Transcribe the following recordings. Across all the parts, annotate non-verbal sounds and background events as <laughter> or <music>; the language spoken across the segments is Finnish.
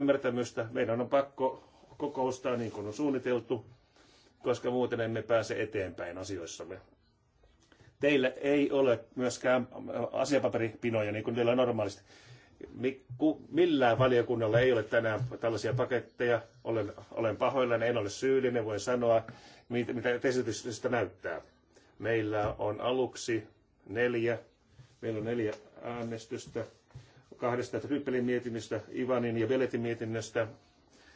ymmärtämystä. Meidän on pakko kokoustaa niin kuin on suunniteltu, koska muuten emme pääse eteenpäin asioissamme. Teillä ei ole myöskään asiapaperipinoja niin kuin teillä on normaalisti. Millään valiokunnalla ei ole tänään tällaisia paketteja. Olen, olen pahoillani, en ole syyllinen, voin sanoa, mitä, mitä esitystä näyttää. Meillä on aluksi neljä, meillä on neljä äänestystä kahdesta Ryppelin mietinnöstä, Ivanin ja Veletin mietinnöstä.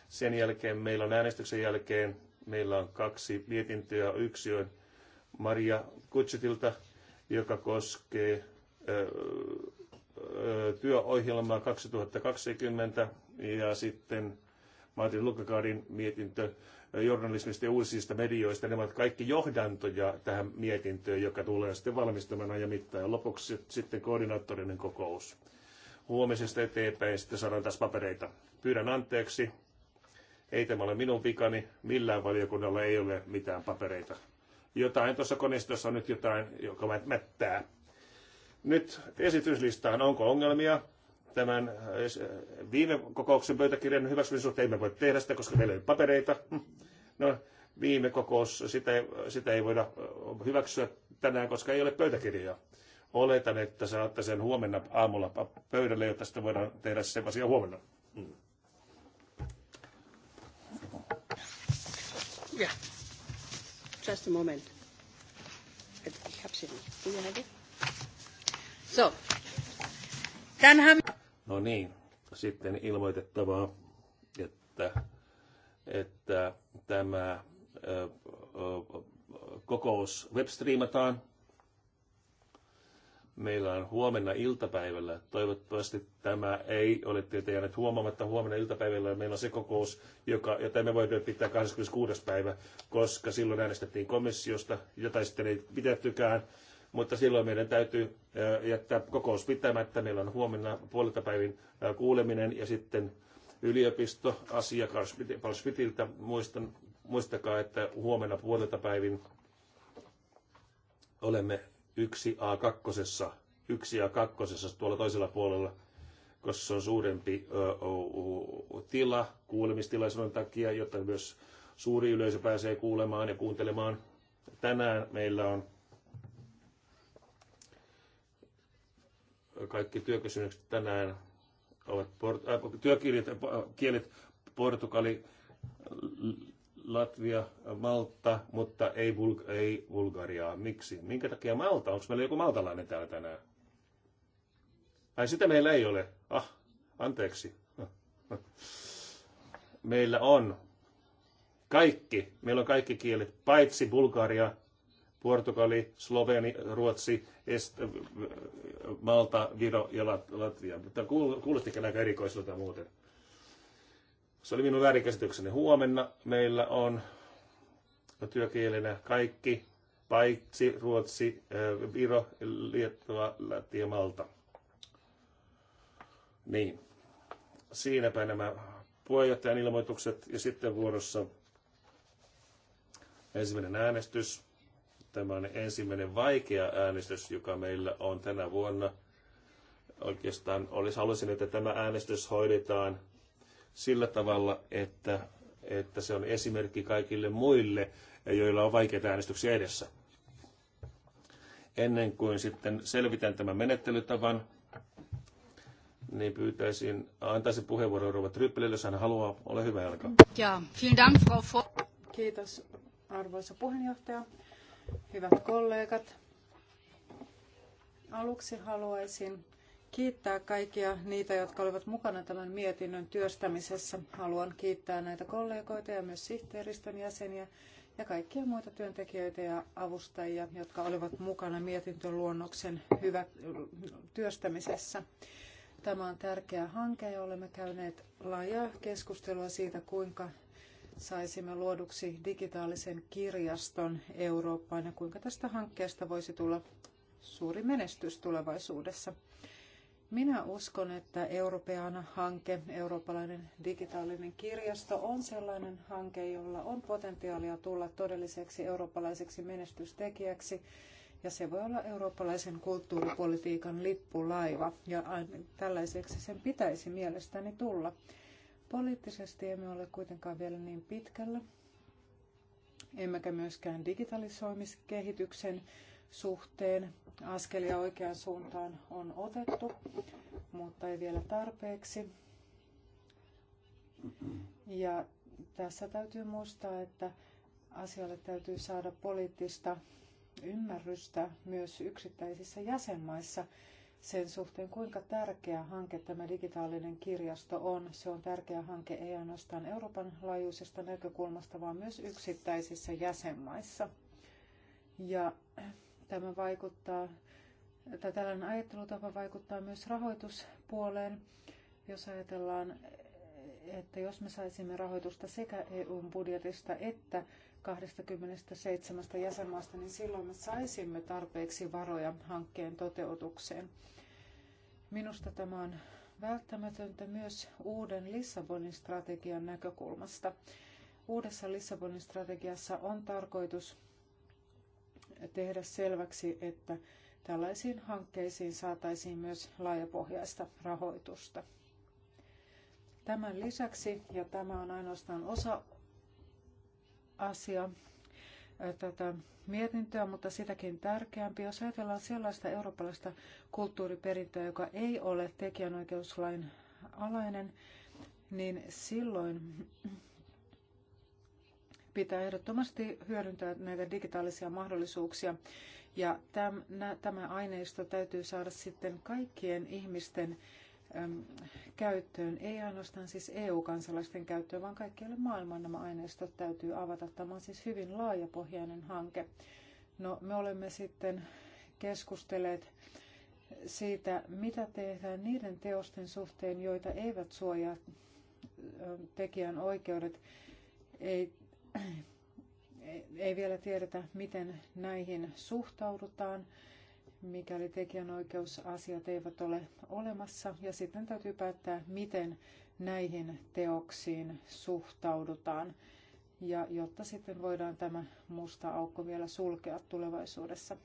Sen jälkeen meillä on äänestyksen jälkeen meillä on kaksi mietintöä. Yksi on Maria Kutsetilta, joka koskee työohjelmaa 2020 ja sitten Martin Lukakaadin mietintö journalismista ja uusista medioista. Ne ovat kaikki johdantoja tähän mietintöön, joka tulee sitten valmistamana ja mittaan. Lopuksi sitten koordinaattorinen kokous huomisesta eteenpäin ja sitten saadaan taas papereita. Pyydän anteeksi. Ei tämä ole minun vikani. Millään valiokunnalla ei ole mitään papereita. Jotain tuossa koneistossa on nyt jotain, joka mättää. Nyt esityslistaan. Onko ongelmia? tämän äh, viime kokouksen pöytäkirjan hyväksymisen suhteen emme voi tehdä sitä, koska meillä ei ole papereita. No, viime kokous, sitä, sitä ei voida äh, hyväksyä tänään, koska ei ole pöytäkirjaa. Oletan, että saatte sen huomenna aamulla pöydälle, jotta sitten voidaan tehdä se asia huomenna. Mm. Yeah. Just a moment. So. No niin. Sitten ilmoitettavaa, että, että tämä ö, ö, kokous webstreamataan meillä on huomenna iltapäivällä. Toivottavasti tämä ei ole tietä jäänyt huomaamatta. Huomenna iltapäivällä meillä on se kokous, joka, jota me voimme pitää 26. päivä, koska silloin äänestettiin komissiosta, jota sitten ei pidettykään. Mutta silloin meidän täytyy äh, jättää kokous pitämättä. Meillä on huomenna puolilta päivin äh, kuuleminen ja sitten yliopisto asia Carl Schmittiltä. muistakaa, että huomenna puolilta päivin olemme 1A2, 1A2 tuolla toisella puolella, koska se on suurempi tila kuulemistilaisuuden takia, jotta myös suuri yleisö pääsee kuulemaan ja kuuntelemaan. Tänään meillä on kaikki työkysymykset tänään ovat port, äh, työkielet äh, portugali, Latvia, Malta, mutta ei, Bul- ei Bulgariaa. Miksi? Minkä takia Malta? Onko meillä joku maltalainen täällä tänään? Ai sitä meillä ei ole. Ah, anteeksi. <laughs> Meillä on kaikki, meillä on kaikki kielet, paitsi Bulgaria, Portugali, Sloveni, Ruotsi, Est, Malta, Viro ja Latvia. Mutta kuulostikin aika erikoiselta muuten? Se oli minun väärinkäsitykseni. Huomenna meillä on työkielenä kaikki, paitsi Ruotsi, eh, Viro, Liettua, Läti ja Malta. Niin, siinäpä nämä puheenjohtajan ilmoitukset ja sitten vuorossa ensimmäinen äänestys. Tämä on ensimmäinen vaikea äänestys, joka meillä on tänä vuonna. Oikeastaan olisi, halusin, että tämä äänestys hoidetaan sillä tavalla, että, että se on esimerkki kaikille muille, joilla on vaikeita äänestyksiä edessä. Ennen kuin sitten selvitän tämän menettelytavan, niin pyytäisin, antaisin puheenvuoron Rova Tryppelille, jos hän haluaa. Ole hyvä, Elka. Ja, vielen dank, Frau Kiitos, arvoisa puheenjohtaja. Hyvät kollegat, aluksi haluaisin kiittää kaikkia niitä, jotka olivat mukana tämän mietinnön työstämisessä. Haluan kiittää näitä kollegoita ja myös sihteeristön jäseniä ja kaikkia muita työntekijöitä ja avustajia, jotka olivat mukana mietintöluonnoksen hyvä työstämisessä. Tämä on tärkeä hanke ja olemme käyneet laajaa keskustelua siitä, kuinka saisimme luoduksi digitaalisen kirjaston Eurooppaan ja kuinka tästä hankkeesta voisi tulla suuri menestys tulevaisuudessa. Minä uskon, että Europeana hanke, eurooppalainen digitaalinen kirjasto, on sellainen hanke, jolla on potentiaalia tulla todelliseksi eurooppalaiseksi menestystekijäksi. Ja se voi olla eurooppalaisen kulttuuripolitiikan lippulaiva, ja tällaiseksi sen pitäisi mielestäni tulla. Poliittisesti emme ole kuitenkaan vielä niin pitkällä, emmekä myöskään digitalisoimiskehityksen suhteen. Askelia oikeaan suuntaan on otettu, mutta ei vielä tarpeeksi. Ja tässä täytyy muistaa, että asialle täytyy saada poliittista ymmärrystä myös yksittäisissä jäsenmaissa sen suhteen, kuinka tärkeä hanke tämä digitaalinen kirjasto on. Se on tärkeä hanke ei ainoastaan Euroopan laajuisesta näkökulmasta, vaan myös yksittäisissä jäsenmaissa. Ja Tämä vaikuttaa, tai tällainen ajattelutapa vaikuttaa myös rahoituspuoleen. Jos ajatellaan, että jos me saisimme rahoitusta sekä EUn budjetista että 27 jäsenmaasta, niin silloin me saisimme tarpeeksi varoja hankkeen toteutukseen. Minusta tämä on välttämätöntä myös uuden Lissabonin strategian näkökulmasta. Uudessa Lissabonin strategiassa on tarkoitus tehdä selväksi, että tällaisiin hankkeisiin saataisiin myös laajapohjaista rahoitusta. Tämän lisäksi, ja tämä on ainoastaan osa asia tätä mietintöä, mutta sitäkin tärkeämpi, jos ajatellaan sellaista eurooppalaista kulttuuriperintöä, joka ei ole tekijänoikeuslain alainen, niin silloin pitää ehdottomasti hyödyntää näitä digitaalisia mahdollisuuksia. Ja tämä aineisto täytyy saada sitten kaikkien ihmisten käyttöön, ei ainoastaan siis EU-kansalaisten käyttöön, vaan kaikkialle maailmaan nämä aineistot täytyy avata. Tämä on siis hyvin laajapohjainen hanke. No, me olemme sitten keskustelleet siitä, mitä tehdään niiden teosten suhteen, joita eivät suojaa tekijän oikeudet. Ei ei vielä tiedetä, miten näihin suhtaudutaan, mikäli tekijänoikeusasiat eivät ole olemassa. Ja sitten täytyy päättää, miten näihin teoksiin suhtaudutaan, ja jotta sitten voidaan tämä musta aukko vielä sulkea tulevaisuudessa.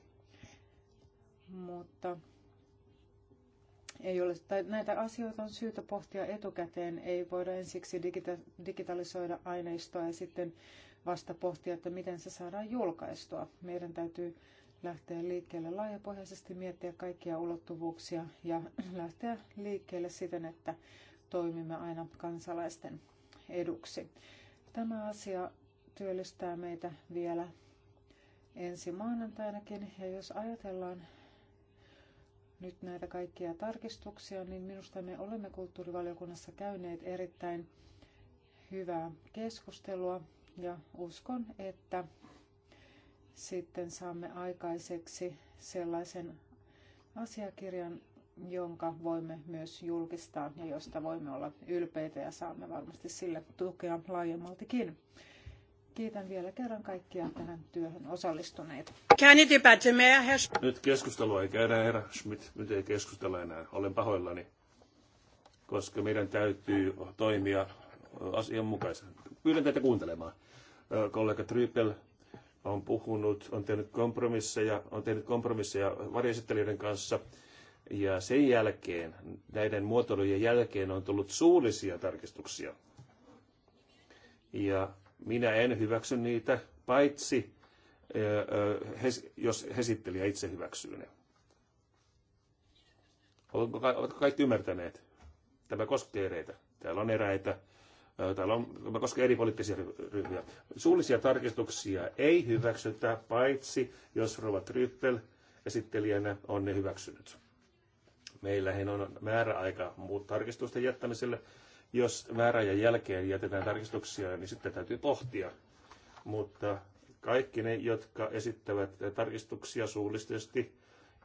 Mutta ei ole, tai näitä asioita on syytä pohtia etukäteen. Ei voida ensiksi digita- digitalisoida aineistoa ja sitten vasta pohtia, että miten se saadaan julkaistua. Meidän täytyy lähteä liikkeelle laajapohjaisesti, miettiä kaikkia ulottuvuuksia ja <clears throat> lähteä liikkeelle siten, että toimimme aina kansalaisten eduksi. Tämä asia työllistää meitä vielä ensi maanantainakin. Ja jos ajatellaan nyt näitä kaikkia tarkistuksia, niin minusta me olemme kulttuurivaliokunnassa käyneet erittäin hyvää keskustelua ja uskon, että sitten saamme aikaiseksi sellaisen asiakirjan, jonka voimme myös julkistaa ja josta voimme olla ylpeitä ja saamme varmasti sille tukea laajemmaltikin. Kiitän vielä kerran kaikkia tähän työhön osallistuneita. Nyt keskustelua ei käydä, herra Schmidt. Nyt ei keskustella enää. Olen pahoillani, koska meidän täytyy toimia asianmukaisesti. Pyydän teitä kuuntelemaan. Kollega Trypel on puhunut, on tehnyt kompromisseja, on tehnyt kompromisseja varjesittelijöiden kanssa. Ja sen jälkeen, näiden muotoilujen jälkeen on tullut suullisia tarkistuksia. Ja minä en hyväksy niitä, paitsi jos hesittelijä itse hyväksyy ne. Oletko kaikki ymmärtäneet? Tämä koskee eräitä. Täällä on eräitä. Täällä on, tämä koskee eri poliittisia ryhmiä. Suullisia tarkistuksia ei hyväksytä, paitsi jos Rova Tryppel esittelijänä on ne hyväksynyt. Meillähän on määräaika muut tarkistusten jättämiselle jos ja jälkeen jätetään tarkistuksia, niin sitten täytyy pohtia. Mutta kaikki ne, jotka esittävät tarkistuksia suullisesti,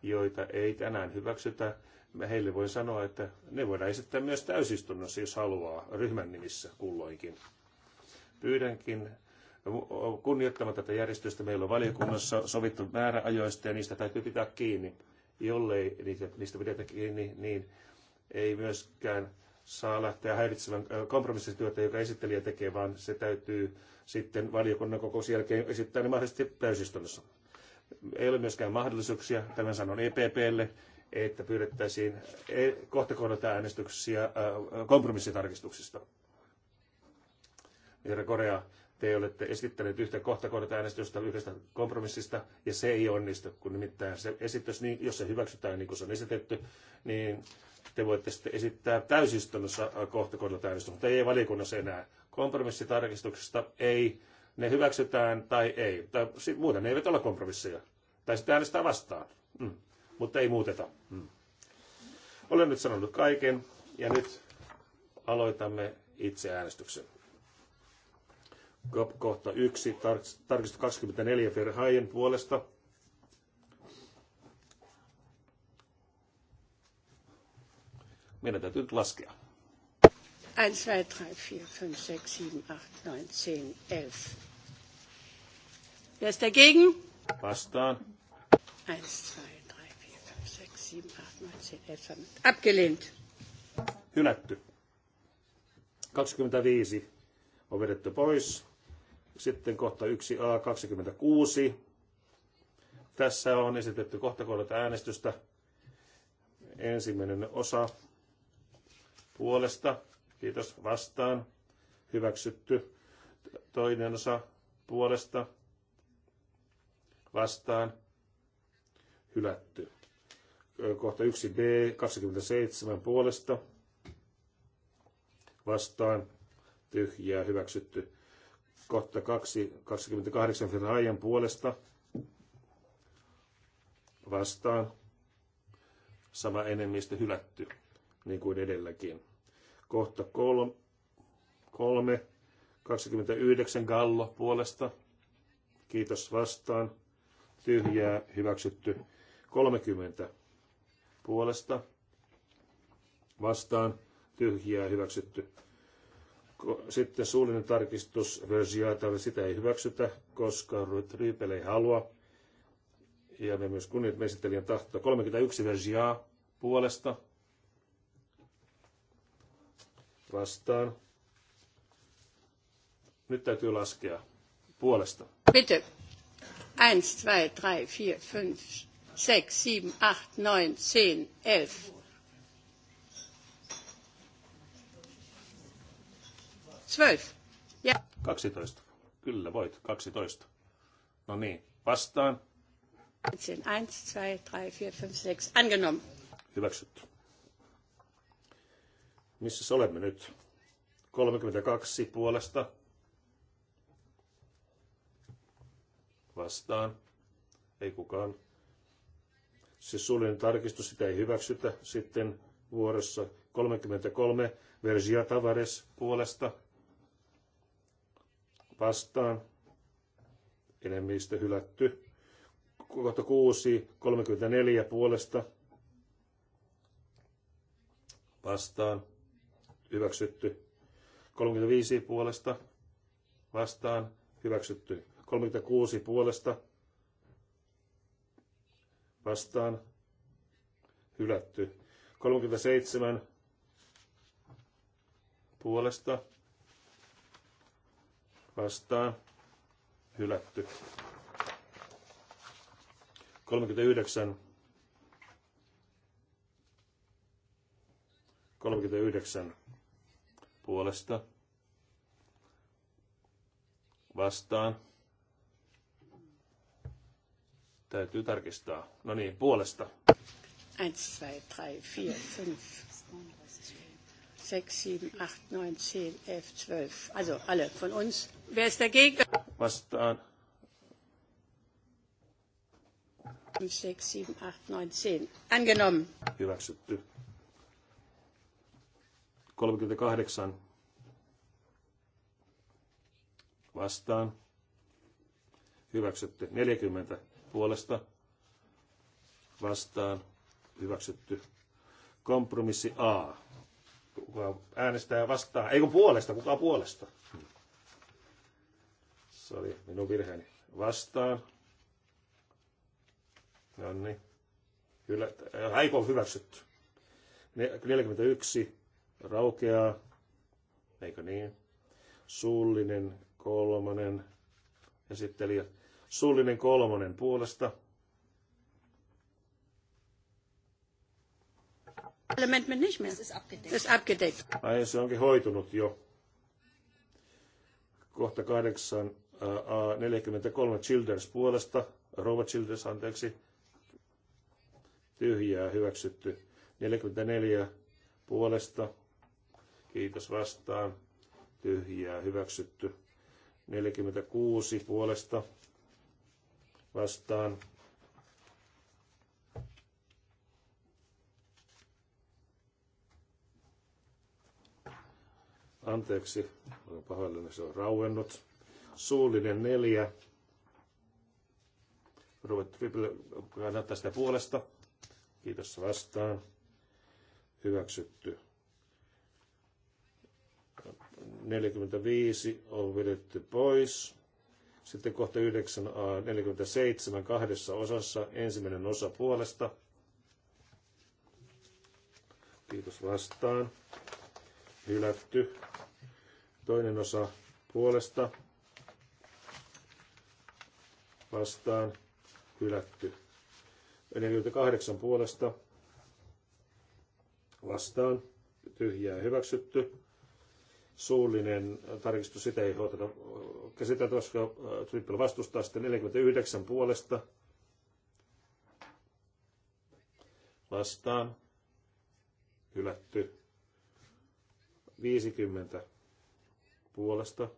joita ei tänään hyväksytä, heille voi sanoa, että ne voidaan esittää myös täysistunnossa, jos haluaa, ryhmän nimissä kulloinkin. Pyydänkin kunnioittamaan tätä järjestystä. Meillä on valiokunnassa sovittu määräajoista ja niistä täytyy pitää kiinni. Jollei niistä pidetä kiinni, niin ei myöskään saa lähteä häiritsevän kompromissityötä, joka esittelijä tekee, vaan se täytyy sitten valiokunnan kokouksen jälkeen esittää ne mahdollisesti täysistunnossa. Ei ole myöskään mahdollisuuksia, tämän sanon EPPlle, että pyydettäisiin e-, kohta äänestyksiä kompromissitarkistuksista. Herra Korea te olette esittäneet yhtä kohtakohdata äänestystä yhdestä kompromissista, ja se ei onnistu, kun nimittäin se esitys, niin jos se hyväksytään niin kuin se on esitetty, niin te voitte sitten esittää täysistunnossa kohtakohdata äänestystä, mutta ei valiokunnassa enää. Kompromissitarkistuksesta ei, ne hyväksytään tai ei, tai sit, muuten ne eivät ole kompromisseja, tai sitten äänestää vastaan, mm. mutta ei muuteta. Mm. Olen nyt sanonut kaiken, ja nyt aloitamme itse äänestyksen kohta 1, tarkistus 24 Verhaien puolesta. Meidän täytyy nyt laskea. 1, 2, 3, 4, 5, 6, 7, 8, 9, 10, 11. Wer ist dagegen? Vastaan. 1, 2, 3, 4, 5, 6, 7, 8, 9, 10, 11. Abgelehnt. Hylätty. 25 on vedetty pois. Sitten kohta 1a 26. Tässä on esitetty kohta kohdalta äänestystä. Ensimmäinen osa puolesta. Kiitos vastaan. Hyväksytty. Toinen osa puolesta vastaan. Hylätty. Kohta 1b 27 puolesta vastaan. Tyhjää hyväksytty kohta 2, 28 ajan puolesta vastaan. Sama enemmistö hylätty, niin kuin edelläkin. Kohta 3, 3 29 Gallo puolesta. Kiitos vastaan. Tyhjää hyväksytty. 30 puolesta vastaan. Tyhjää hyväksytty. Sitten suullinen tarkistus versioita, sitä ei hyväksytä, koska Ryypel ei halua. Ja me myös kunnioitamme esittelijän tahtoa. 31 versiaa puolesta vastaan. Nyt täytyy laskea puolesta. Bitte. 1, 2, 3, 4, 5, 6, 7, 8, 9, 10, 11. 12. Ja. 12. Kyllä voit, 12. No niin, vastaan. 1, 2, 3, 4, 5, 6. Angenommen. Hyväksytty. Missä olemme nyt? 32 puolesta. Vastaan. Ei kukaan. Se siis suullinen tarkistus, sitä ei hyväksytä. Sitten vuorossa 33 Vergia Tavares puolesta vastaan, enemmistö hylätty. Kohta 6, 34 puolesta vastaan, hyväksytty. 35 puolesta vastaan, hyväksytty. 36 puolesta vastaan, hylätty. 37 puolesta vastaa hylätty. 39 39 puolesta vastaan. Täytyy tarkistaa. No niin, puolesta. 1, 2, 3, 4, 5, 6, 7, 8, 9, 10, 11, 12. Also alle von uns Wer ist dagegen? Vastaan. 6, 7, 8, 9, 10. Angenommen. Hyväksytty. 38 vastaan. Hyväksytty. 40 puolesta vastaan. Hyväksytty. Kompromissi A. Kuka äänestää vastaan? Eikö puolesta? Kuka puolesta? Se oli minun virheeni. Vastaan. No niin. Kyllä, äh, aiko on hyväksytty. 41 raukeaa, eikö niin? Suullinen kolmonen esittelijä. Suullinen kolmonen puolesta. Amendment Ai, se onkin hoitunut jo. Kohta kahdeksan 43 Childers puolesta, Robert Childers, anteeksi, tyhjää hyväksytty. 44 puolesta, kiitos vastaan, tyhjää hyväksytty. 46 puolesta vastaan. Anteeksi, olen pahoillani, se on rauennut suullinen neljä. Ruvet Triple kannattaa sitä puolesta. Kiitos vastaan. Hyväksytty. 45 on vedetty pois. Sitten kohta 9a, 47 kahdessa osassa, ensimmäinen osa puolesta. Kiitos vastaan. Hylätty. Toinen osa puolesta vastaan hylätty. 48 puolesta vastaan tyhjää hyväksytty. Suullinen tarkistus, sitä ei oteta käsiteltä, koska äh, Trippel vastustaa sitten 49 puolesta vastaan hylätty. 50 puolesta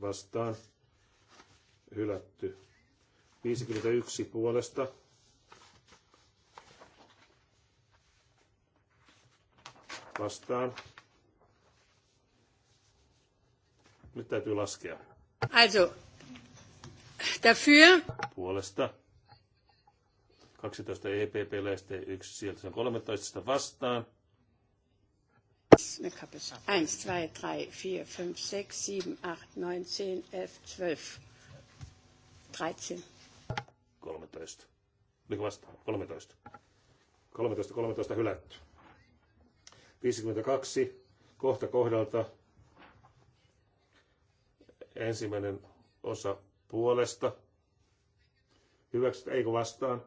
vastaan hylätty. 51 puolesta. Vastaan. Nyt täytyy laskea. Also, dafür. Puolesta. 12 EPP läste 1, sieltä se on 13 vastaan. 1, 2, 3, 4, 5, 6, 7, 8, 9, 10, 11, 12, 13. 13. Oliko vastaan? 13. 13, 13 hylätty. 52. Kohta kohdalta ensimmäinen osa puolesta. Hyväksytty, eikö vastaan?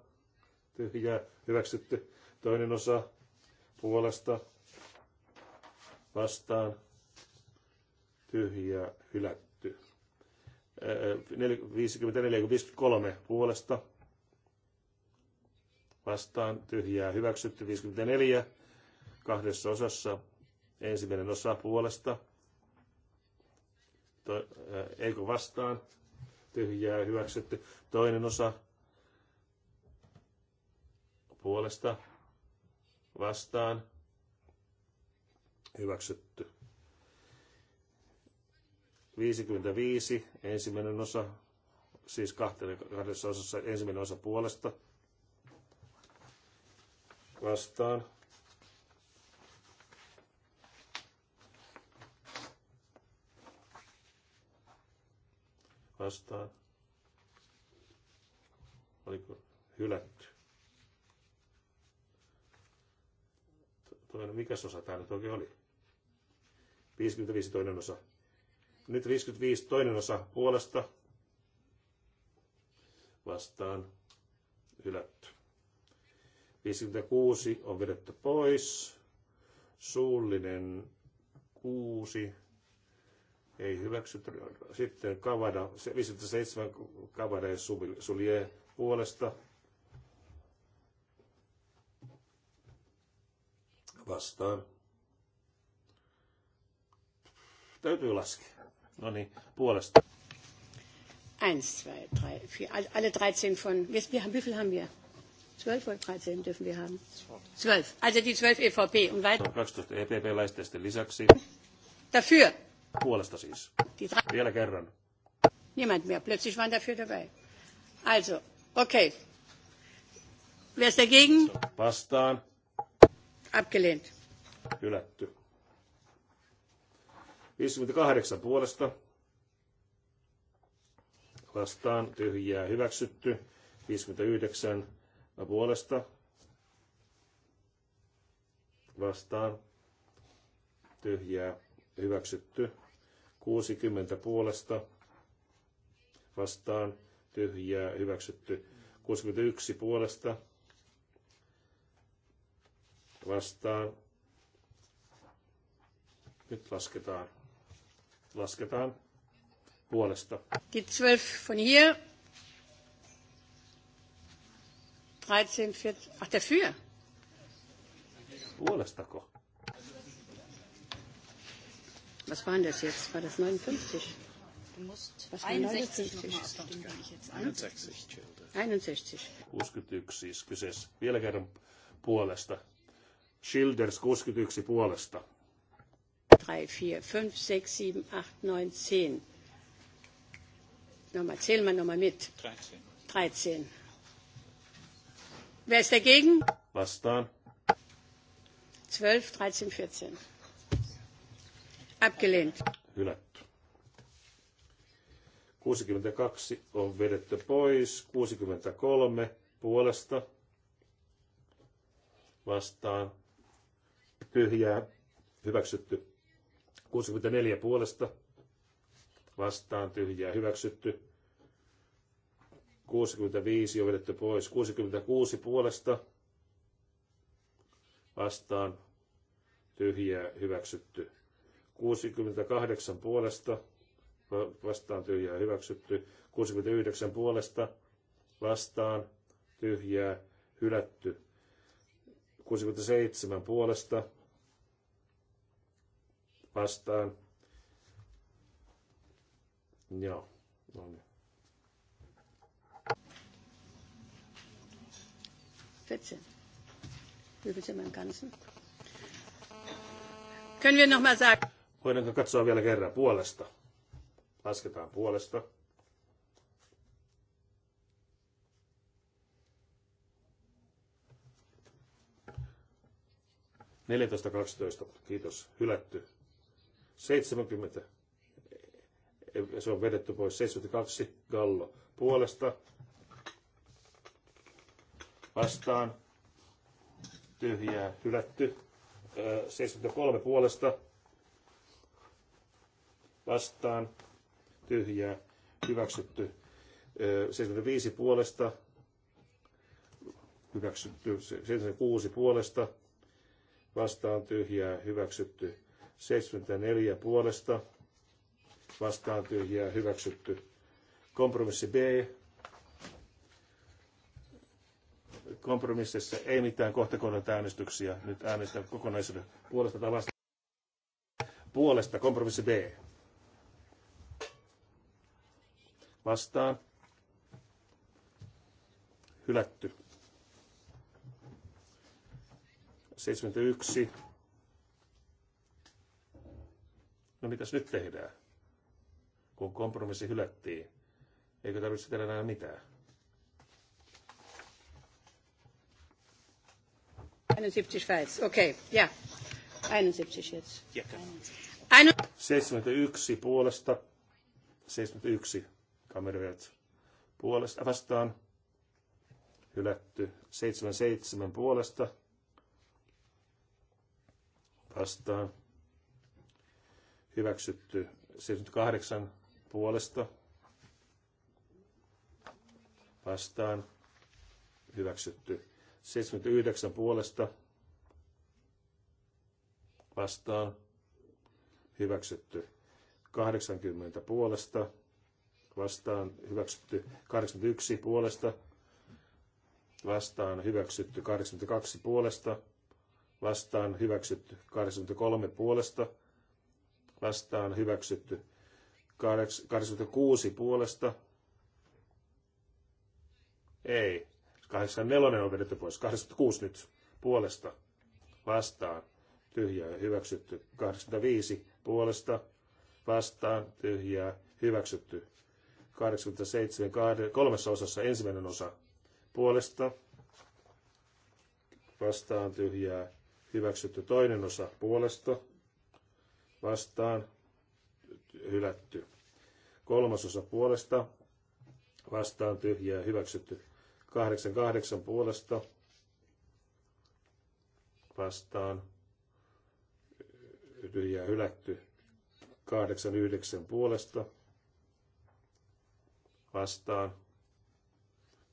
Tyhjää, hyväksytty. Toinen osa puolesta vastaan. Tyhjää, hylätty. 54-53 puolesta vastaan tyhjää hyväksytty 54 kahdessa osassa. Ensimmäinen osa puolesta, to, äh, eikö vastaan, tyhjää hyväksytty. Toinen osa puolesta, vastaan, hyväksytty. 55, ensimmäinen osa, siis kahdessa osassa, ensimmäinen osa puolesta, vastaan. Vastaan. Oliko hylätty? Toinen, mikäs osa tämä nyt oikein oli? 55 toinen osa. Nyt 55 toinen osa puolesta vastaan hylätty. 56 on vedetty pois. Suullinen 6 ei hyväksy. Sitten Kavada, 57 Kavada ja Sulje puolesta vastaan. Täytyy laskea. No niin, puolesta. 1, 2, 3, 4, alle 13 von, wie viel haben wir? 12 oder 13 dürfen wir haben? 12. Also die 12 EVP und weiter. 12 EPP-läisten lisäksi. Dafür. Puolesta siis. Die drei. Vielä kerran. Niemand mehr. Plötzlich waren dafür dabei. Also, okay. Wer ist dagegen? Vastaan. Abgelehnt. Hylätty. 58 puolesta. Vastaan tyhjää hyväksytty. 59 ja puolesta vastaan tyhjää hyväksytty. 60 puolesta vastaan tyhjää hyväksytty. 61 puolesta vastaan. Nyt lasketaan. Lasketaan puolesta. Die 12 von hier. 13, 14. Ach, dafür. Puolestako. Was waren das jetzt? War das 59? Du musst Was 61 61. 61. 61 Vielä kerran puolesta. Schilders 61 puolesta. 3, 4, 5, 6, 7, 8, 9, 10. Nochmal, zähl mal nochmal mit. 13. 13. Wer ist dagegen? Vastaan. 12, 13, 14. Abgelehnt. Hylätty. 62 on vedetty pois. 63 puolesta vastaan. Tyhjää. Hyväksytty. 64 puolesta vastaan. Tyhjää. Hyväksytty. 65 on vedetty pois. 66 puolesta vastaan tyhjää hyväksytty. 68 puolesta vastaan tyhjää hyväksytty. 69 puolesta vastaan tyhjää hylätty. 67 puolesta vastaan. Joo, no niin. Ganzen? Können wir sagen? Voidaanko katsoa vielä kerran puolesta? Lasketaan puolesta. Neljätoista kaksitoista, kiitos, hylätty. 70, se on vedetty pois, 72, Gallo puolesta vastaan, tyhjää hylätty. 73 puolesta vastaan, tyhjää hyväksytty. 75 puolesta hyväksytty. 76 puolesta vastaan tyhjää hyväksytty. 74 puolesta vastaan tyhjää hyväksytty. Kompromissi B kompromississa ei mitään kohtakohdalta äänestyksiä. Nyt äänestän kokonaisuuden puolesta tai vastaan. Puolesta kompromissi B. Vastaan. Hylätty. 71. No mitäs nyt tehdään, kun kompromissi hylättiin? Eikö tarvitse tehdä enää mitään? 71 Schweiz, okei, okay. ja. 71 jetzt. Ja. 71 puolesta, 71 kamerveet puolesta vastaan, hylätty 77 puolesta vastaan, hyväksytty 78 puolesta vastaan, hyväksytty 79 puolesta vastaan hyväksytty. 80 puolesta vastaan hyväksytty. 81 puolesta vastaan hyväksytty. 82 puolesta vastaan hyväksytty. 83 puolesta vastaan hyväksytty. 86 puolesta ei 84 on vedetty pois. 86 nyt puolesta vastaan tyhjää hyväksytty. 85 puolesta vastaan tyhjää hyväksytty. 87 kolmessa osassa ensimmäinen osa puolesta vastaan tyhjää hyväksytty. Toinen osa puolesta vastaan hylätty. Kolmasosa puolesta vastaan tyhjää hyväksytty 88 puolesta vastaan tyhjää hylätty. 89 puolesta vastaan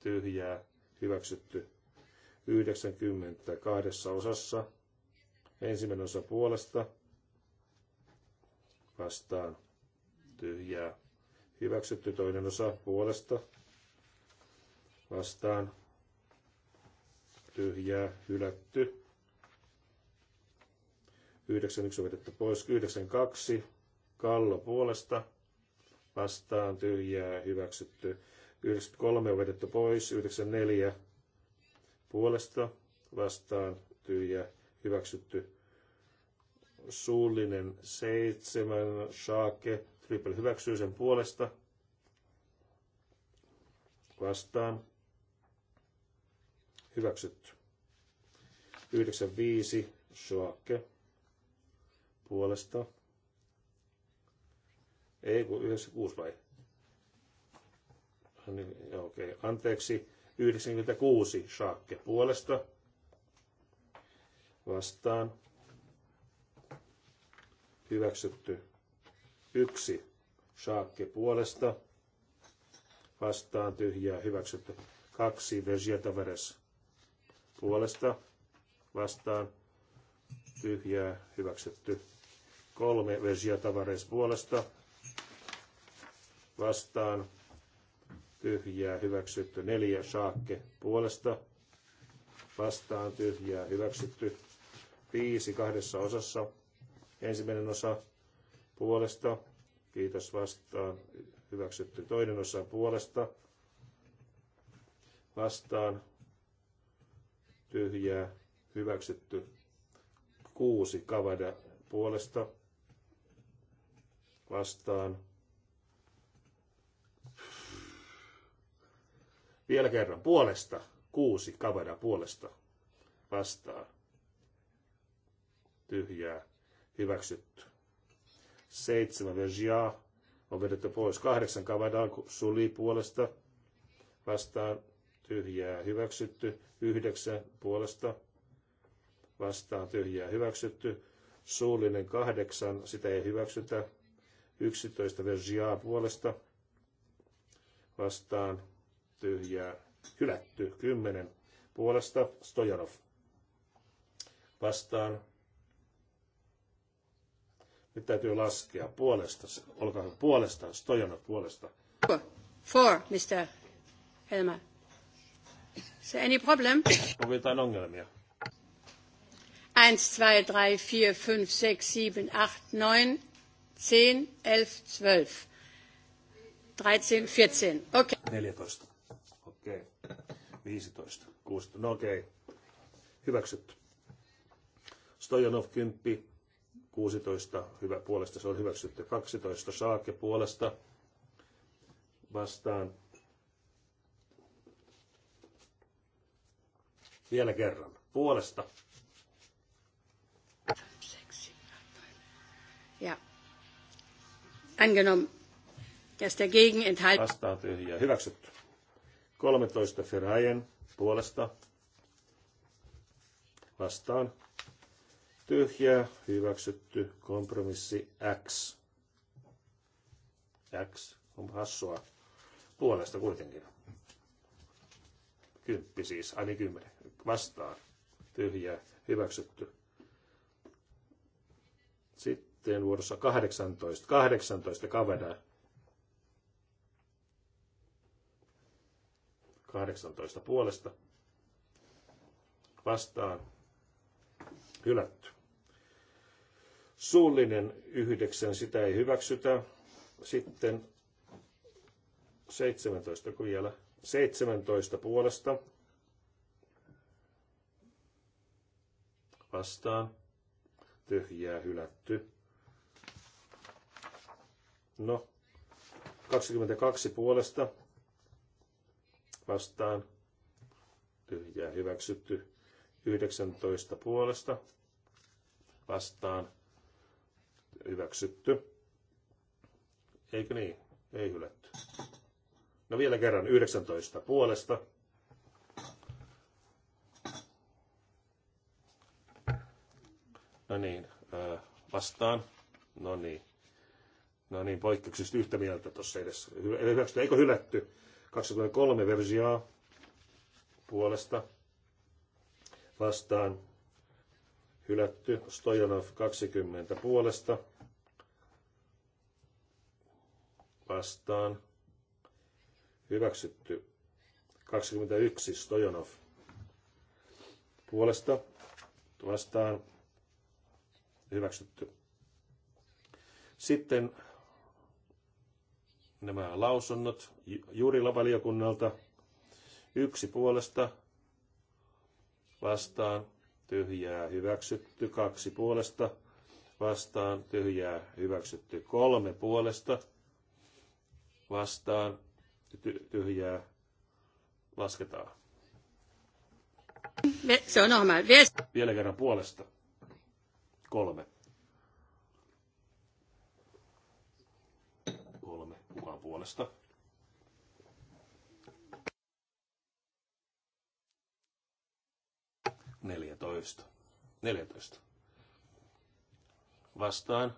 tyhjää hyväksytty. 90 osassa. Ensimmäinen osa puolesta vastaan tyhjää hyväksytty. Toinen osa puolesta vastaan tyhjää hylätty. 91 on pois. 92 Kallo puolesta vastaan tyhjää hyväksytty. 93 on pois. 94 puolesta vastaan tyhjää hyväksytty. Suullinen 7 shake, Triple hyväksyy sen puolesta vastaan Hyväksytty. 95 Schwake puolesta. Ei, kun 96 vai? No niin, okei, okay. anteeksi. 96 Schwake puolesta vastaan. Hyväksytty. Yksi Schwake puolesta vastaan tyhjää hyväksytty. Kaksi Vegeta Veres puolesta vastaan tyhjää hyväksytty. Kolme Vergia tavareis puolesta vastaan tyhjää hyväksytty. Neljä Saakke puolesta vastaan tyhjää hyväksytty. Viisi kahdessa osassa. Ensimmäinen osa puolesta. Kiitos vastaan. Hyväksytty toinen osa puolesta. Vastaan tyhjää, hyväksytty. Kuusi Kavada puolesta vastaan. Vielä kerran puolesta. Kuusi Kavada puolesta vastaan. Tyhjää, hyväksytty. Seitsemän Vergia on vedetty pois. Kahdeksan Kavadaa suli puolesta vastaan tyhjää hyväksytty, yhdeksän puolesta vastaan tyhjää hyväksytty, suullinen kahdeksan sitä ei hyväksytä, yksitoista versiaa puolesta vastaan tyhjää hylätty, kymmenen puolesta Stojanov vastaan. Nyt täytyy laskea puolesta, olkaa puolesta, Stojanov puolesta. Four, Mr. Helmer. So any problem? Onko jotain ongelmia? 1, 2, 3, 4, 5, 6, 7, 8, 9, 10, 11, 12, 13, 14. Okei. Okay. 14. Okei. Okay. 15. 16. No okei. Okay. Hyväksytty. Stojanov 10. 16 hyvä, puolesta, se on hyväksytty. 12 saake puolesta vastaan Vielä kerran. Puolesta. Ja. Angenommen. Das dagegen enthalten. Vastaan tyhjää. Hyväksytty. 13 Ferajen puolesta. Vastaan. Tyhjää. Hyväksytty. Kompromissi X. X on hassua. Puolesta kuitenkin. Kymppi siis, aina niin, kymmenen. Vastaan. Tyhjää. Hyväksytty. Sitten vuorossa 18. 18 kavedaa. 18 puolesta. Vastaan. Hylätty. Suullinen yhdeksän, sitä ei hyväksytä. Sitten 17 kun vielä 17 puolesta vastaan. Tyhjää hylätty. No, 22 puolesta vastaan. Tyhjää hyväksytty. 19 puolesta vastaan. Hyväksytty. Eikö niin? Ei hylätty. No vielä kerran 19 puolesta. No niin, vastaan. No niin. No niin, poikkeuksista yhtä mieltä tuossa edes. Hyväksytty, eikö hylätty? 23 versiaa puolesta vastaan. Hylätty. Stojanov 20 puolesta vastaan Hyväksytty. 21. Stojanov. Puolesta. Vastaan. Hyväksytty. Sitten nämä lausunnot valiokunnalta Yksi puolesta vastaan tyhjää hyväksytty. Kaksi puolesta vastaan tyhjää hyväksytty. Kolme puolesta vastaan tyhjää lasketaan. Se on oma. Vielä kerran puolesta. Kolme. Kolme. Kukaan puolesta? Neljätoista. Neljätoista. Vastaan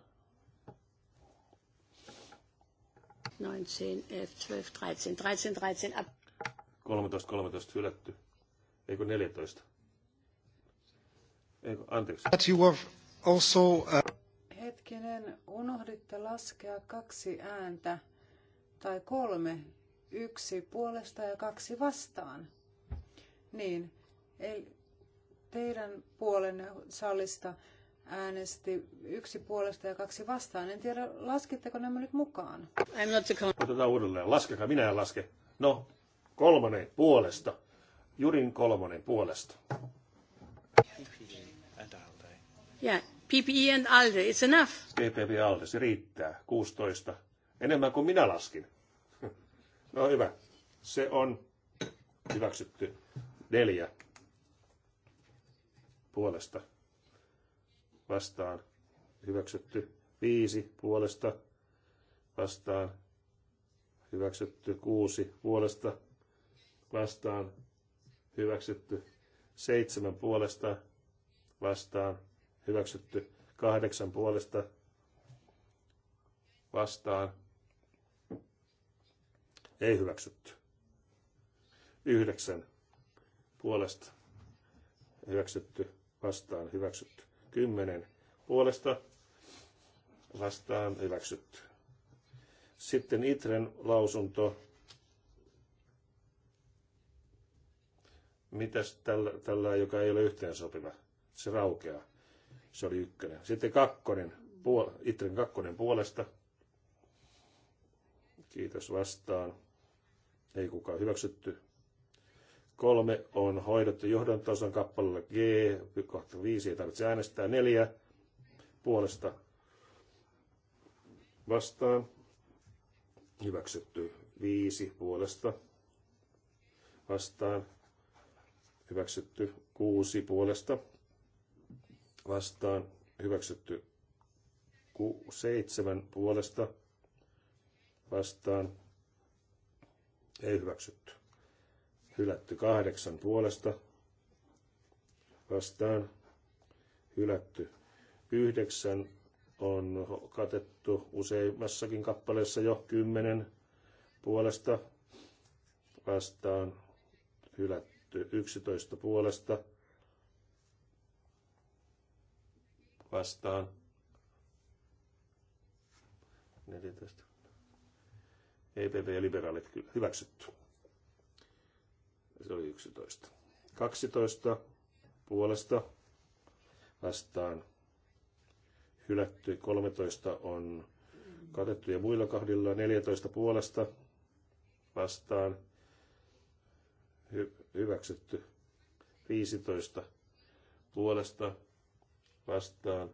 19, 11, 12, 13, 13, 13, Ab- 13, 13 hylätty. Eikö 14? Eikö, anteeksi. But you were also, uh... Hetkinen, unohditte laskea kaksi ääntä tai kolme, yksi puolesta ja kaksi vastaan. Niin, eli teidän puolenne sallista äänesti yksi puolesta ja kaksi vastaan. En tiedä, lasketteko nämä nyt mukaan? I'm not Otetaan uudelleen. Laskekaa, minä en laske. No, kolmonen puolesta. Jurin kolmonen puolesta. Yeah, PPE and ALDE, it's enough. PPE and ALDE, se riittää. 16. Enemmän kuin minä laskin. <laughs> No hyvä. Se on hyväksytty. Neljä puolesta vastaan hyväksytty. viisi puolesta vastaan hyväksytty. kuusi puolesta vastaan hyväksytty. seitsemän puolesta vastaan hyväksytty. kahdeksan puolesta vastaan ei hyväksytty. yhdeksän puolesta hyväksytty vastaan hyväksytty. 10 puolesta vastaan hyväksytty. Sitten Itren lausunto. Mitäs tällä, tällä joka ei ole yhteensopiva? Se raukeaa. Se oli ykkönen. Sitten kakkonen, puol- Itren kakkonen puolesta. Kiitos vastaan. Ei kukaan hyväksytty. Kolme on hoidettu johdon tason kappaleella G, kohta viisi ei tarvitse äänestää. Neljä puolesta vastaan. Hyväksytty viisi puolesta vastaan. Hyväksytty kuusi puolesta vastaan. Hyväksytty ku, seitsemän puolesta vastaan. Ei hyväksytty hylätty kahdeksan puolesta vastaan, hylätty yhdeksän on katettu useimmassakin kappaleessa jo kymmenen puolesta vastaan, hylätty yksitoista puolesta vastaan. 14. EPP ja liberaalit kyllä hyväksytty. Se oli 11. 12 puolesta vastaan hylätty. 13 on katettu ja muilla kahdilla. 14 puolesta vastaan hy- hyväksytty. 15 puolesta vastaan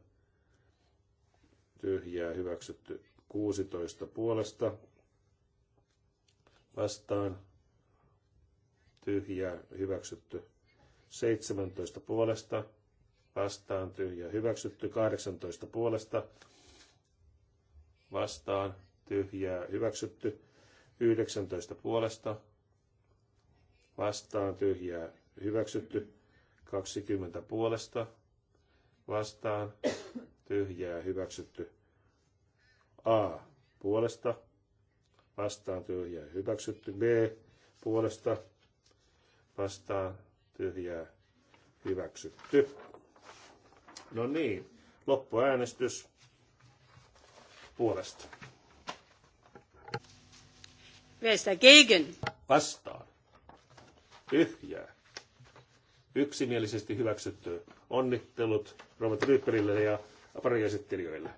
tyhjää hyväksytty 16 puolesta vastaan tyhjää hyväksytty. 17 puolesta vastaan tyhjää hyväksytty. 18 puolesta vastaan tyhjää hyväksytty. 19 puolesta vastaan tyhjää hyväksytty. 20 puolesta vastaan tyhjää hyväksytty. A puolesta vastaan tyhjää hyväksytty. B puolesta vastaan tyhjää hyväksytty. No niin, loppuäänestys puolesta. Wer gegen? Vastaan. Tyhjää. Yksimielisesti hyväksytty. Onnittelut Robert Rypperille ja pariesittelijöille.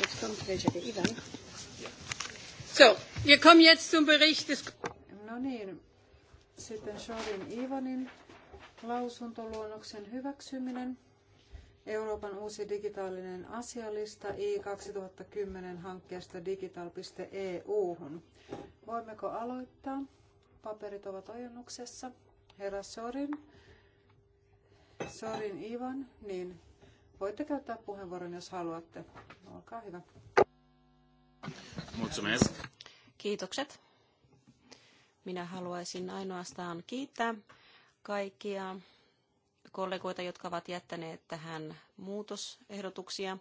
Jetzt kommt welcher, der Ivan. So, wir kommen jetzt zum Bericht des... No niin, sitten Sharin Ivanin lausuntoluonnoksen hyväksyminen. Euroopan uusi digitaalinen asialista i2010 hankkeesta digital.eu-hun. E Voimmeko aloittaa? Paperit ovat ojennuksessa. Herra Sorin, Sorin Ivan, niin voitte käyttää puheenvuoron, jos haluatte. Olkaa hyvä. Mulțumesc. Kiitokset. Minä haluaisin ainoastaan kiittää kaikkia kollegoita, jotka ovat jättäneet tähän muutosehdotuksia.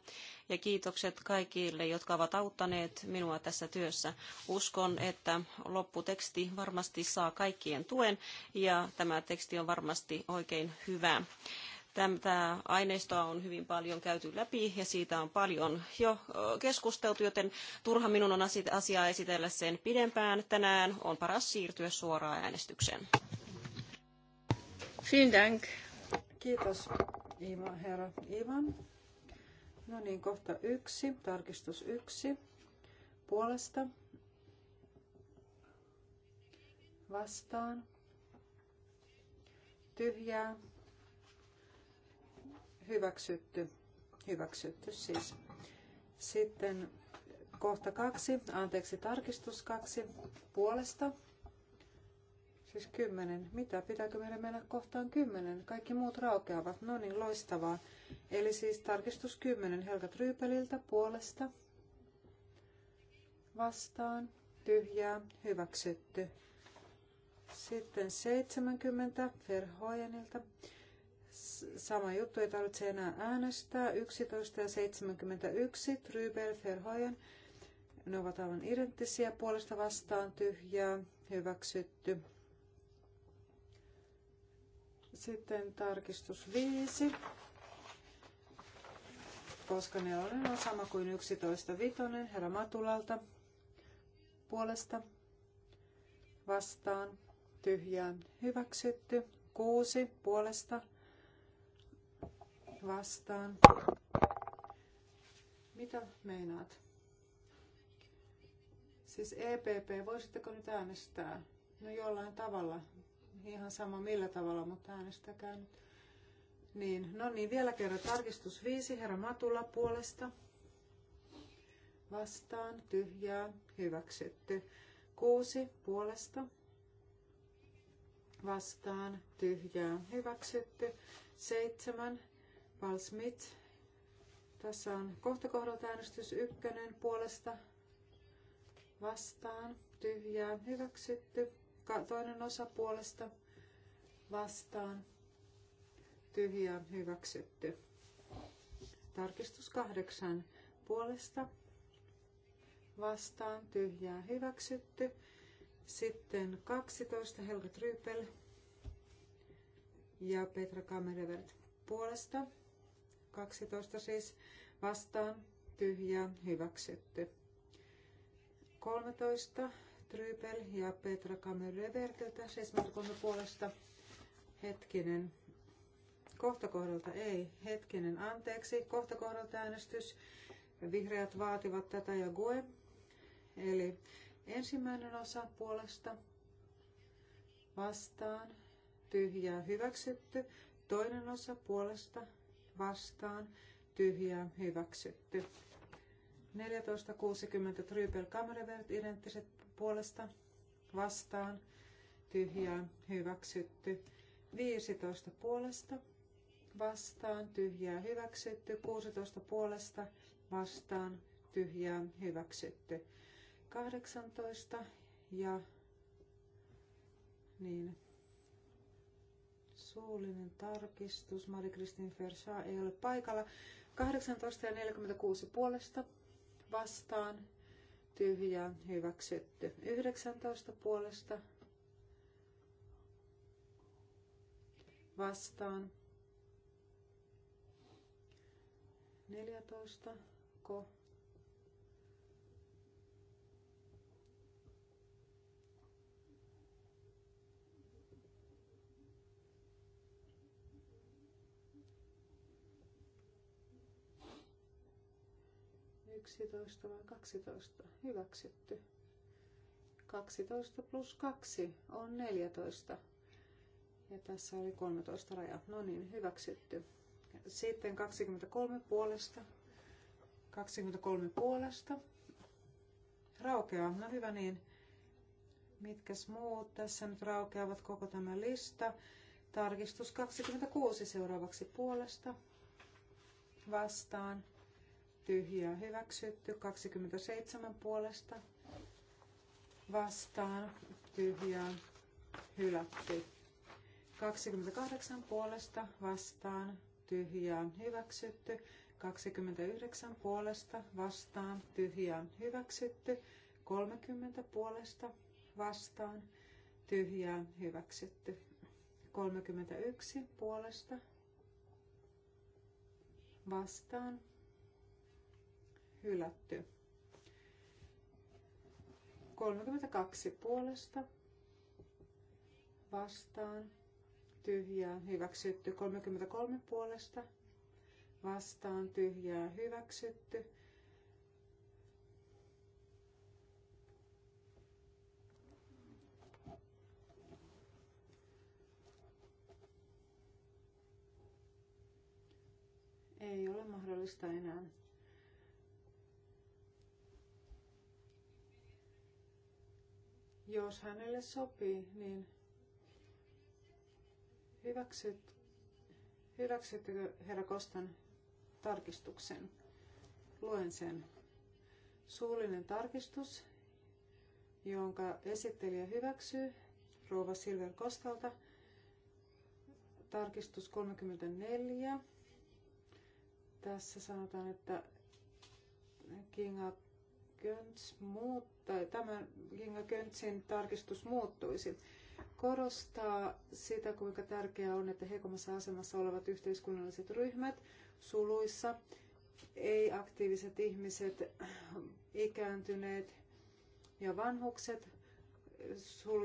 Ja kiitokset kaikille, jotka ovat auttaneet minua tässä työssä. Uskon, että lopputeksti varmasti saa kaikkien tuen ja tämä teksti on varmasti oikein hyvä. Tämä aineistoa on hyvin paljon käyty läpi ja siitä on paljon jo keskusteltu, joten turha minun on asiaa esitellä sen pidempään. Tänään on paras siirtyä suoraan äänestykseen. Vielen Dank. Kiitos, Ivan, herra Ivan. No niin, kohta yksi, tarkistus yksi. Puolesta. Vastaan. Tyhjää hyväksytty, hyväksytty siis. Sitten kohta kaksi, anteeksi tarkistus kaksi puolesta. Siis kymmenen. Mitä? Pitääkö meidän mennä kohtaan kymmenen? Kaikki muut raukeavat. No niin, loistavaa. Eli siis tarkistus kymmenen Helga Tryypeliltä puolesta. Vastaan. Tyhjää. Hyväksytty. Sitten 70 Verhoijanilta Sama juttu, ei tarvitse enää äänestää. 11 ja 71, Tryber, Verhoen. Ne ovat aivan identtisiä, puolesta vastaan tyhjää, hyväksytty. Sitten tarkistus 5. Koska nelonen on sama kuin 11 vitonen, herra Matulalta puolesta vastaan tyhjään hyväksytty. 6 puolesta vastaan. Mitä meinaat? Siis EPP, voisitteko nyt äänestää? No jollain tavalla. Ihan sama millä tavalla, mutta äänestäkää nyt. Niin, no niin, vielä kerran tarkistus 5, herra Matula puolesta. Vastaan, tyhjää, hyväksytty. 6 puolesta. Vastaan, tyhjää, hyväksytty. 7 Paul Smith. Tässä on kohtakohdalta äänestys ykkönen puolesta vastaan, tyhjää, hyväksytty. toinen osa puolesta vastaan, tyhjää, hyväksytty. Tarkistus kahdeksan puolesta vastaan, tyhjää, hyväksytty. Sitten 12 Helga Trypel ja Petra Kamerevert puolesta 12 siis vastaan tyhjää hyväksytty. 13 Trypel ja Petra Kamerevertiltä 73 puolesta. Hetkinen. kohtakohdalta ei. Hetkinen. Anteeksi. kohtakohdalta äänestys. Vihreät vaativat tätä ja GUE. Eli ensimmäinen osa puolesta vastaan tyhjää hyväksytty. Toinen osa puolesta vastaan tyhjää hyväksytty. 1460 Trypel Kamerevert identtiset puolesta vastaan tyhjää hyväksytty. 15 puolesta vastaan tyhjää hyväksytty. 16 puolesta vastaan tyhjää hyväksytty. 18 ja niin suullinen tarkistus. Mari Kristin Fersaa ei ole paikalla. 18 ja 46 puolesta vastaan. Tyhjää hyväksytty. 19 puolesta vastaan. 14 ko 11 vai 12? Hyväksytty. 12 plus 2 on 14. Ja tässä oli 13 raja. No niin, hyväksytty. Sitten 23 puolesta. 23 puolesta. Raukeaa. No hyvä niin. Mitkäs muut? Tässä nyt raukeavat koko tämä lista. Tarkistus 26 seuraavaksi puolesta. Vastaan tyhjää hyväksytty. 27 puolesta vastaan tyhjää hylätty. 28 puolesta vastaan tyhjää hyväksytty. 29 puolesta vastaan tyhjää hyväksytty. 30 puolesta vastaan tyhjää hyväksytty. 31 puolesta vastaan hylätty. 32 puolesta vastaan tyhjää hyväksytty. 33 puolesta vastaan tyhjää hyväksytty. Ei ole mahdollista enää Jos hänelle sopii, niin hyväksyt, hyväksyttekö herra Kostan tarkistuksen? Luen sen. Suullinen tarkistus, jonka esittelijä hyväksyy rouva Silver Kostalta. Tarkistus 34. Tässä sanotaan, että Kinga Göns muutta, tämä Ginga Gönsin tarkistus muuttuisi. Korostaa sitä, kuinka tärkeää on, että heikommassa asemassa olevat yhteiskunnalliset ryhmät suluissa, ei-aktiiviset ihmiset, ikääntyneet ja vanhukset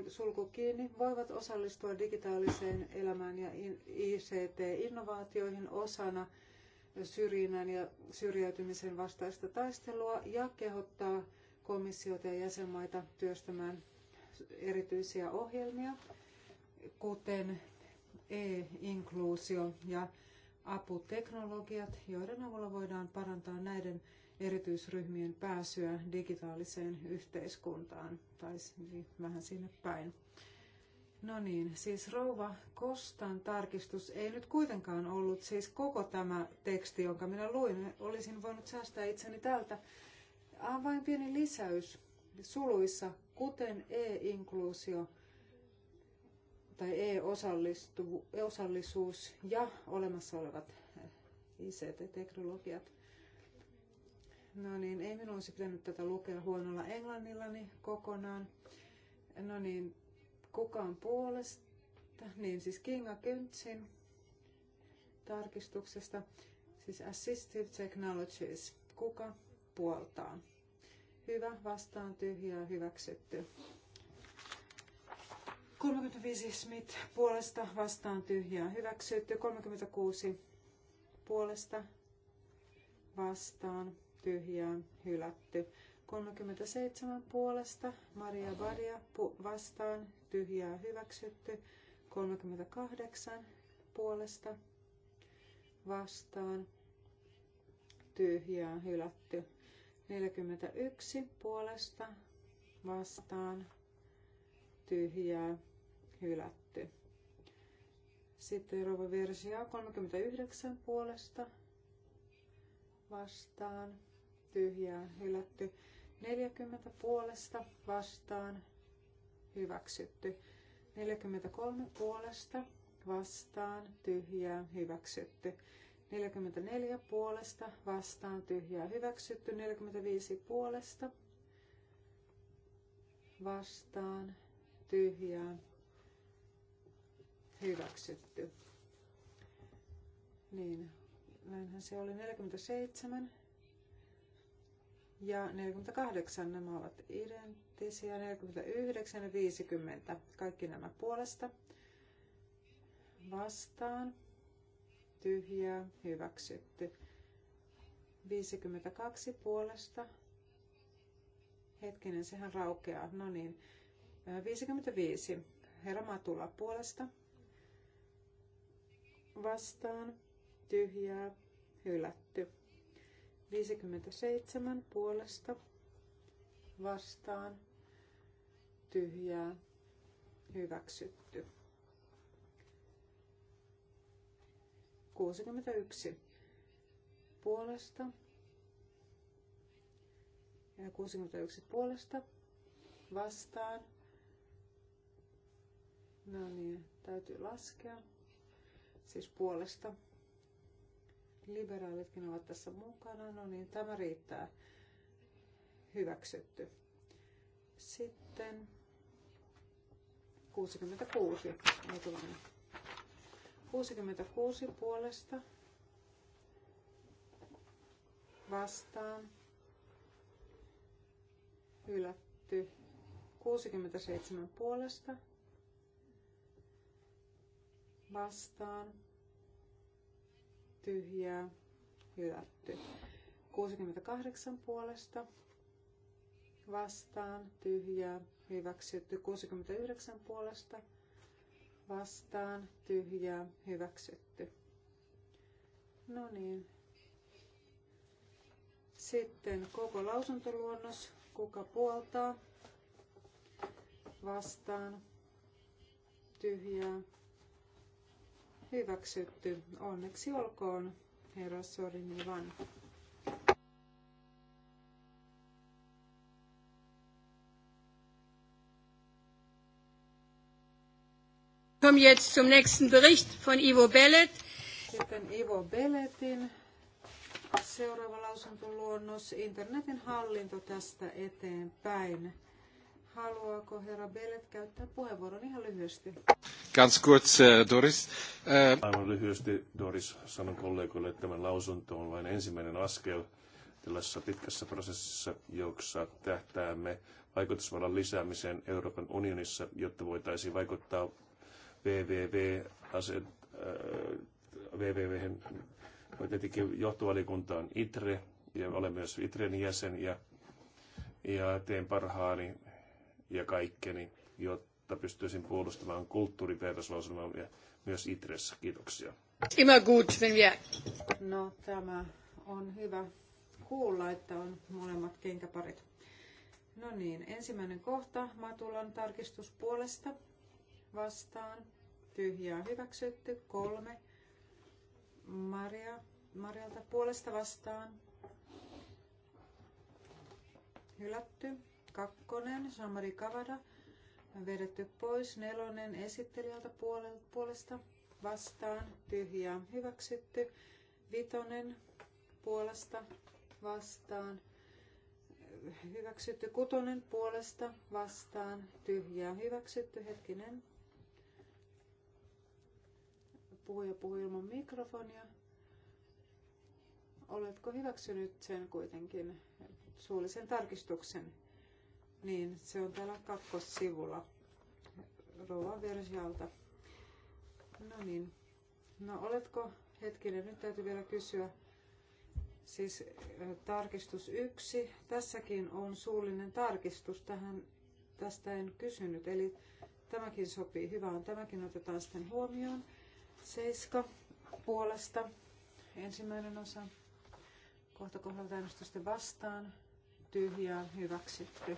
sulku kiinni voivat osallistua digitaaliseen elämään ja ICT-innovaatioihin osana – syrjinnän ja syrjäytymisen vastaista taistelua ja kehottaa komissiota ja jäsenmaita työstämään erityisiä ohjelmia, kuten e-inkluusio ja aputeknologiat, joiden avulla voidaan parantaa näiden erityisryhmien pääsyä digitaaliseen yhteiskuntaan, tai siis vähän sinne päin. No niin, siis rouva Kostan tarkistus ei nyt kuitenkaan ollut siis koko tämä teksti, jonka minä luin. Olisin voinut säästää itseni tältä. aivan vain pieni lisäys suluissa, kuten e-inkluusio tai e-osallisuus e ja olemassa olevat ICT-teknologiat. No niin, ei minun olisi pitänyt tätä lukea huonolla englannillani kokonaan. No niin, kukaan puolesta, niin siis Kinga Kyntsin tarkistuksesta, siis Assistive Technologies, kuka puoltaa. Hyvä, vastaan tyhjää, hyväksytty. 35 Smith puolesta, vastaan tyhjää, hyväksytty. 36 puolesta, vastaan tyhjää, hylätty. 37 puolesta, Maria varja pu- vastaan, tyhjää hyväksytty. 38 puolesta vastaan tyhjää hylätty. 41 puolesta vastaan tyhjää hylätty. Sitten Rova Versia 39 puolesta vastaan tyhjää hylätty. 40 puolesta vastaan hyväksytty. 43 puolesta vastaan tyhjää hyväksytty. 44 puolesta vastaan tyhjää hyväksytty. 45 puolesta vastaan tyhjää hyväksytty. Niin, näinhän se oli 47 ja 48 nämä ovat identtisiä hyväksyttiin 49 ja 50. Kaikki nämä puolesta vastaan tyhjää hyväksytty. 52 puolesta. Hetkinen, sehän raukeaa. No niin. 55. Herra Matula puolesta. Vastaan tyhjää hylätty. 57 puolesta vastaan, tyhjää hyväksytty. 61 puolesta ja 61 puolesta vastaan. No niin, täytyy laskea. Siis puolesta. Liberaalitkin ovat tässä mukana. No niin, tämä riittää. Hyväksytty. Sitten 66, Matulainen. 66 puolesta vastaan hylätty. 67 puolesta vastaan tyhjää hylätty. 68 puolesta vastaan tyhjää hyväksytty. 69 puolesta vastaan tyhjää hyväksytty. No niin. Sitten koko lausuntoluonnos, kuka puoltaa, vastaan, tyhjää, hyväksytty. Onneksi olkoon, herra Sorin Ivan. kommen jetzt zum nächsten Bericht von Ivo Bellet. Sitten Ivo Belletin seuraava lausuntoluonnos, internetin hallinto tästä eteenpäin. Haluaako herra Bellet käyttää puheenvuoron ihan lyhyesti? Ganz kurz, äh, Doris. Äh, Aivan lyhyesti, Doris, sanon kollegoille, että tämä lausunto on vain ensimmäinen askel tällaisessa pitkässä prosessissa, jossa tähtäämme vaikutusvallan lisäämiseen Euroopan unionissa, jotta voitaisiin vaikuttaa VVV, aset, VVV tietenkin johtovalikunta on ITRE, ja olen myös ITREn jäsen, ja, ja teen parhaani ja kaikkeni, jotta pystyisin puolustamaan kulttuuripäätöslauselmaa myös ITREssä. Kiitoksia. No, tämä on hyvä kuulla, että on molemmat kenkäparit. No niin, ensimmäinen kohta Matulan tarkistuspuolesta vastaan, tyhjää hyväksytty. Kolme Maria, Marialta puolesta vastaan, hylätty. Kakkonen, Samari Kavada, vedetty pois. Nelonen esittelijältä puolesta vastaan, tyhjää hyväksytty. Vitonen puolesta vastaan, hyväksytty. Kutonen puolesta vastaan, tyhjää hyväksytty. Hetkinen, Puhuja puhuu ilman mikrofonia. Oletko hyväksynyt sen kuitenkin suullisen tarkistuksen? Niin, se on täällä kakkossivulla rouva versiolta No niin. No oletko, hetkinen, nyt täytyy vielä kysyä. Siis tarkistus yksi. Tässäkin on suullinen tarkistus. Tähän, tästä en kysynyt. Eli tämäkin sopii. Hyvä on. Tämäkin otetaan sitten huomioon. Seiska puolesta. Ensimmäinen osa. Kohta kohdalla äänestystä vastaan. Tyhjää hyväksytty.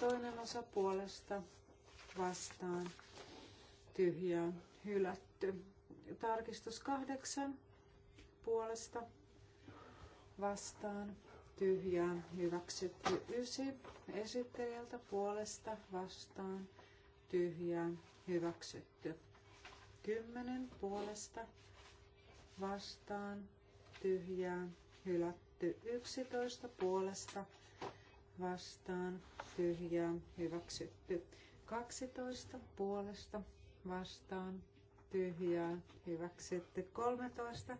Toinen osa puolesta vastaan. Tyhjää hylätty. Tarkistus kahdeksan puolesta vastaan tyhjää, hyväksytty ysi, esittelijältä puolesta vastaan, tyhjää, hyväksytty kymmenen puolesta vastaan tyhjää hylätty 11 puolesta vastaan tyhjää hyväksytty 12 puolesta vastaan tyhjää hyväksytty 13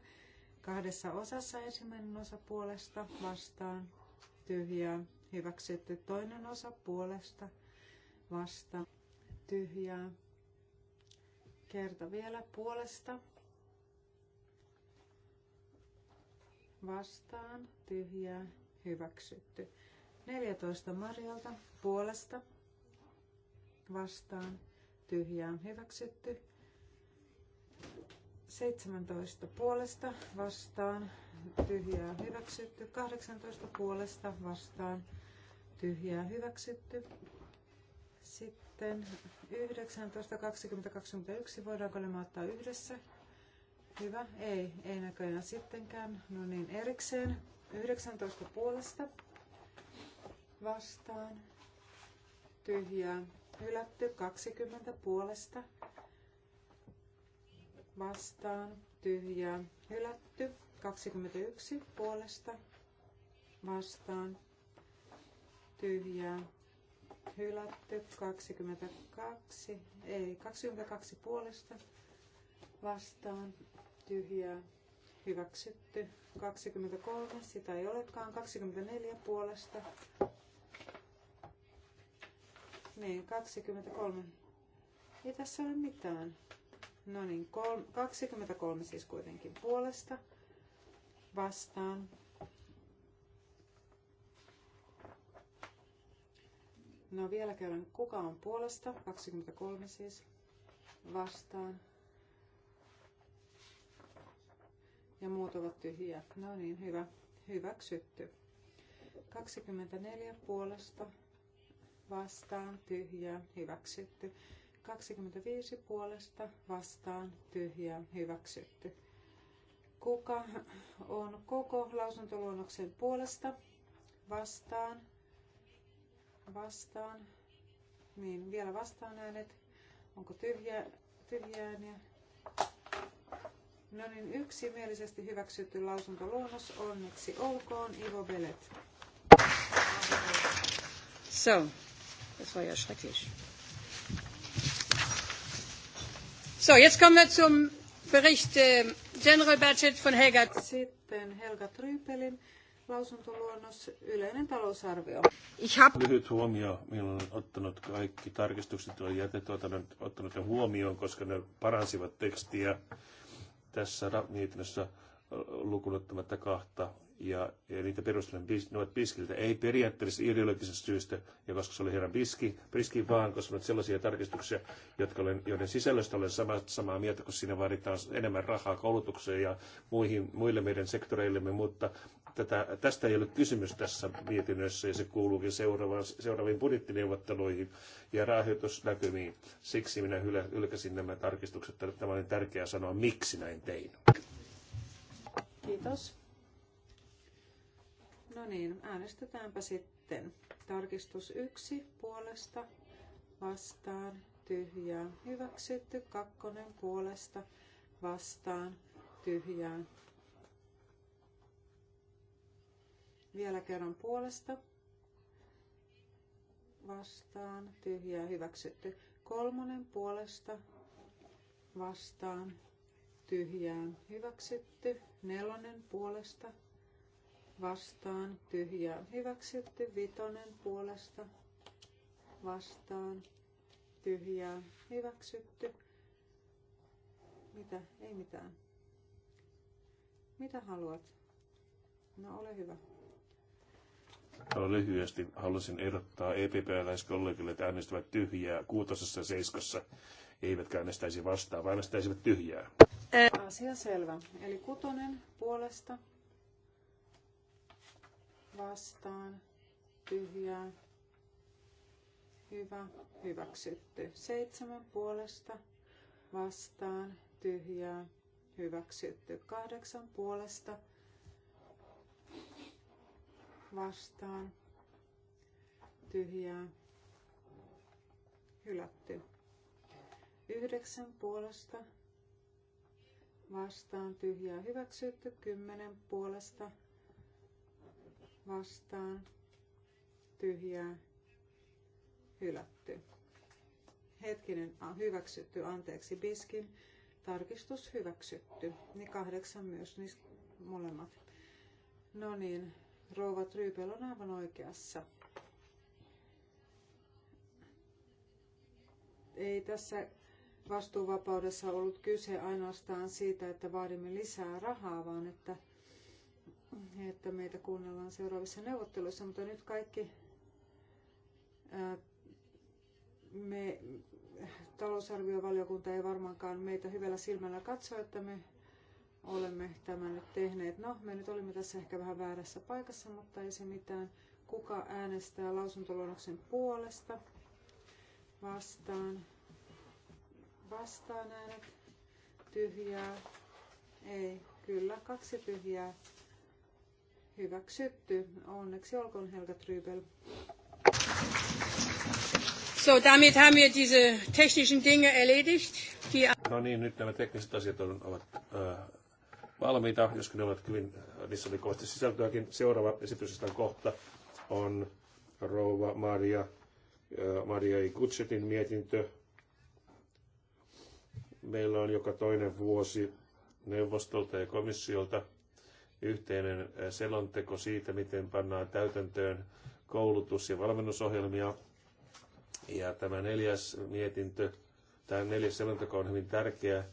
kahdessa osassa ensimmäinen osa puolesta vastaan tyhjää hyväksytty toinen osa puolesta vastaan tyhjää Kerta vielä puolesta. Vastaan. Tyhjää. Hyväksytty. 14 Marjalta puolesta. Vastaan. Tyhjää. Hyväksytty. 17 puolesta vastaan, tyhjää hyväksytty. 18 puolesta vastaan, tyhjää hyväksytty. Sitten sitten 19, Voidaanko nämä ottaa yhdessä? Hyvä. Ei, ei näköjään sittenkään. No niin, erikseen. 19 puolesta. Vastaan. Tyhjää. Hylätty. 20 puolesta. Vastaan. Tyhjää. Hylätty. 21 puolesta. Vastaan. Tyhjää hylätty 22, ei 22 puolesta vastaan tyhjää hyväksytty 23, sitä ei olekaan 24 puolesta. Niin, 23. Ei tässä ole mitään. No niin, 23 siis kuitenkin puolesta vastaan No vielä kerran, kuka on puolesta? 23 siis vastaan. Ja muut ovat tyhjiä. No niin, hyvä. Hyväksytty. 24 puolesta vastaan tyhjää. Hyväksytty. 25 puolesta vastaan tyhjää. Hyväksytty. Kuka on koko lausuntoluonnoksen puolesta vastaan vastaan. Niin, vielä vastaan äänet. Onko tyhjä, tyhjä ääniä? No niin, yksimielisesti hyväksytty lausuntoluonnos. Onneksi olkoon, Ivo Belet. So, das war ja schrecklich. So, jetzt kommen wir zum Bericht äh, General Budget von Helga. Sitten Helga Trüpelin lausuntoluonnos, yleinen talousarvio. Lyhyt huomio, minä olen ottanut kaikki tarkistukset, joilla jätetty, ottanut ne huomioon, koska ne paransivat tekstiä tässä mietinnössä lukunottamatta kahta. Ja, ja niitä perustelen noit piskiltä, ei periaatteessa ideologisesta syystä, ja koska se oli herran piski, piski vaan, koska on sellaisia tarkistuksia, jotka olen, joiden sisällöstä olen sama, samaa mieltä, kun siinä vaaditaan enemmän rahaa koulutukseen ja muihin, muille meidän sektoreillemme, mutta tätä, tästä ei ole kysymys tässä mietinnössä ja se kuuluukin seuraavaan, seuraaviin budjettineuvotteluihin ja rahoitusnäkymiin. Siksi minä hyl, hylkäsin nämä tarkistukset. Tämä oli tärkeää sanoa, miksi näin tein. Kiitos. No niin, äänestetäänpä sitten. Tarkistus yksi puolesta, vastaan, tyhjää, hyväksytty, kakkonen puolesta, vastaan, tyhjää, Vielä kerran puolesta. Vastaan. Tyhjää hyväksytty. Kolmonen puolesta. Vastaan. Tyhjää hyväksytty. Nelonen puolesta. Vastaan. Tyhjää hyväksytty. Vitonen puolesta. Vastaan. Tyhjää hyväksytty. Mitä? Ei mitään. Mitä haluat? No ole hyvä lyhyesti halusin erottaa EPP-läiskollegille, että äänestävät tyhjää kuutosessa ja seiskossa, eivätkä äänestäisi vastaan, vaan äänestäisivät tyhjää. Asia selvä. Eli kutonen puolesta vastaan tyhjää. Hyvä, hyväksytty. Seitsemän puolesta vastaan tyhjää, hyväksytty. Kahdeksan puolesta vastaan tyhjää hylätty. Yhdeksän puolesta vastaan tyhjää hyväksytty. Kymmenen puolesta vastaan tyhjää hylätty. Hetkinen hyväksytty, anteeksi, biskin tarkistus hyväksytty. Niin kahdeksan myös, niistä molemmat. No niin, Rouva Trypel on aivan oikeassa. Ei tässä vastuuvapaudessa ollut kyse ainoastaan siitä, että vaadimme lisää rahaa, vaan että, että meitä kuunnellaan seuraavissa neuvotteluissa. Mutta nyt kaikki ää, me, talousarviovaliokunta ei varmaankaan meitä hyvällä silmällä katso, että me olemme tämän nyt tehneet. No, me nyt olimme tässä ehkä vähän väärässä paikassa, mutta ei se mitään. Kuka äänestää lausuntoluonnoksen puolesta? Vastaan. Vastaan äänet. Tyhjää. Ei. Kyllä, kaksi tyhjää. Hyväksytty. Onneksi olkoon Helga Trybel. So, damit haben wir diese technischen Dinge erledigt. Die no niin, nyt nämä tekniset asiat on, ovat äh, valmiita, joskin ne ovat hyvin, niissä oli kovasti sisältöäkin. Seuraava esityslistan kohta on rouva Maria, äh, Maria Ikutsetin mietintö. Meillä on joka toinen vuosi neuvostolta ja komissiolta yhteinen äh, selonteko siitä, miten pannaan täytäntöön koulutus- ja valmennusohjelmia. Ja tämä neljäs mietintö, tämä neljäs selonteko on hyvin tärkeä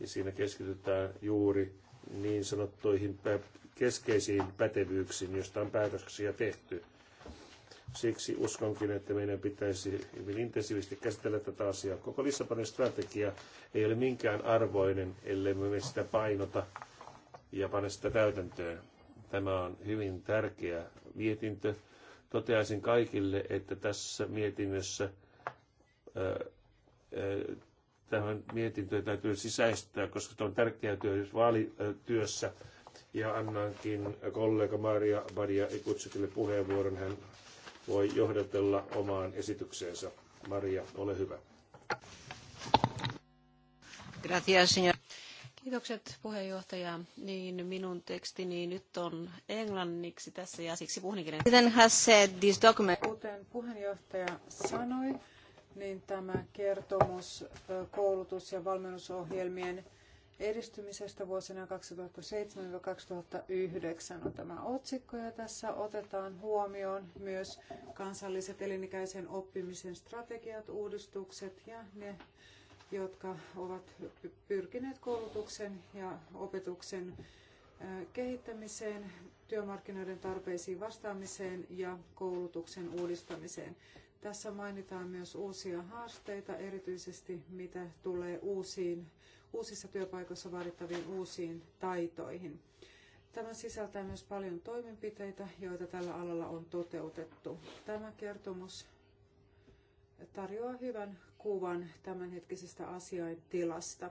ja siinä keskitytään juuri niin sanottuihin keskeisiin pätevyyksiin, joista on päätöksiä tehty. Siksi uskonkin, että meidän pitäisi hyvin intensiivisesti käsitellä tätä asiaa. Koko Lissabonin strategia ei ole minkään arvoinen, ellei me sitä painota ja pane sitä täytäntöön. Tämä on hyvin tärkeä mietintö. Toteaisin kaikille, että tässä mietinnössä tähän mietintöön täytyy sisäistää, koska se on tärkeä työ vaalityössä. Ja annankin kollega Maria Badia Ikutsukille puheenvuoron. Hän voi johdatella omaan esitykseensä. Maria, ole hyvä. Gracias, señor. Kiitokset puheenjohtaja. Niin minun tekstini nyt on englanniksi tässä ja siksi puhun Kuten puheenjohtaja sanoi, niin tämä kertomus koulutus- ja valmennusohjelmien edistymisestä vuosina 2007-2009 on tämä otsikko ja tässä otetaan huomioon myös kansalliset elinikäisen oppimisen strategiat, uudistukset ja ne, jotka ovat pyrkineet koulutuksen ja opetuksen kehittämiseen, työmarkkinoiden tarpeisiin vastaamiseen ja koulutuksen uudistamiseen. Tässä mainitaan myös uusia haasteita, erityisesti mitä tulee uusiin, uusissa työpaikoissa vaadittaviin uusiin taitoihin. Tämä sisältää myös paljon toimenpiteitä, joita tällä alalla on toteutettu. Tämä kertomus tarjoaa hyvän kuvan tämänhetkisestä asiaintilasta.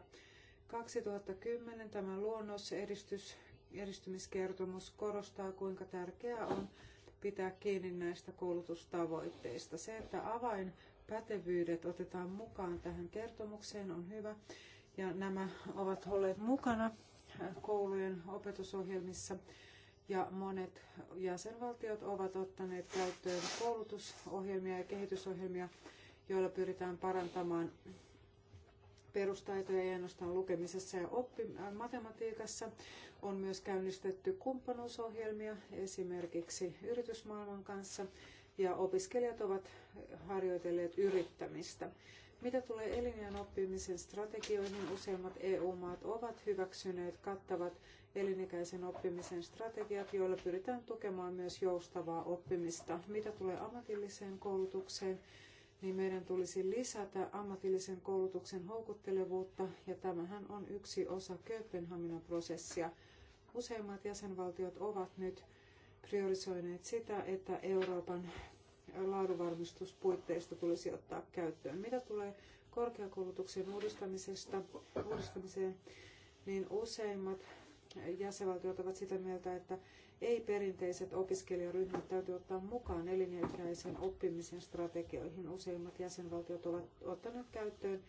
2010 tämä luonnos edistys, edistymiskertomus korostaa, kuinka tärkeää on pitää kiinni näistä koulutustavoitteista. Se, että avainpätevyydet otetaan mukaan tähän kertomukseen on hyvä ja nämä ovat olleet mukana koulujen opetusohjelmissa ja monet jäsenvaltiot ovat ottaneet käyttöön koulutusohjelmia ja kehitysohjelmia, joilla pyritään parantamaan perustaitoja ei ainoastaan lukemisessa ja oppi- äh, matematiikassa. On myös käynnistetty kumppanuusohjelmia esimerkiksi yritysmaailman kanssa ja opiskelijat ovat harjoitelleet yrittämistä. Mitä tulee elinajan oppimisen strategioihin, niin useimmat EU-maat ovat hyväksyneet kattavat elinikäisen oppimisen strategiat, joilla pyritään tukemaan myös joustavaa oppimista. Mitä tulee ammatilliseen koulutukseen, niin meidän tulisi lisätä ammatillisen koulutuksen houkuttelevuutta, ja tämähän on yksi osa Kööpenhaminan prosessia. Useimmat jäsenvaltiot ovat nyt priorisoineet sitä, että Euroopan laadunvarmistuspuitteista tulisi ottaa käyttöön. Mitä tulee korkeakoulutuksen uudistamisesta, uudistamiseen, niin useimmat jäsenvaltiot ovat sitä mieltä, että ei-perinteiset opiskelijaryhmät täytyy ottaa mukaan elinikäisen oppimisen strategioihin. Useimmat jäsenvaltiot ovat ottaneet käyttöön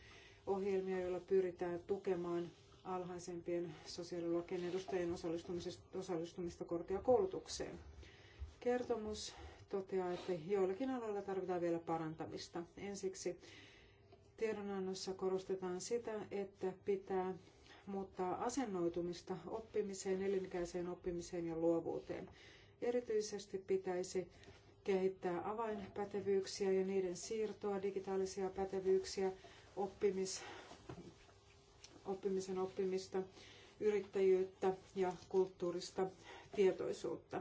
ohjelmia, joilla pyritään tukemaan alhaisempien sosiaaliluokkien edustajien osallistumista korkeakoulutukseen. Kertomus toteaa, että joillakin aloilla tarvitaan vielä parantamista. Ensiksi tiedonannossa korostetaan sitä, että pitää muuttaa asennoitumista oppimiseen, elinikäiseen oppimiseen ja luovuuteen. Erityisesti pitäisi kehittää avainpätevyyksiä ja niiden siirtoa, digitaalisia pätevyyksiä, oppimis, oppimisen oppimista, yrittäjyyttä ja kulttuurista tietoisuutta.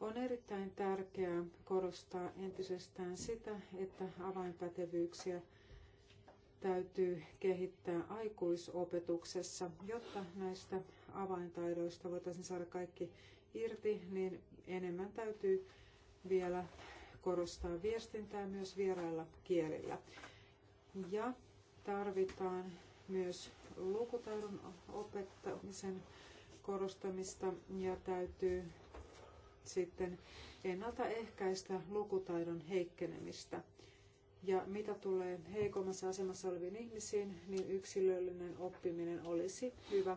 On erittäin tärkeää korostaa entisestään sitä, että avainpätevyyksiä täytyy kehittää aikuisopetuksessa, jotta näistä avaintaidoista voitaisiin saada kaikki irti, niin enemmän täytyy vielä korostaa viestintää myös vierailla kielillä. Ja tarvitaan myös lukutaidon opettamisen korostamista ja täytyy sitten ennaltaehkäistä lukutaidon heikkenemistä. Ja mitä tulee heikommassa asemassa oleviin ihmisiin, niin yksilöllinen oppiminen olisi hyvä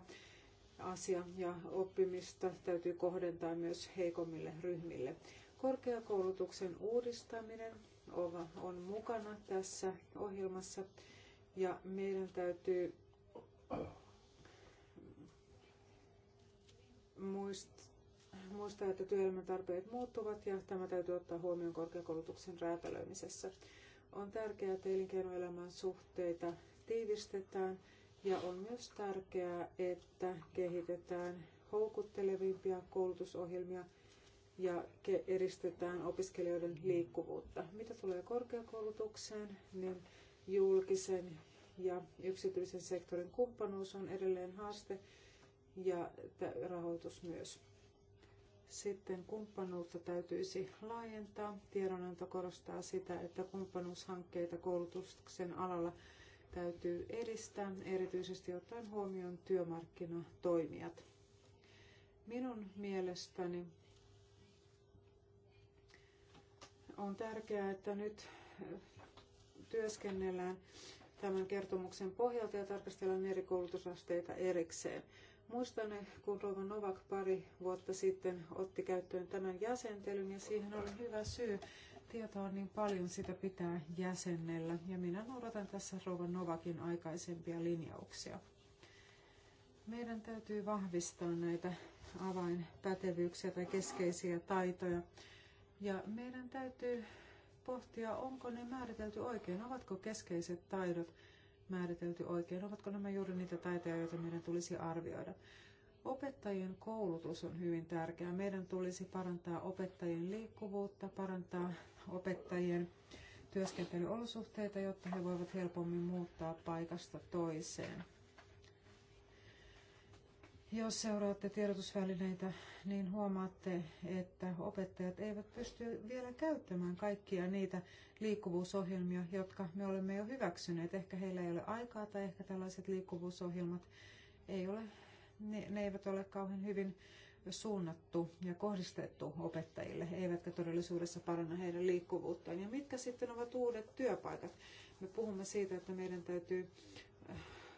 asia ja oppimista täytyy kohdentaa myös heikommille ryhmille. Korkeakoulutuksen uudistaminen on mukana tässä ohjelmassa ja meidän täytyy muistaa, että työelämän tarpeet muuttuvat ja tämä täytyy ottaa huomioon korkeakoulutuksen räätälöimisessä. On tärkeää, että elinkeinoelämän suhteita tiivistetään ja on myös tärkeää, että kehitetään houkuttelevimpia koulutusohjelmia ja edistetään opiskelijoiden liikkuvuutta. Mitä tulee korkeakoulutukseen, niin julkisen ja yksityisen sektorin kumppanuus on edelleen haaste ja rahoitus myös. Sitten kumppanuutta täytyisi laajentaa. Tiedonanto korostaa sitä, että kumppanuushankkeita koulutuksen alalla täytyy edistää, erityisesti ottaen huomioon työmarkkinatoimijat. Minun mielestäni on tärkeää, että nyt työskennellään tämän kertomuksen pohjalta ja tarkastellaan eri koulutusasteita erikseen. Muistan, kun Rova Novak pari vuotta sitten otti käyttöön tämän jäsentelyn ja siihen oli hyvä syy. Tietoa on niin paljon, sitä pitää jäsennellä ja minä noudatan tässä Rova Novakin aikaisempia linjauksia. Meidän täytyy vahvistaa näitä avainpätevyyksiä tai keskeisiä taitoja ja meidän täytyy pohtia, onko ne määritelty oikein, ovatko keskeiset taidot – määritelty oikein? Ovatko nämä juuri niitä taitoja, joita meidän tulisi arvioida? Opettajien koulutus on hyvin tärkeää. Meidän tulisi parantaa opettajien liikkuvuutta, parantaa opettajien työskentelyolosuhteita, jotta he voivat helpommin muuttaa paikasta toiseen. Jos seuraatte tiedotusvälineitä, niin huomaatte, että opettajat eivät pysty vielä käyttämään kaikkia niitä liikkuvuusohjelmia, jotka me olemme jo hyväksyneet. Ehkä heillä ei ole aikaa tai ehkä tällaiset liikkuvuusohjelmat ei ole, ne, ne eivät ole kauhean hyvin suunnattu ja kohdistettu opettajille, eivätkä todellisuudessa paranna heidän liikkuvuuttaan. Ja mitkä sitten ovat uudet työpaikat? Me puhumme siitä, että meidän täytyy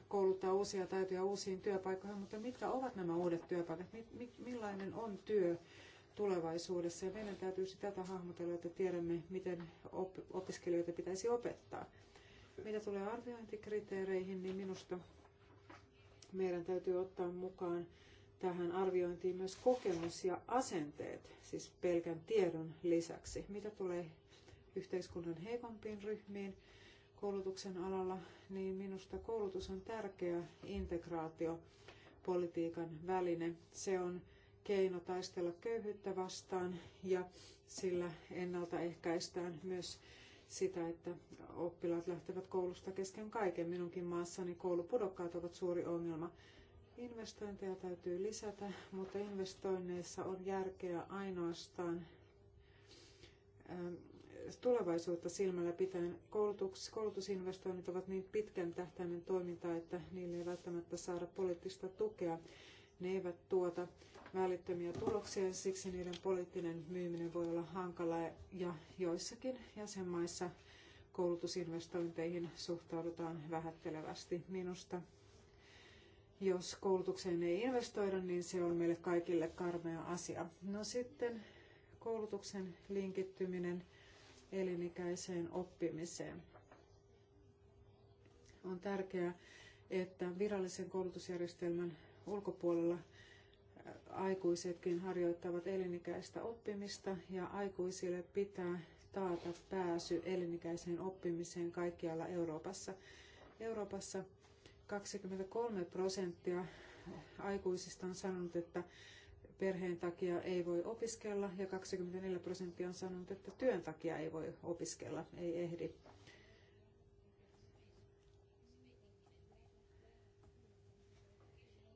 kouluttaa uusia taitoja uusiin työpaikkoihin, mutta mitkä ovat nämä uudet työpaikat? Millainen on työ tulevaisuudessa? Ja meidän täytyisi tätä hahmotella, että tiedämme, miten opiskelijoita pitäisi opettaa. Mitä tulee arviointikriteereihin, niin minusta meidän täytyy ottaa mukaan tähän arviointiin myös kokemus ja asenteet, siis pelkän tiedon lisäksi. Mitä tulee yhteiskunnan heikompiin ryhmiin, koulutuksen alalla, niin minusta koulutus on tärkeä integraatiopolitiikan väline. Se on keino taistella köyhyyttä vastaan ja sillä ennaltaehkäistään myös sitä, että oppilaat lähtevät koulusta kesken kaiken. Minunkin maassani koulupudokkaat ovat suuri ongelma. Investointeja täytyy lisätä, mutta investoinneissa on järkeä ainoastaan tulevaisuutta silmällä pitäen koulutus, koulutusinvestoinnit ovat niin pitkän tähtäimen toimintaa, että niille ei välttämättä saada poliittista tukea. Ne eivät tuota välittömiä tuloksia ja siksi niiden poliittinen myyminen voi olla hankalaa ja joissakin jäsenmaissa koulutusinvestointeihin suhtaudutaan vähättelevästi. Minusta jos koulutukseen ei investoida, niin se on meille kaikille karmea asia. No sitten koulutuksen linkittyminen elinikäiseen oppimiseen. On tärkeää, että virallisen koulutusjärjestelmän ulkopuolella aikuisetkin harjoittavat elinikäistä oppimista ja aikuisille pitää taata pääsy elinikäiseen oppimiseen kaikkialla Euroopassa. Euroopassa 23 prosenttia aikuisista on sanonut, että perheen takia ei voi opiskella ja 24 prosenttia on sanonut, että työn takia ei voi opiskella, ei ehdi.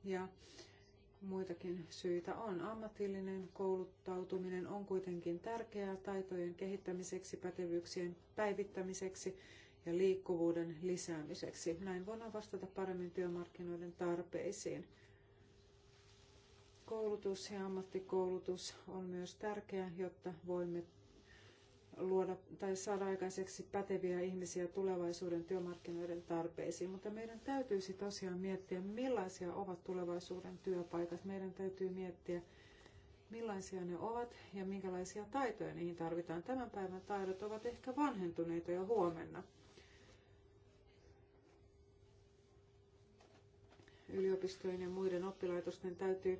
Ja muitakin syitä on. Ammatillinen kouluttautuminen on kuitenkin tärkeää taitojen kehittämiseksi, pätevyyksien päivittämiseksi ja liikkuvuuden lisäämiseksi. Näin voidaan vastata paremmin työmarkkinoiden tarpeisiin koulutus ja ammattikoulutus on myös tärkeä, jotta voimme luoda tai saada aikaiseksi päteviä ihmisiä tulevaisuuden työmarkkinoiden tarpeisiin. Mutta meidän täytyisi tosiaan miettiä, millaisia ovat tulevaisuuden työpaikat. Meidän täytyy miettiä, millaisia ne ovat ja minkälaisia taitoja niihin tarvitaan. Tämän päivän taidot ovat ehkä vanhentuneita jo huomenna. Yliopistojen ja muiden oppilaitosten täytyy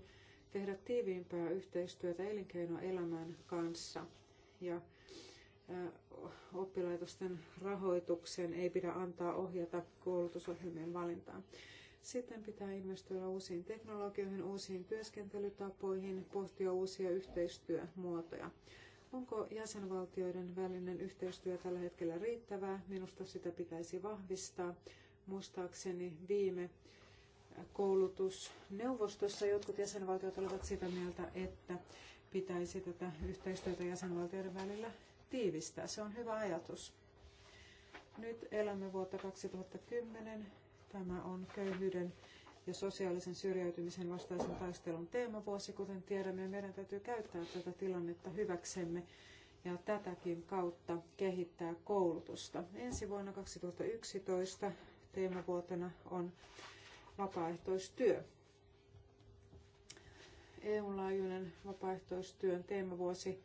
tehdä tiiviimpää yhteistyötä elinkeinoelämän kanssa ja oppilaitosten rahoituksen ei pidä antaa ohjata koulutusohjelmien valintaan. Sitten pitää investoida uusiin teknologioihin, uusiin työskentelytapoihin, pohtia uusia yhteistyömuotoja. Onko jäsenvaltioiden välinen yhteistyö tällä hetkellä riittävää? Minusta sitä pitäisi vahvistaa. Muistaakseni viime koulutusneuvostossa jotkut jäsenvaltiot olivat sitä mieltä, että pitäisi tätä yhteistyötä jäsenvaltioiden välillä tiivistää. Se on hyvä ajatus. Nyt elämme vuotta 2010. Tämä on köyhyyden ja sosiaalisen syrjäytymisen vastaisen taistelun teemavuosi, kuten tiedämme. Meidän täytyy käyttää tätä tilannetta hyväksemme ja tätäkin kautta kehittää koulutusta. Ensi vuonna 2011 teemavuotena on vapaaehtoistyö. EU-laajuinen vapaaehtoistyön teemavuosi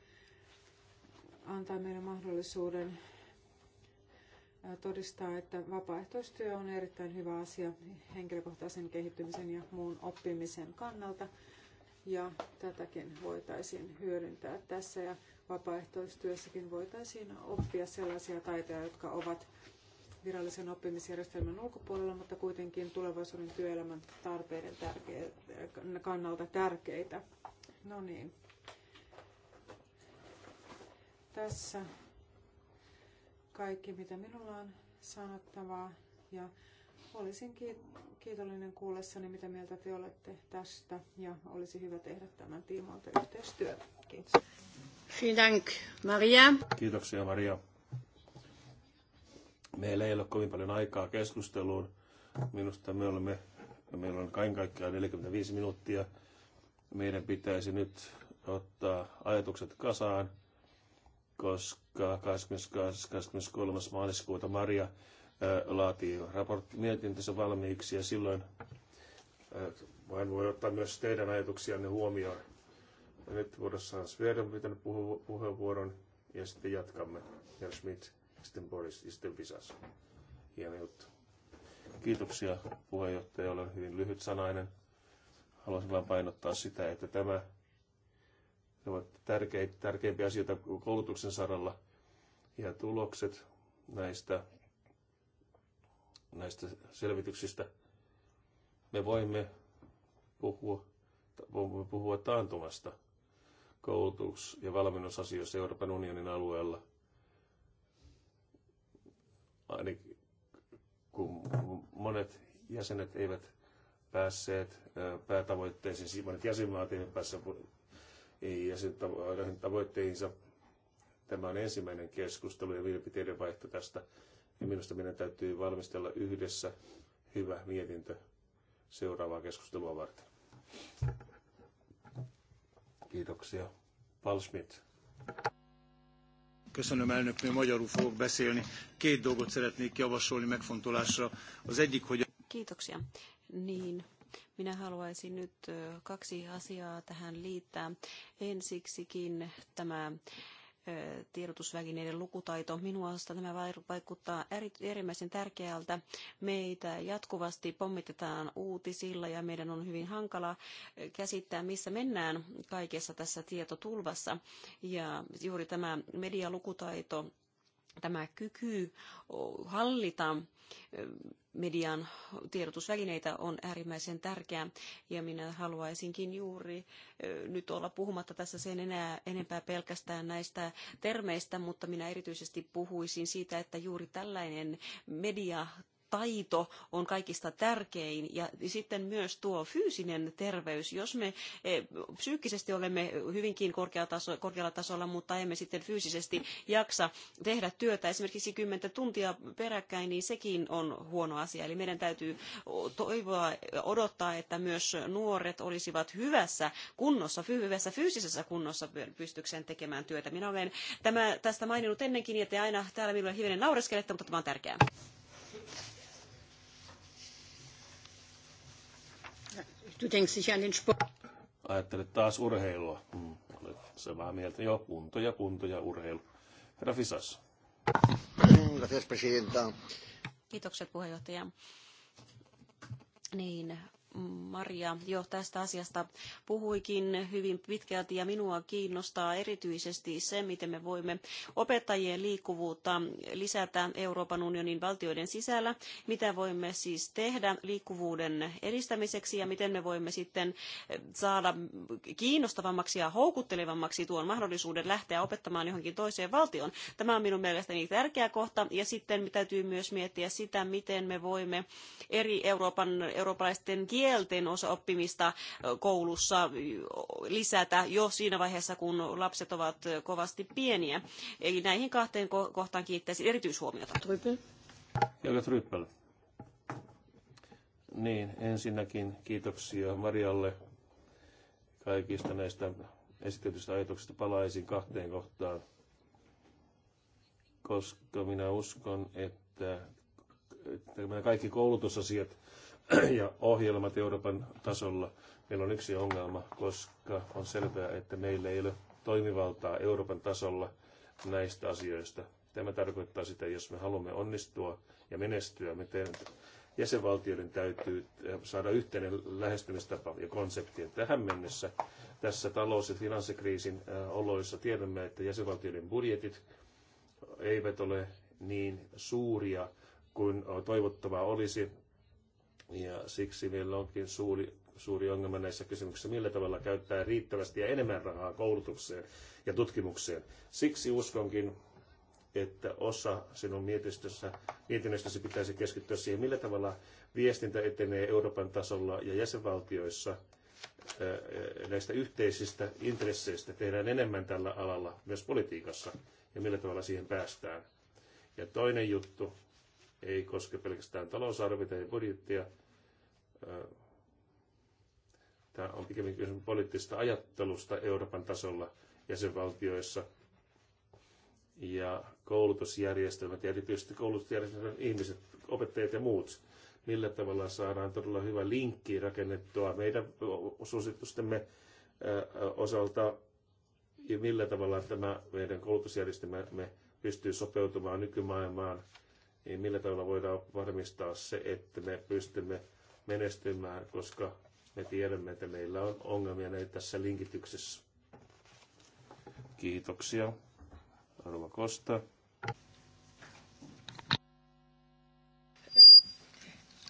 antaa meille mahdollisuuden todistaa, että vapaaehtoistyö on erittäin hyvä asia henkilökohtaisen kehittymisen ja muun oppimisen kannalta. Ja tätäkin voitaisiin hyödyntää tässä ja vapaaehtoistyössäkin voitaisiin oppia sellaisia taitoja, jotka ovat virallisen oppimisjärjestelmän ulkopuolella, mutta kuitenkin tulevaisuuden työelämän tarpeiden tärkeitä, kannalta tärkeitä. No niin. Tässä kaikki, mitä minulla on sanottavaa. Ja olisin kiitollinen kuullessani, mitä mieltä te olette tästä. Ja olisi hyvä tehdä tämän tiimoilta yhteistyötä. Kiitos. Vielen Maria. Kiitoksia, Maria. Meillä ei ole kovin paljon aikaa keskusteluun. Minusta me olemme, meillä on kaiken kaikkiaan 45 minuuttia. Meidän pitäisi nyt ottaa ajatukset kasaan, koska 22, 23. maaliskuuta Maria laatii raportti, valmiiksi ja silloin vain voi ottaa myös teidän ajatuksianne huomioon. Ja nyt vuodessaan Sveden on pitänyt puheenvuoron ja sitten jatkamme. Herr Schmidt. Sitten Boris ja sitten Visas. Hieno juttu. Kiitoksia puheenjohtaja, olen hyvin lyhyt sanainen. Haluaisin vain painottaa sitä, että tämä ovat tärkeitä, tärkeimpiä asioita koulutuksen saralla. Ja tulokset näistä, näistä selvityksistä. Me voimme puhua, voimme puhua taantumasta koulutus- ja valmennusasioissa Euroopan unionin alueella ainakin kun monet jäsenet eivät päässeet päätavoitteisiin, siis monet jäsenmaat eivät päässeet jäsentavo- Tämä on ensimmäinen keskustelu ja mielipiteiden vaihto tästä. Ja minusta meidän täytyy valmistella yhdessä hyvä mietintö seuraavaa keskustelua varten. Kiitoksia. Paul Schmidt. Köszönöm, magyarul fogok beszélni. Két dolgot szeretnék javasolni megfontolásra. Az egyik, hogy... Kiitoksia. Niin, minä haluaisin nyt kaksi asiaa tähän liittää. Ensiksikin tämä tiedotusvälineiden lukutaito. minua osasta tämä vaikuttaa äärimmäisen tärkeältä. Meitä jatkuvasti pommitetaan uutisilla ja meidän on hyvin hankala käsittää, missä mennään kaikessa tässä tietotulvassa. Ja juuri tämä medialukutaito tämä kyky hallita median tiedotusvälineitä on äärimmäisen tärkeä ja minä haluaisinkin juuri nyt olla puhumatta tässä sen enää enempää pelkästään näistä termeistä, mutta minä erityisesti puhuisin siitä, että juuri tällainen media taito on kaikista tärkein ja sitten myös tuo fyysinen terveys. Jos me eh, psyykkisesti olemme hyvinkin korkealla tasolla, mutta emme sitten fyysisesti jaksa tehdä työtä esimerkiksi kymmentä tuntia peräkkäin, niin sekin on huono asia. Eli meidän täytyy toivoa ja odottaa, että myös nuoret olisivat hyvässä kunnossa, hyvässä fyysisessä kunnossa pystykseen tekemään työtä. Minä olen tämä, tästä maininnut ennenkin, ja te aina täällä minulle hivenen naureskelette, mutta tämä on tärkeää. Du denkst sicher an den Sport. Ajattelet taas urheilua. Mm, olet samaa mieltä. Joo, kunto ja kunto ja urheilu. Herra Fisas. Kiitokset puheenjohtaja. Niin, Maria jo tästä asiasta puhuikin hyvin pitkälti ja minua kiinnostaa erityisesti se, miten me voimme opettajien liikkuvuutta lisätä Euroopan unionin valtioiden sisällä, mitä voimme siis tehdä liikkuvuuden edistämiseksi ja miten me voimme sitten eh, saada kiinnostavammaksi ja houkuttelevammaksi tuon mahdollisuuden lähteä opettamaan johonkin toiseen valtioon. Tämä on minun mielestäni tärkeä kohta ja sitten täytyy myös miettiä sitä, miten me voimme eri Euroopan, eurooppalaisten kielten kielten osa oppimista koulussa lisätä jo siinä vaiheessa, kun lapset ovat kovasti pieniä. Eli näihin kahteen kohtaan kiittäisin erityishuomiota. Tryppel. Niin, ensinnäkin kiitoksia Marialle kaikista näistä esitetyistä ajatuksista. Palaisin kahteen kohtaan, koska minä uskon, että että nämä kaikki koulutusasiat ja ohjelmat Euroopan tasolla. Meillä on yksi ongelma, koska on selvää, että meillä ei ole toimivaltaa Euroopan tasolla näistä asioista. Tämä tarkoittaa sitä, että jos me haluamme onnistua ja menestyä, me jäsenvaltioiden täytyy äh, saada yhteinen lähestymistapa ja konsepti. Tähän mennessä tässä talous- ja finanssikriisin äh, oloissa tiedämme, että jäsenvaltioiden budjetit eivät ole niin suuria kuin toivottavaa olisi ja siksi meillä onkin suuri, suuri ongelma näissä kysymyksissä, millä tavalla käyttää riittävästi ja enemmän rahaa koulutukseen ja tutkimukseen. Siksi uskonkin, että osa sinun mietinnöstäsi pitäisi keskittyä siihen, millä tavalla viestintä etenee Euroopan tasolla ja jäsenvaltioissa näistä yhteisistä intresseistä tehdään enemmän tällä alalla myös politiikassa ja millä tavalla siihen päästään. Ja toinen juttu, ei koske pelkästään talousarvita ja budjettia. Tämä on pikemminkin kysymys poliittisesta ajattelusta Euroopan tasolla jäsenvaltioissa. Ja koulutusjärjestelmät ja erityisesti koulutusjärjestelmät, ihmiset, opettajat ja muut, millä tavalla saadaan todella hyvä linkki rakennettua meidän suositustemme osalta ja millä tavalla tämä meidän koulutusjärjestelmämme pystyy sopeutumaan nykymaailmaan – niin millä tavalla voidaan varmistaa se, että me pystymme menestymään, koska me tiedämme, että meillä on ongelmia näitä tässä linkityksessä. Kiitoksia. Arvo Kosta.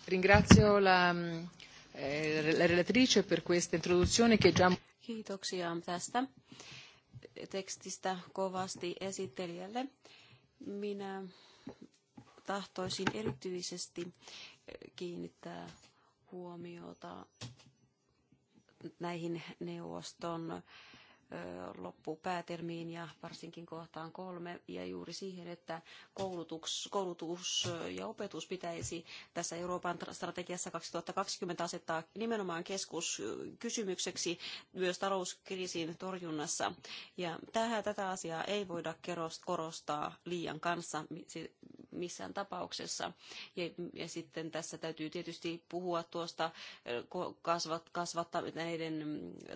Ringrazio la, eh, la relatrice per questa introduzione che già... Kiitoksia tästä tekstistä kovasti esittelijälle. Minä tahtoisin erityisesti eh, kiinnittää huomiota näihin neuvoston loppupäätelmiin ja varsinkin kohtaan kolme ja juuri siihen, että koulutus, koulutus ja opetus pitäisi tässä Euroopan strategiassa 2020 asettaa nimenomaan keskuskysymykseksi myös talouskriisin torjunnassa. Ja tähän, tätä asiaa ei voida korostaa liian kanssa missään tapauksessa. Ja, ja sitten tässä täytyy tietysti puhua tuosta kasvat, kasvatta, näiden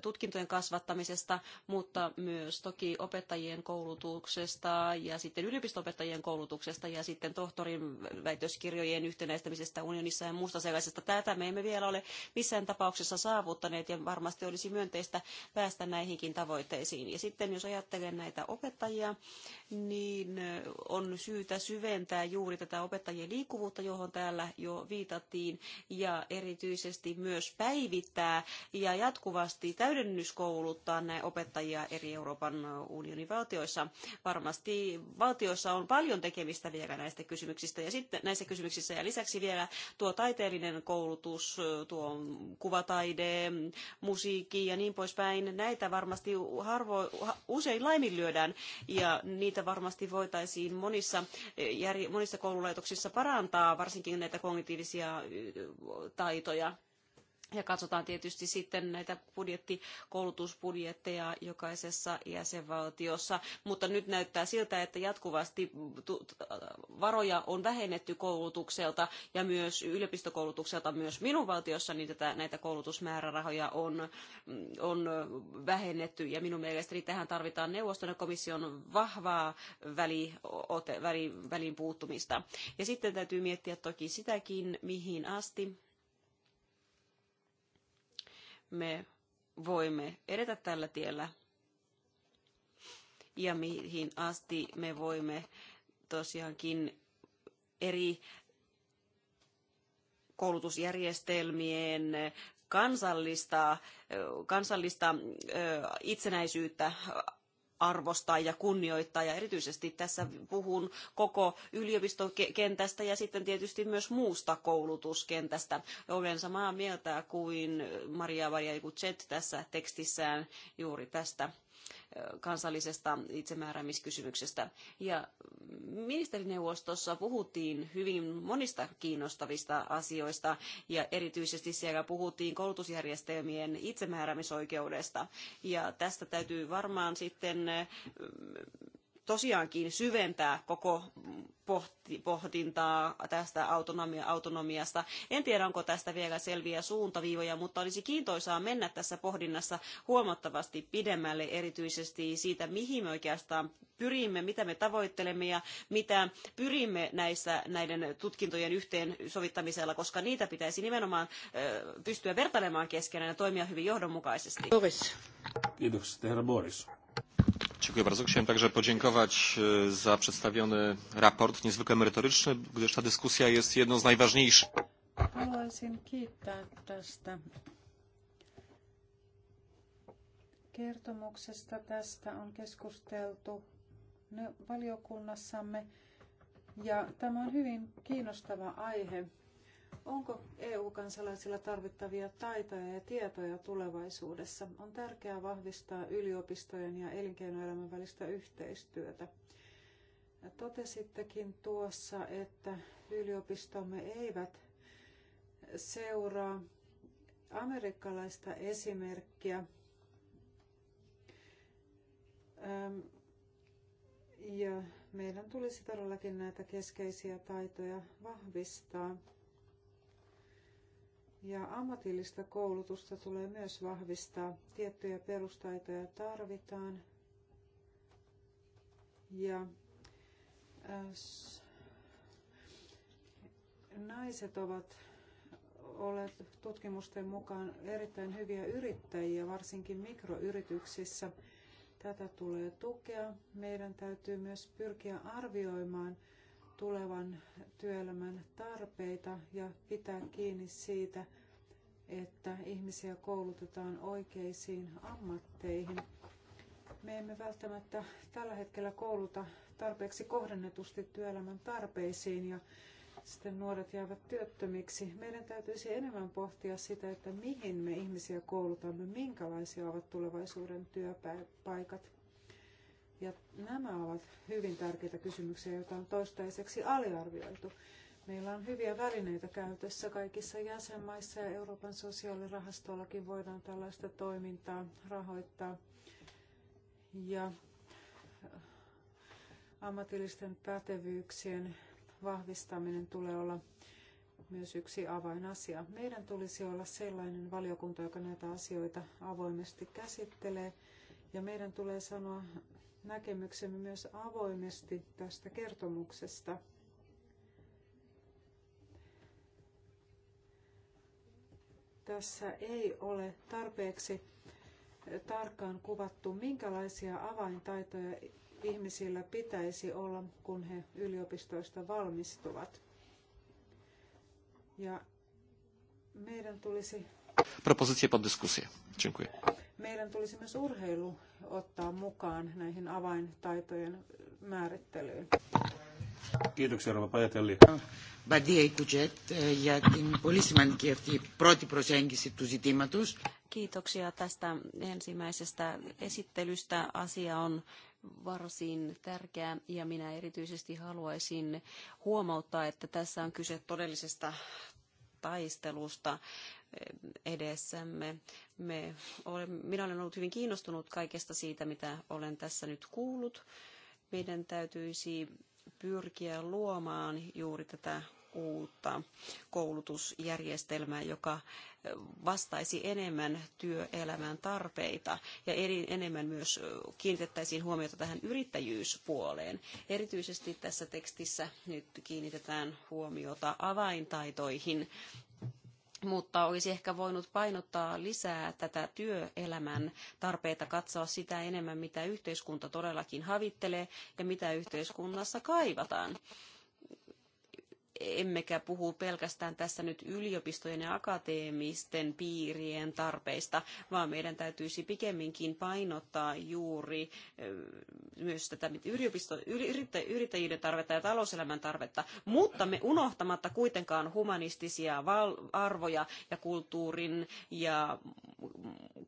tutkintojen kasvattamisesta, mutta myös toki opettajien koulutuksesta ja sitten yliopistopettajien koulutuksesta ja sitten tohtorin väitöskirjojen yhtenäistämisestä unionissa ja muusta sellaisesta. Tätä me emme vielä ole missään tapauksessa saavuttaneet ja varmasti olisi myönteistä päästä näihinkin tavoitteisiin. Ja sitten jos ajattelen näitä opettajia, niin on syytä syventää juuri tätä opettajien liikkuvuutta, johon täällä jo viitattiin, ja erityisesti myös päivittää ja jatkuvasti täydennyskouluttaa näitä opettajia harjoittajia eri Euroopan unionin valtioissa. Varmasti valtioissa on paljon tekemistä vielä näistä kysymyksistä ja sitten näissä kysymyksissä ja lisäksi vielä tuo taiteellinen koulutus, tuo kuvataide, musiikki ja niin poispäin. Näitä varmasti harvo, usein laiminlyödään ja niitä varmasti voitaisiin monissa, monissa koululaitoksissa parantaa, varsinkin näitä kognitiivisia taitoja ja katsotaan tietysti sitten näitä budjetti, koulutusbudjetteja jokaisessa jäsenvaltiossa, mutta nyt näyttää siltä, että jatkuvasti varoja on vähennetty koulutukselta ja myös yliopistokoulutukselta myös minun valtiossani niin tätä, näitä koulutusmäärärahoja on, on vähennetty ja minun mielestäni tähän tarvitaan neuvoston ja komission vahvaa väli, ote, väliin puuttumista. Ja sitten täytyy miettiä toki sitäkin, mihin asti me voimme edetä tällä tiellä ja mihin asti me voimme tosiaankin eri koulutusjärjestelmien kansallista, kansallista itsenäisyyttä arvostaa ja kunnioittaa. Ja erityisesti tässä puhun koko yliopistokentästä ja sitten tietysti myös muusta koulutuskentästä. Olen samaa mieltä kuin Maria Varjaikutset tässä tekstissään juuri tästä kansallisesta itsemääräämiskysymyksestä. Ja ministerineuvostossa puhuttiin hyvin monista kiinnostavista asioista ja erityisesti siellä puhuttiin koulutusjärjestelmien itsemääräämisoikeudesta. Ja tästä täytyy varmaan sitten tosiaankin syventää koko pohdintaa tästä autonomia, autonomiasta. En tiedä, onko tästä vielä selviä suuntaviivoja, mutta olisi kiintoisaa mennä tässä pohdinnassa huomattavasti pidemmälle erityisesti siitä, mihin me oikeastaan pyrimme, mitä me tavoittelemme ja mitä pyrimme näissä, näiden tutkintojen yhteensovittamisella, koska niitä pitäisi nimenomaan pystyä vertailemaan keskenään ja toimia hyvin johdonmukaisesti. Boris. herra Boris. Dziękuję bardzo. Chciałem także podziękować e, za przedstawiony raport, niezwykle merytoryczny, gdyż ta dyskusja jest jedną z najważniejszych. Haluaisin kiittää tästä kertomuksesta. Tästä on keskusteltu valiokunnassamme ja tämä on hyvin kiinnostava aihe. Onko EU-kansalaisilla tarvittavia taitoja ja tietoja tulevaisuudessa? On tärkeää vahvistaa yliopistojen ja elinkeinoelämän välistä yhteistyötä. Totesittekin tuossa, että yliopistomme eivät seuraa amerikkalaista esimerkkiä. Ja meidän tulisi todellakin näitä keskeisiä taitoja vahvistaa. Ja ammatillista koulutusta tulee myös vahvistaa. Tiettyjä perustaitoja tarvitaan. Ja äh, naiset ovat olleet tutkimusten mukaan erittäin hyviä yrittäjiä, varsinkin mikroyrityksissä. Tätä tulee tukea. Meidän täytyy myös pyrkiä arvioimaan – tulevan työelämän tarpeita ja pitää kiinni siitä, että ihmisiä koulutetaan oikeisiin ammatteihin. Me emme välttämättä tällä hetkellä kouluta tarpeeksi kohdennetusti työelämän tarpeisiin ja sitten nuoret jäävät työttömiksi. Meidän täytyisi enemmän pohtia sitä, että mihin me ihmisiä koulutamme, minkälaisia ovat tulevaisuuden työpaikat. Ja nämä ovat hyvin tärkeitä kysymyksiä, joita on toistaiseksi aliarvioitu. Meillä on hyviä välineitä käytössä kaikissa jäsenmaissa ja Euroopan sosiaalirahastollakin voidaan tällaista toimintaa rahoittaa. Ja äh, ammatillisten pätevyyksien vahvistaminen tulee olla myös yksi avainasia. Meidän tulisi olla sellainen valiokunta, joka näitä asioita avoimesti käsittelee. Ja meidän tulee sanoa näkemyksemme myös avoimesti tästä kertomuksesta. Tässä ei ole tarpeeksi tarkkaan kuvattu, minkälaisia avaintaitoja ihmisillä pitäisi olla, kun he yliopistoista valmistuvat. Ja meidän tulisi... Propozycje pod dyskusję. Dziękuję. Meidän tulisi myös urheilu ottaa mukaan näihin avaintaitojen määrittelyyn. Kiitoksia, Rova Pajatelli. Μπαντία Ικουτζέτ eh, ja την πολύ σημαντική πρώτη προσέγγιση του ζητήματος. Kiitoksia tästä ensimmäisestä esittelystä. Asia on varsin tärkeä ja minä erityisesti haluaisin huomauttaa, että tässä on kyse todellisesta taistelusta eh, edessämme. Me olen, minä olen ollut hyvin kiinnostunut kaikesta siitä, mitä olen tässä nyt kuullut. Meidän täytyisi pyrkiä luomaan juuri tätä uutta koulutusjärjestelmää, joka vastaisi enemmän työelämän tarpeita ja enemmän myös kiinnitettäisiin huomiota tähän yrittäjyyspuoleen. Erityisesti tässä tekstissä nyt kiinnitetään huomiota avaintaitoihin, mutta olisi ehkä voinut painottaa lisää tätä työelämän tarpeita, katsoa sitä enemmän, mitä yhteiskunta todellakin havittelee ja mitä yhteiskunnassa kaivataan emmekä puhu pelkästään tässä nyt yliopistojen ja akateemisten piirien tarpeista, vaan meidän täytyisi pikemminkin painottaa juuri eh, myös tätä yliopisto, yrittäjyyden tarvetta ja talouselämän tarvetta, mutta me unohtamatta kuitenkaan humanistisia arvoja ja kulttuurin ja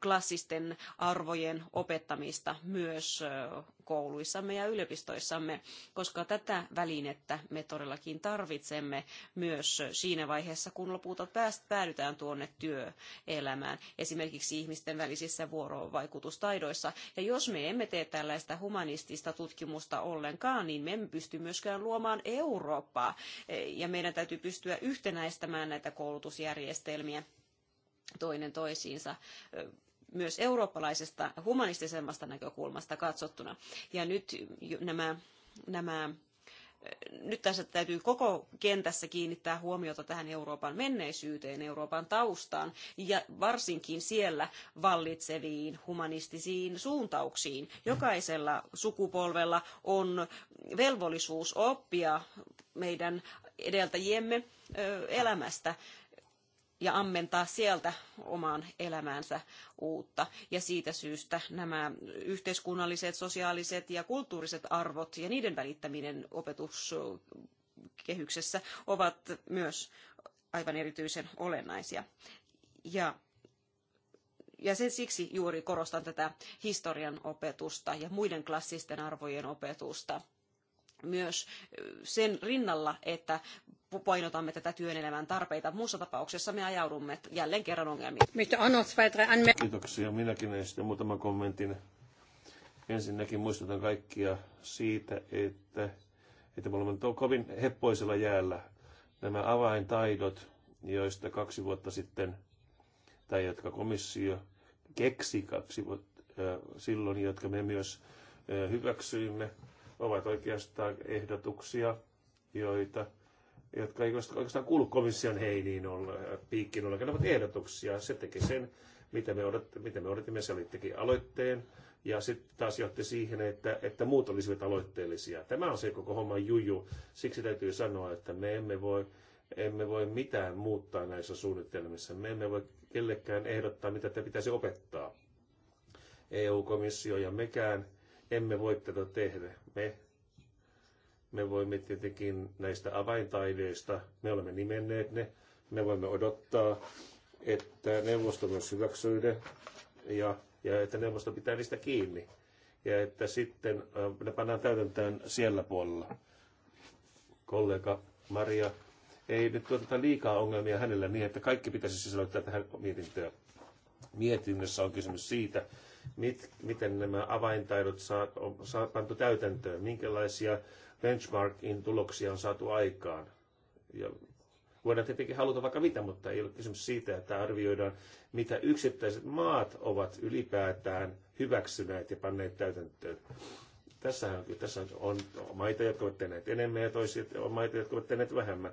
klassisten arvojen opettamista myös eh, kouluissamme ja yliopistoissamme, koska tätä välinettä me todellakin tarvitsemme myös siinä vaiheessa, kun lopulta päädytään tuonne työelämään, esimerkiksi ihmisten välisissä vuorovaikutustaidoissa. Ja jos me emme tee tällaista humanistista tutkimusta ollenkaan, niin me emme pysty myöskään luomaan Eurooppaa, ja meidän täytyy pystyä yhtenäistämään näitä koulutusjärjestelmiä toinen toisiinsa myös eurooppalaisesta humanistisemmasta näkökulmasta katsottuna. Ja nyt nämä, nämä nyt tässä täytyy koko kentässä kiinnittää huomiota tähän Euroopan menneisyyteen, Euroopan taustaan ja varsinkin siellä vallitseviin humanistisiin suuntauksiin. Jokaisella sukupolvella on velvollisuus oppia meidän edeltäjiemme elämästä ja ammentaa sieltä omaan elämäänsä uutta. Ja siitä syystä nämä yhteiskunnalliset, sosiaaliset ja kulttuuriset arvot ja niiden välittäminen opetuskehyksessä ovat myös aivan erityisen olennaisia. Ja ja sen siksi juuri korostan tätä historian opetusta ja muiden klassisten arvojen opetusta myös sen rinnalla, että painotamme tätä työelämän tarpeita. Muussa tapauksessa me ajaudumme jälleen kerran ongelmiin. Kiitoksia. Minäkin esitän muutaman kommentin. Ensinnäkin muistutan kaikkia siitä, että, että me olemme kovin heppoisella jäällä. Nämä avaintaidot, joista kaksi vuotta sitten, tai jotka komissio keksi kaksi vuotta silloin, jotka me myös hyväksyimme, ovat oikeastaan ehdotuksia, joita jotka ei oikeastaan kuulu komission heiniin olla, piikkiin olla, ne ovat ehdotuksia. Se teki sen, mitä me, odot, mitä me odotimme, se oli teki aloitteen, ja sitten taas johti siihen, että, että muut olisivat aloitteellisia. Tämä on se koko homma juju. Siksi täytyy sanoa, että me emme voi, emme voi mitään muuttaa näissä suunnitelmissa. Me emme voi kellekään ehdottaa, mitä te pitäisi opettaa. EU-komissio ja mekään emme voi tätä tehdä. Me me voimme tietenkin näistä avaintaideista, me olemme nimenneet ne, me voimme odottaa, että neuvosto myös hyväksyy ne ja, ja että neuvosto pitää niistä kiinni ja että sitten äh, ne pannaan täytäntöön siellä puolella. Kollega Maria, ei nyt tuoteta liikaa ongelmia hänellä niin, että kaikki pitäisi sisällyttää tähän mietintöön. Mietinnössä on kysymys siitä, mit, miten nämä avaintaidot saa, on, saa pantu täytäntöön, minkälaisia benchmarkin tuloksia on saatu aikaan. Ja voidaan tietenkin haluta vaikka mitä, mutta ei ole kysymys siitä, että arvioidaan, mitä yksittäiset maat ovat ylipäätään hyväksyneet ja panneet täytäntöön. Tässähän, tässä on maita, jotka ovat tehneet enemmän ja toisia on maita, jotka ovat tehneet vähemmän.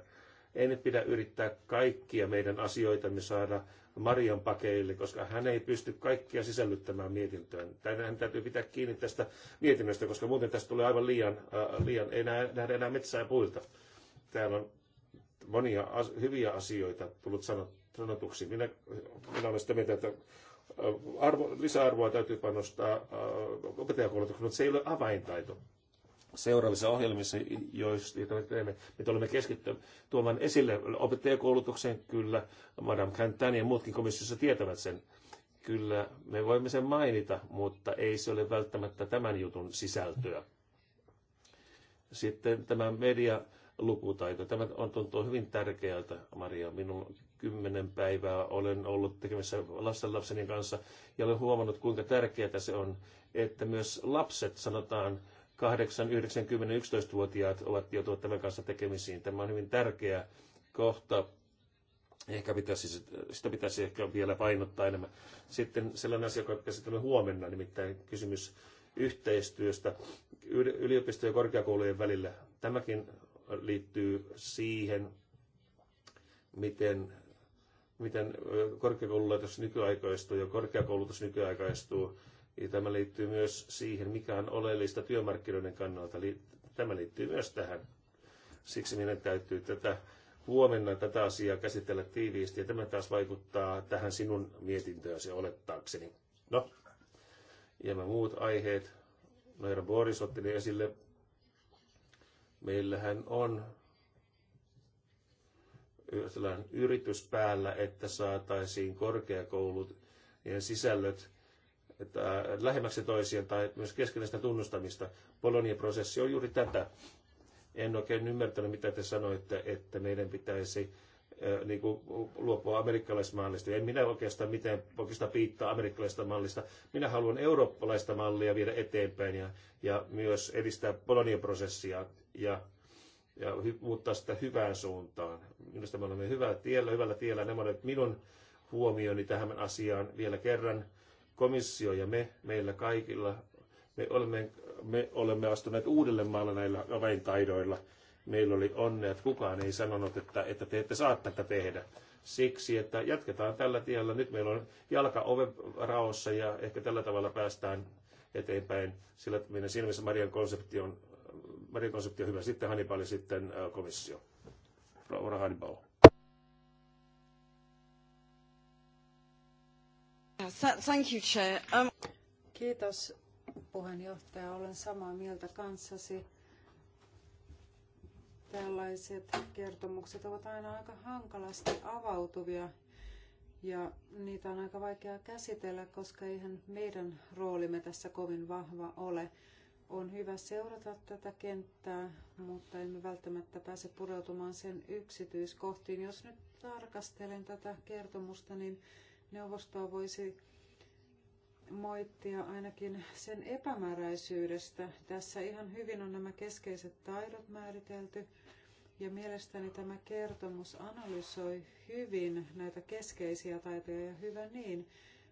Ei nyt pidä yrittää kaikkia meidän asioitamme saada Marian pakeille, koska hän ei pysty kaikkia sisällyttämään mietintöön. hän täytyy pitää kiinni tästä mietinnöstä, koska muuten tästä tulee aivan liian, äh, liian ei nähdä enää, enää metsää puilta. Täällä on monia as, hyviä asioita tullut sanotuksi. Minä, minä olen sitä mieltä, että äh, arvo, lisäarvoa täytyy panostaa äh, opettajakoulutukseen, mutta se ei ole avaintaito seuraavissa ohjelmissa, joista me teemme, me tulemme keskittymään tuomaan esille opettajakoulutuksen, kyllä Madame Cantan ja muutkin komissiossa tietävät sen. Kyllä me voimme sen mainita, mutta ei se ole välttämättä tämän jutun sisältöä. Sitten tämä lukutaito. Tämä on tuntuu hyvin tärkeältä, Maria. Minun kymmenen päivää olen ollut tekemässä lastenlapseni kanssa ja olen huomannut, kuinka tärkeää se on, että myös lapset sanotaan 8, 9, 10, 11-vuotiaat ovat joutuneet tämän kanssa tekemisiin. Tämä on hyvin tärkeä kohta. Ehkä pitäisi, sitä pitäisi ehkä vielä painottaa enemmän. Sitten sellainen asia, joka käsitellään huomenna, nimittäin kysymys yhteistyöstä yliopistojen ja korkeakoulujen välillä. Tämäkin liittyy siihen, miten, miten korkeakoululaitos nykyaikaistuu ja korkeakoulutus nykyaikaistuu ja tämä liittyy myös siihen, mikä on oleellista työmarkkinoiden kannalta. Tämä liittyy myös tähän. Siksi meidän täytyy tätä huomenna tätä asiaa käsitellä tiiviisti, ja tämä taas vaikuttaa tähän sinun mietintöösi olettaakseni. No, ja mä muut aiheet, no herra Boris otti ne esille. Meillähän on yritys päällä, että saataisiin korkeakoulut, niiden sisällöt Äh, lähemmäksi toisiaan tai myös keskinäistä tunnustamista. Polonian prosessi on juuri tätä. En oikein ymmärtänyt, mitä te sanoitte, että meidän pitäisi äh, niin kuin luopua amerikkalaisesta mallista. En minä oikeastaan mitään oikeastaan piittaa amerikkalaisesta mallista. Minä haluan eurooppalaista mallia viedä eteenpäin ja, ja myös edistää Polonian prosessia ja, ja hy, muuttaa sitä hyvään suuntaan. Minusta me olemme hyvällä tiellä, hyvällä tiellä. Nämä ovat minun huomioni tähän asiaan vielä kerran komissio ja me, meillä kaikilla, me olemme, me olemme astuneet uudelle maalle näillä avaintaidoilla. Meillä oli onne, että kukaan ei sanonut, että, että te ette saa tätä tehdä. Siksi, että jatketaan tällä tiellä. Nyt meillä on jalka ove raossa ja ehkä tällä tavalla päästään eteenpäin. Sillä meidän mielessä Marian konsepti on, Marian konsepti on hyvä. Sitten Hannibal ja sitten äh, komissio. Rauha Hannibal. Thank you, Chair. Um, Kiitos puheenjohtaja. Olen samaa mieltä kanssasi. Tällaiset kertomukset ovat aina aika hankalasti avautuvia ja niitä on aika vaikea käsitellä, koska eihän meidän roolimme tässä kovin vahva ole. On hyvä seurata tätä kenttää, mutta emme välttämättä pääse pureutumaan sen yksityiskohtiin. Jos nyt tarkastelen tätä kertomusta, niin neuvostoa voisi moittia ainakin sen epämääräisyydestä. Tässä ihan hyvin on nämä keskeiset taidot määritelty ja mielestäni tämä kertomus analysoi hyvin näitä keskeisiä taitoja ja hyvä niin,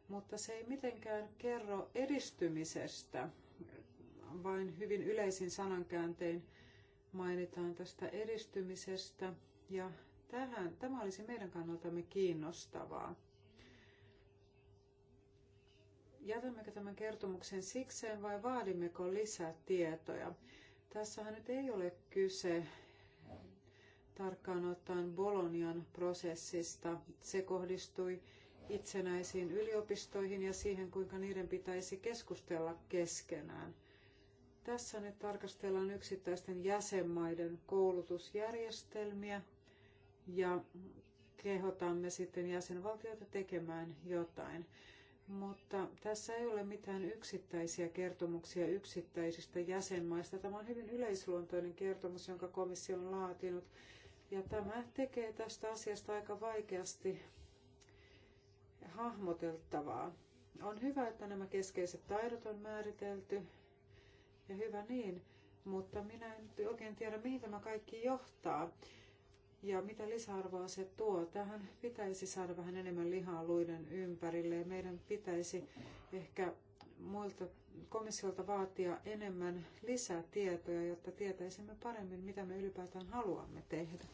mutta se ei mitenkään kerro edistymisestä, vain hyvin yleisin sanankääntein mainitaan tästä edistymisestä ja tähän, tämä olisi meidän kannaltamme kiinnostavaa. Jätämmekö tämän kertomuksen sikseen vai vaadimmeko lisätietoja? Tässähän nyt ei ole kyse tarkkaan ottaen Bolonian prosessista. Se kohdistui itsenäisiin yliopistoihin ja siihen, kuinka niiden pitäisi keskustella keskenään. Tässä nyt tarkastellaan yksittäisten jäsenmaiden koulutusjärjestelmiä ja kehotamme sitten jäsenvaltioita tekemään jotain mutta tässä ei ole mitään yksittäisiä kertomuksia yksittäisistä jäsenmaista. Tämä on hyvin yleisluontoinen kertomus, jonka komissio on laatinut. Ja tämä tekee tästä asiasta aika vaikeasti hahmoteltavaa. On hyvä, että nämä keskeiset taidot on määritelty, ja hyvä niin, mutta minä en oikein tiedä, mihin tämä kaikki johtaa ja mitä lisäarvoa se tuo. Tähän pitäisi saada vähän enemmän lihaa luiden ympärille ja meidän pitäisi ehkä muilta komissiolta vaatia enemmän lisätietoja, jotta tietäisimme paremmin, mitä me ylipäätään haluamme tehdä.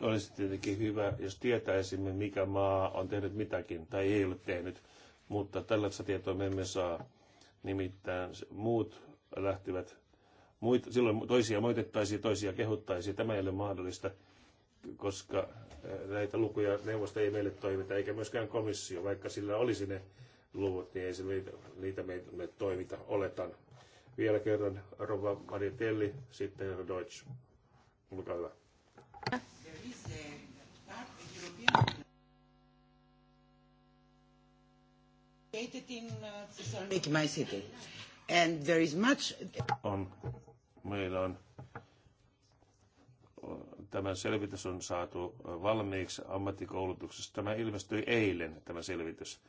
Olisi tietenkin hyvä, jos tietäisimme, mikä maa on tehnyt mitäkin tai ei ole tehnyt, mutta tällaista tietoa me emme saa. Nimittäin muut lähtevät Muita silloin toisia moitettaisiin, toisia kehuttaisiin. Tämä ei ole mahdollista, koska eh, näitä lukuja neuvosto ei meille toimita, eikä myöskään komissio, vaikka sillä olisi ne luvut, niin ei se niitä, niitä meille toimita, oletan. Vielä kerran Rova Maritelli, sitten herra Deutsch. Olkaa hyvä. Eh, siis on meillä on tämä selvitys on saatu valmiiksi ammattikoulutuksessa. Tämä ilmestyi eilen, tämä selvitys.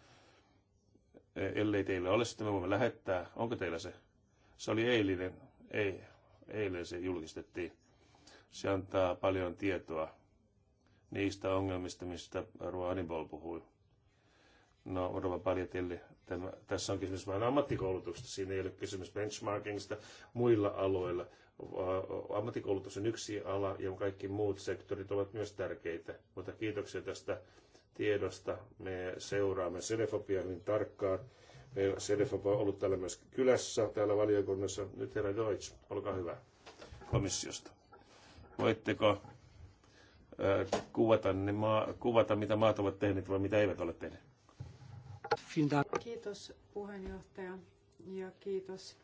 E, ellei teillä ole, sitten me voimme lähettää. Onko teillä se? Se oli eilinen. Ei, eilen se julkistettiin. Se antaa paljon tietoa niistä ongelmista, mistä Ruoanibol puhui. No, Orva Paljatilli, tämä, tässä on kysymys vain ammattikoulutuksesta, siinä ei ole kysymys benchmarkingista muilla aloilla. Ammattikoulutus on yksi ala ja kaikki muut sektorit ovat myös tärkeitä, mutta kiitoksia tästä tiedosta. Me seuraamme Selefopia hyvin tarkkaan. Meillä on ollut täällä myös kylässä, täällä valiokunnassa. Nyt herra Deutsch, olkaa hyvä komissiosta. Voitteko äh, kuvata, ne maa, kuvata, mitä maat ovat tehneet vai mitä eivät ole tehneet? Kiitos puheenjohtaja ja kiitos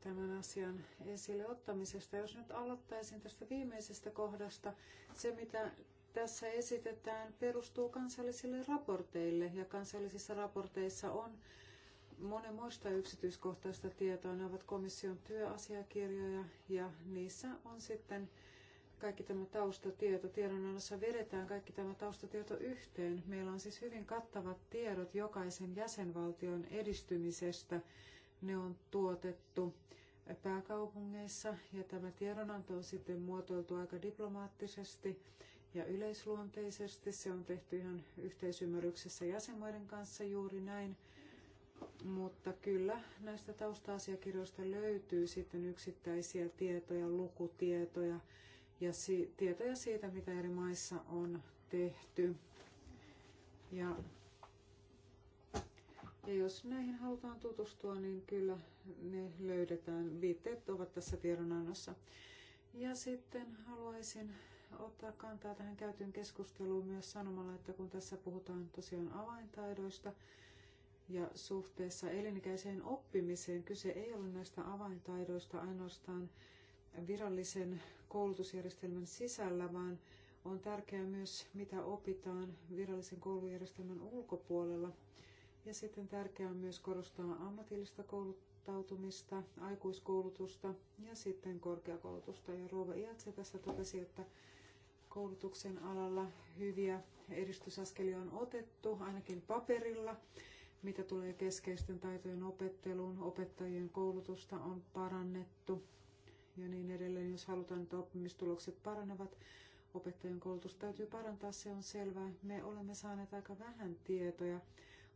tämän asian esille ottamisesta. Jos nyt aloittaisin tästä viimeisestä kohdasta, se mitä tässä esitetään perustuu kansallisille raporteille ja kansallisissa raporteissa on monen muista yksityiskohtaista tietoa. Ne ovat komission työasiakirjoja ja niissä on sitten kaikki tämä taustatieto. Tiedonannossa vedetään kaikki tämä taustatieto yhteen. Meillä on siis hyvin kattavat tiedot jokaisen jäsenvaltion edistymisestä. Ne on tuotettu pääkaupungeissa ja tämä tiedonanto on sitten muotoiltu aika diplomaattisesti ja yleisluonteisesti. Se on tehty ihan yhteisymmärryksessä jäsenmaiden kanssa juuri näin. Mutta kyllä näistä tausta-asiakirjoista löytyy sitten yksittäisiä tietoja, lukutietoja, ja si- tietoja siitä, mitä eri maissa on tehty. Ja, ja jos näihin halutaan tutustua, niin kyllä ne löydetään. Viitteet ovat tässä tiedonannossa. Ja sitten haluaisin ottaa kantaa tähän käytyyn keskusteluun myös sanomalla, että kun tässä puhutaan tosiaan avaintaidoista ja suhteessa elinikäiseen oppimiseen, kyse ei ole näistä avaintaidoista ainoastaan virallisen koulutusjärjestelmän sisällä, vaan on tärkeää myös, mitä opitaan virallisen koulujärjestelmän ulkopuolella. Ja sitten tärkeää on myös korostaa ammatillista kouluttautumista, aikuiskoulutusta ja sitten korkeakoulutusta. Ja Rouva Iatse tässä totesi, että koulutuksen alalla hyviä edistysaskelia on otettu, ainakin paperilla. Mitä tulee keskeisten taitojen opetteluun, opettajien koulutusta on parannettu ja niin edelleen, jos halutaan, että oppimistulokset paranevat. Opettajien koulutus täytyy parantaa, se on selvää. Me olemme saaneet aika vähän tietoja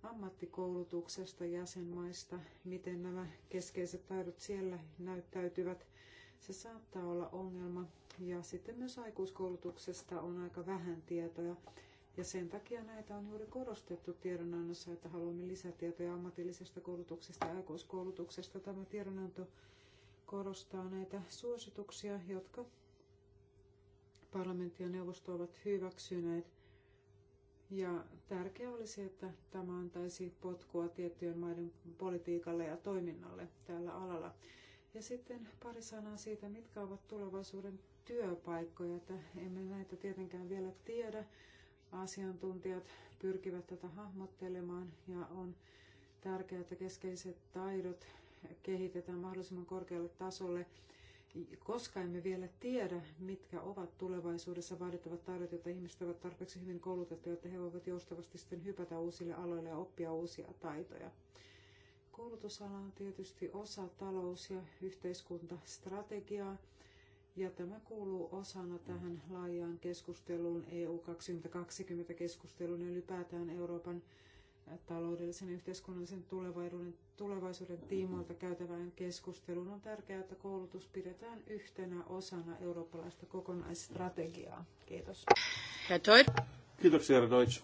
ammattikoulutuksesta jäsenmaista, miten nämä keskeiset taidot siellä näyttäytyvät. Se saattaa olla ongelma. Ja sitten myös aikuiskoulutuksesta on aika vähän tietoja. Ja sen takia näitä on juuri korostettu tiedonannossa, että haluamme lisätietoja ammatillisesta koulutuksesta ja aikuiskoulutuksesta. Tämä tiedonanto korostaa näitä suosituksia, jotka parlamentti ja neuvosto ovat hyväksyneet. Ja tärkeää olisi, että tämä antaisi potkua tiettyjen maiden politiikalle ja toiminnalle tällä alalla. Ja sitten pari sanaa siitä, mitkä ovat tulevaisuuden työpaikkoja. Että emme näitä tietenkään vielä tiedä. Asiantuntijat pyrkivät tätä hahmottelemaan ja on tärkeää, että keskeiset taidot kehitetään mahdollisimman korkealle tasolle, koska emme vielä tiedä, mitkä ovat tulevaisuudessa vaadittavat taidot, jotta ihmiset ovat tarpeeksi hyvin koulutettuja, että he voivat joustavasti sitten hypätä uusille aloille ja oppia uusia taitoja. Koulutusala on tietysti osa talous- ja yhteiskuntastrategiaa, ja tämä kuuluu osana tähän laajaan keskusteluun EU 2020-keskusteluun ja ylipäätään Euroopan taloudellisen ja yhteiskunnallisen tulevaisuuden tiimoilta käytävään keskusteluun on tärkeää, että koulutus pidetään yhtenä osana eurooppalaista kokonaisstrategiaa. Kiitos. Kiitoksia, herra Deutsch.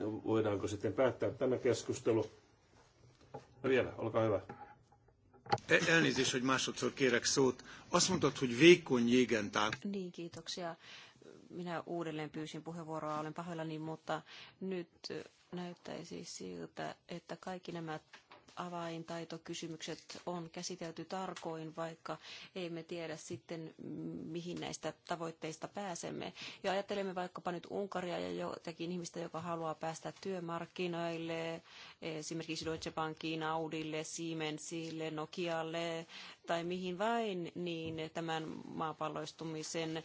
Voidaanko sitten päättää tämä keskustelu? No vielä, olkaa hyvä. E- Elnézést, hogy másodszor kérek szót. Azt mondtad, hogy vékony jégen Niin, kiitoksia. Minä uudelleen pyysin puheenvuoroa, olen pahoillani, mutta nyt näyttäisi siltä, että kaikki nämä avaintaitokysymykset on käsitelty tarkoin, vaikka emme tiedä sitten, mihin näistä tavoitteista pääsemme. Ja ajattelemme vaikkapa nyt Unkaria ja jotakin ihmistä, joka haluaa päästä työmarkkinoille, esimerkiksi Deutsche Bankiin, Audille, Siemensille, Nokialle, tai mihin vain, niin tämän maapalloistumisen äh,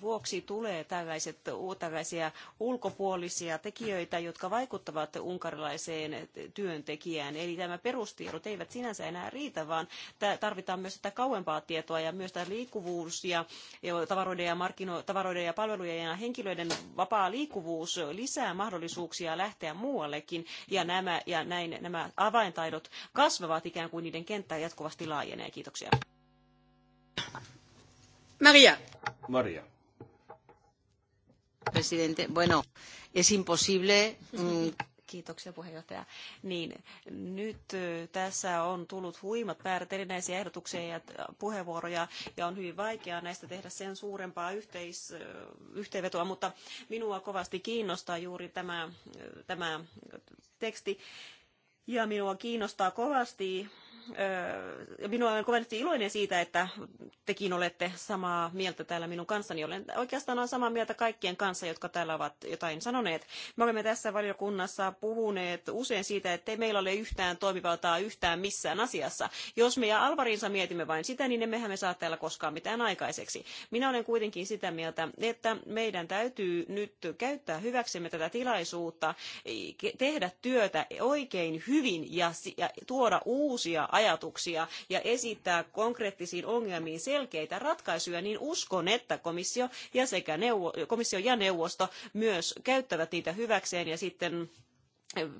vuoksi tulee tällaiset, tällaisia ulkopuolisia tekijöitä, jotka vaikuttavat unkarilaiseen työntekijään. Eli tämä perustiedot eivät sinänsä enää riitä, vaan tarvitaan myös tätä kauempaa tietoa ja myös tämä liikkuvuus ja tavaroiden ja, markkino- tavaroiden ja palvelujen ja henkilöiden vapaa liikkuvuus lisää mahdollisuuksia lähteä muuallekin ja, nämä, ja näin nämä avaintaidot kasvavat ikään kuin niiden kenttä jatkuvasti laajenee jäi. Kiitoksia. Maria. Maria. Presidente, bueno, es imposible... Mm, Kiitoksia puheenjohtaja. Niin, nyt tässä on tullut huimat määrät erinäisiä ehdotuksia ja puheenvuoroja ja on hyvin vaikeaa näistä tehdä sen suurempaa yhteis, yhteenvetoa, mutta minua kovasti kiinnostaa juuri tämä, tämä teksti ja minua kiinnostaa kovasti ja minua on kovasti iloinen siitä, että tekin olette samaa mieltä täällä minun kanssani. Olen oikeastaan on samaa mieltä kaikkien kanssa, jotka täällä ovat jotain sanoneet. Me olemme tässä valiokunnassa puhuneet usein siitä, ettei meillä ole yhtään toimivaltaa yhtään missään asiassa. Jos me ja Alvarinsa mietimme vain sitä, niin emmehän me saa täällä koskaan mitään aikaiseksi. Minä olen kuitenkin sitä mieltä, että meidän täytyy nyt käyttää hyväksemme tätä tilaisuutta, tehdä työtä oikein hyvin ja tuoda uusia ajatuksia ja esittää konkreettisiin ongelmiin selkeitä ratkaisuja, niin uskon, että komissio ja, sekä neuvo, komissio ja neuvosto myös käyttävät niitä hyväkseen ja sitten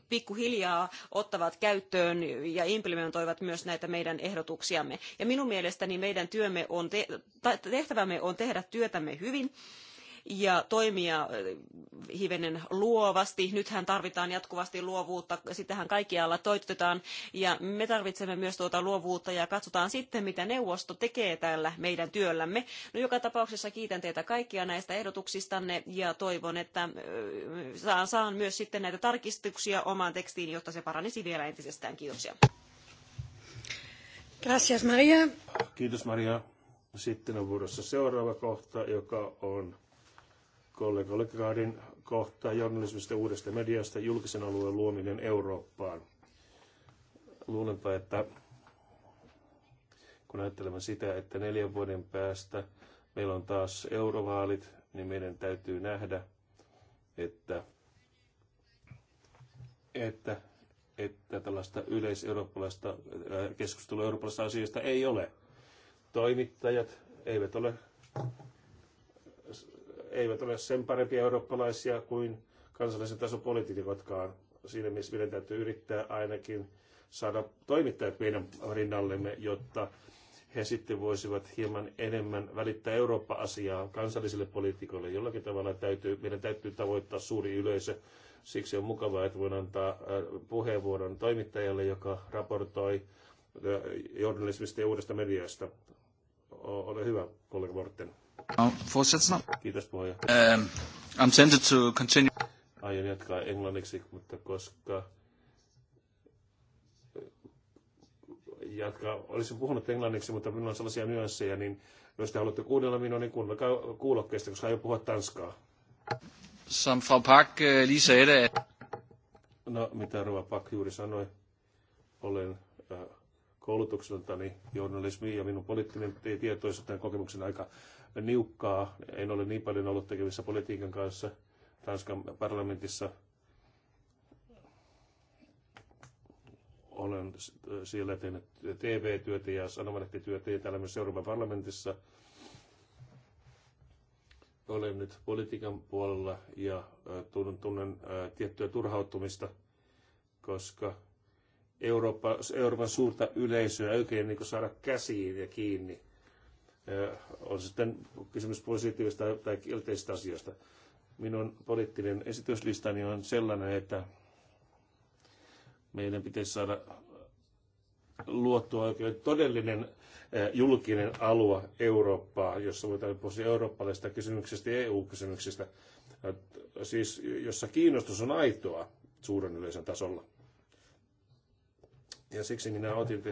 pikkuhiljaa ottavat käyttöön ja implementoivat myös näitä meidän ehdotuksiamme. Ja minun mielestäni meidän työmme on te- tehtävämme on tehdä työtämme hyvin ja toimia äh, hivenen luovasti. Nythän tarvitaan jatkuvasti luovuutta, sitähän kaikkialla toitotetaan ja me tarvitsemme myös tuota luovuutta ja katsotaan sitten, mitä neuvosto tekee tällä meidän työllämme. No joka tapauksessa kiitän teitä kaikkia näistä ehdotuksistanne ja toivon, että äh, saan, saan myös sitten näitä tarkistuksia omaan tekstiin, jotta se paranisi vielä entisestään. Kiitoksia. Gracias Maria. Kiitos Maria. Sitten on vuorossa seuraava kohta, joka on kollega Legradin kohta journalismista uudesta mediasta julkisen alueen luominen Eurooppaan. Luulenpa, että kun ajattelemme sitä, että neljän vuoden päästä meillä on taas eurovaalit, niin meidän täytyy nähdä, että, että, että tällaista yleiseurooppalaista keskustelua eurooppalaisista asioista ei ole. Toimittajat eivät ole eivät ole sen parempia eurooppalaisia kuin kansallisen tason poliitikotkaan. Siinä mielessä meidän täytyy yrittää ainakin saada toimittajat meidän rinnallemme, jotta he sitten voisivat hieman enemmän välittää Eurooppa-asiaa kansallisille poliitikoille. Jollakin tavalla täytyy, meidän täytyy tavoittaa suuri yleisö. Siksi on mukavaa, että voin antaa äh, puheenvuoron toimittajalle, joka raportoi äh, journalismista ja uudesta mediasta. Ole hyvä, kollega Morten. Kiitos puheenjohtaja. Um, I'm tempted to continue. Aion jatkaa englanniksi, mutta koska äh, jatkaa, olisin puhunut englanniksi, mutta minulla on sellaisia nyansseja, niin jos te haluatte kuunnella minua, niin kuunnelkaa kuulokkeista, koska aion puhua tanskaa. Som Frau Park äh, lige No, mitä Rova Pak juuri sanoi, olen äh, koulutukseltani journalismi ja minun poliittinen tietoisuuteen kokemuksen aika niukkaa. En ole niin paljon ollut tekemissä politiikan kanssa Tanskan parlamentissa. Olen siellä tehnyt TV-työtä ja sanomalehtityötä ja täällä myös Euroopan parlamentissa. Olen nyt politiikan puolella ja tunnen, tunnen tiettyä turhautumista, koska Eurooppa, Euroopan suurta yleisöä ei oikein niin saada käsiin ja kiinni on sitten kysymys positiivista tai kielteisistä asioista. Minun poliittinen esityslistani on sellainen, että meidän pitäisi saada luottua oikein todellinen julkinen alue Eurooppaa, jossa voidaan puhua eurooppalaisista kysymyksistä ja EU-kysymyksistä. Siis jossa kiinnostus on aitoa suuren yleisön tasolla. Ja siksi minä otin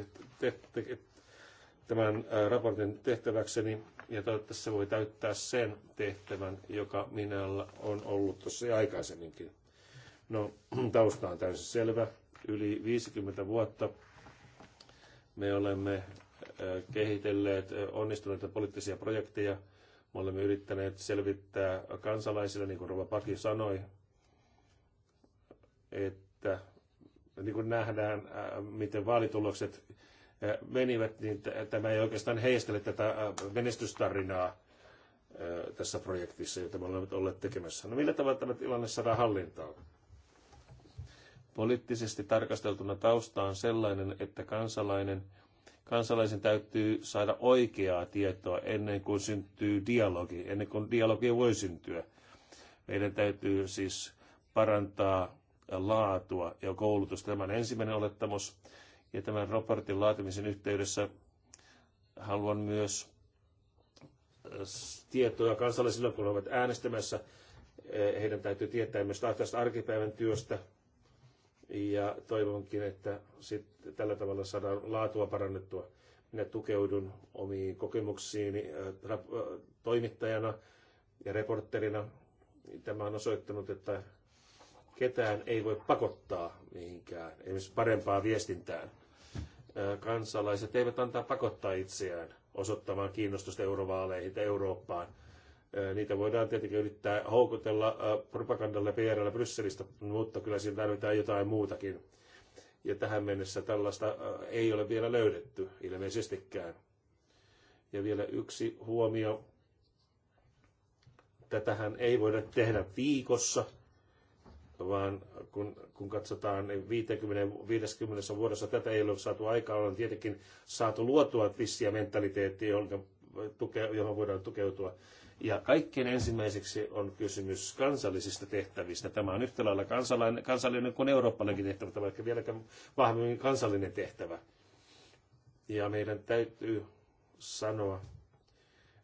tämän raportin tehtäväkseni ja toivottavasti se voi täyttää sen tehtävän, joka minulla on ollut tuossa aikaisemminkin. No, <clears throat> tausta on täysin selvä. Yli 50 vuotta me olemme kehitelleet onnistuneita poliittisia projekteja. Me olemme yrittäneet selvittää kansalaisille, niin kuin Rova Paki sanoi, että niin kuin nähdään, miten vaalitulokset menivät, niin tämä ei oikeastaan heistele tätä menestystarinaa tässä projektissa, jota me olemme olleet tekemässä. No millä tavalla tämä tilanne saadaan hallintaan? Poliittisesti tarkasteltuna tausta on sellainen, että kansalainen, kansalaisen täytyy saada oikeaa tietoa ennen kuin syntyy dialogi, ennen kuin dialogi voi syntyä. Meidän täytyy siis parantaa laatua ja koulutusta. Tämä on ensimmäinen olettamus. Ja tämän raportin laatimisen yhteydessä haluan myös äh, tietoja kansalle silloin, kun he ovat äänestämässä. Äh, heidän täytyy tietää myös tästä arkipäivän työstä. Ja toivonkin, että sit tällä tavalla saadaan laatua parannettua. Minä tukeudun omiin kokemuksiini äh, toimittajana ja reporterina. Tämä on osoittanut, että Ketään ei voi pakottaa mihinkään, esimerkiksi parempaan viestintään. Kansalaiset eivät antaa pakottaa itseään osoittamaan kiinnostusta eurovaaleihin tai Eurooppaan. Niitä voidaan tietenkin yrittää houkutella propagandalla PRllä Brysselistä, mutta kyllä siinä tarvitaan jotain muutakin. Ja tähän mennessä tällaista ei ole vielä löydetty ilmeisestikään. Ja vielä yksi huomio. Tätähän ei voida tehdä viikossa – vaan kun, kun katsotaan niin 50-50 vuodessa tätä ei ole saatu aikaan, on tietenkin saatu luotua vissiä mentaliteettiä, johon, tuke, johon voidaan tukeutua. Ja kaikkien ensimmäiseksi on kysymys kansallisista tehtävistä. Tämä on yhtä lailla kansalainen, kansallinen kuin eurooppalainenkin tehtävä, tai vaikka vieläkään vahvemmin kansallinen tehtävä. Ja meidän täytyy sanoa,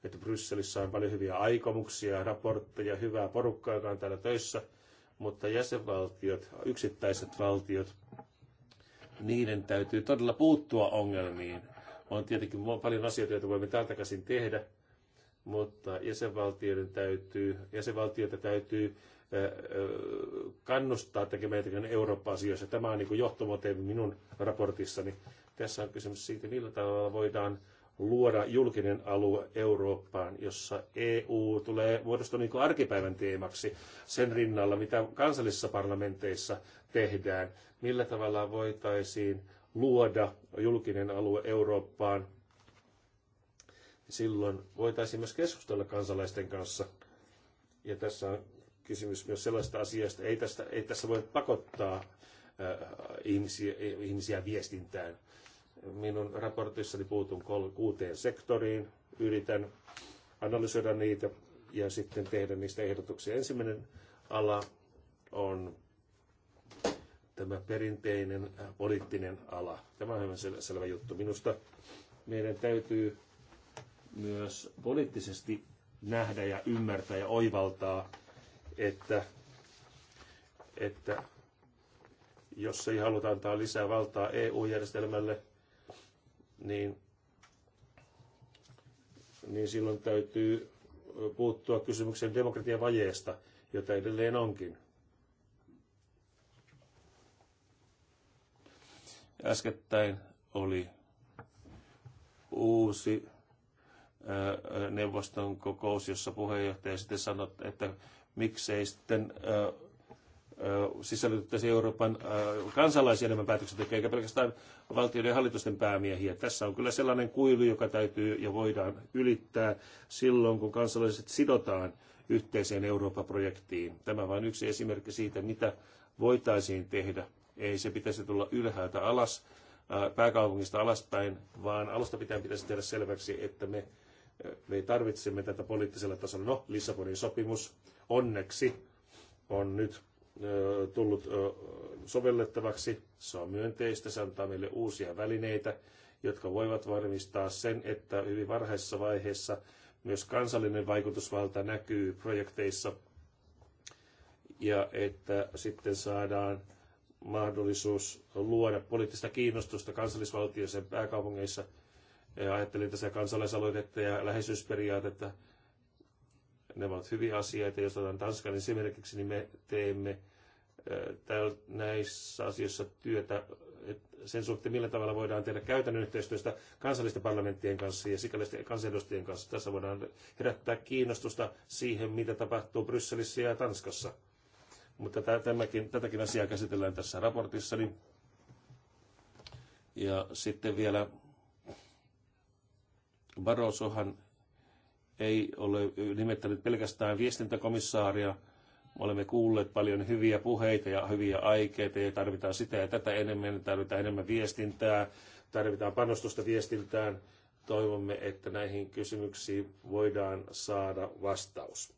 että Brysselissä on paljon hyviä aikomuksia, raportteja, hyvää porukkaa, joka on täällä töissä – mutta jäsenvaltiot, yksittäiset valtiot, niiden täytyy todella puuttua ongelmiin. On tietenkin paljon asioita, joita voimme täältä käsin tehdä, mutta jäsenvaltioiden täytyy, jäsenvaltioita täytyy kannustaa tekemään jotakin Eurooppa-asioissa. Tämä on niin johtomotiivi minun raportissani. Tässä on kysymys siitä, millä tavalla voidaan luoda julkinen alue Eurooppaan, jossa EU tulee muodostua niin arkipäivän teemaksi sen rinnalla, mitä kansallisissa parlamenteissa tehdään. Millä tavalla voitaisiin luoda julkinen alue Eurooppaan? Silloin voitaisiin myös keskustella kansalaisten kanssa. Ja tässä on kysymys myös sellaista asiasta, ei, tästä, ei tässä voi pakottaa äh, ihmisiä, ihmisiä viestintään minun raportissani puutun kuuteen sektoriin, yritän analysoida niitä ja sitten tehdä niistä ehdotuksia. Ensimmäinen ala on tämä perinteinen äh, poliittinen ala. Tämä on hyvin sel- selvä juttu. Minusta meidän täytyy myös poliittisesti nähdä ja ymmärtää ja oivaltaa, että, että jos ei haluta antaa lisää valtaa EU-järjestelmälle, niin, niin silloin täytyy puuttua kysymykseen demokratiavajeesta, jota edelleen onkin. Äskettäin oli uusi neuvoston kokous, jossa puheenjohtaja sitten sanoi, että miksei sitten sisällytettäisiin Euroopan kansalaisia enemmän päätöksentekijöitä, eikä pelkästään valtioiden ja hallitusten päämiehiä. Tässä on kyllä sellainen kuilu, joka täytyy ja voidaan ylittää silloin, kun kansalaiset sidotaan yhteiseen Eurooppa-projektiin. Tämä vain yksi esimerkki siitä, mitä voitaisiin tehdä. Ei se pitäisi tulla ylhäältä alas, pääkaupungista alaspäin, vaan alusta pitäen pitäisi tehdä selväksi, että me, me tarvitsemme tätä poliittisella tasolla. No, Lissabonin sopimus onneksi on nyt tullut sovellettavaksi. Se on myönteistä, se antaa meille uusia välineitä, jotka voivat varmistaa sen, että hyvin varhaisessa vaiheessa myös kansallinen vaikutusvalta näkyy projekteissa ja että sitten saadaan mahdollisuus luoda poliittista kiinnostusta kansallisvaltioissa ja pääkaupungeissa. Ajattelin tässä kansalaisaloitetta ja läheisyysperiaatetta, ne ovat hyviä asioita. Jos otan Tanskan esimerkiksi, niin me teemme näissä asioissa työtä sen suhteen, millä tavalla voidaan tehdä käytännön yhteistyöstä kansallisten parlamenttien kanssa ja sikäläisten kansanedustajien kanssa. Tässä voidaan herättää kiinnostusta siihen, mitä tapahtuu Brysselissä ja Tanskassa. Mutta tämäkin, tätäkin asiaa käsitellään tässä raportissa. Ja sitten vielä Barrosohan ei ole nimettänyt pelkästään viestintäkomissaaria. Olemme kuulleet paljon hyviä puheita ja hyviä aikeita ja tarvitaan sitä ja tätä enemmän, tarvitaan enemmän viestintää, tarvitaan panostusta viestintään. Toivomme, että näihin kysymyksiin voidaan saada vastaus.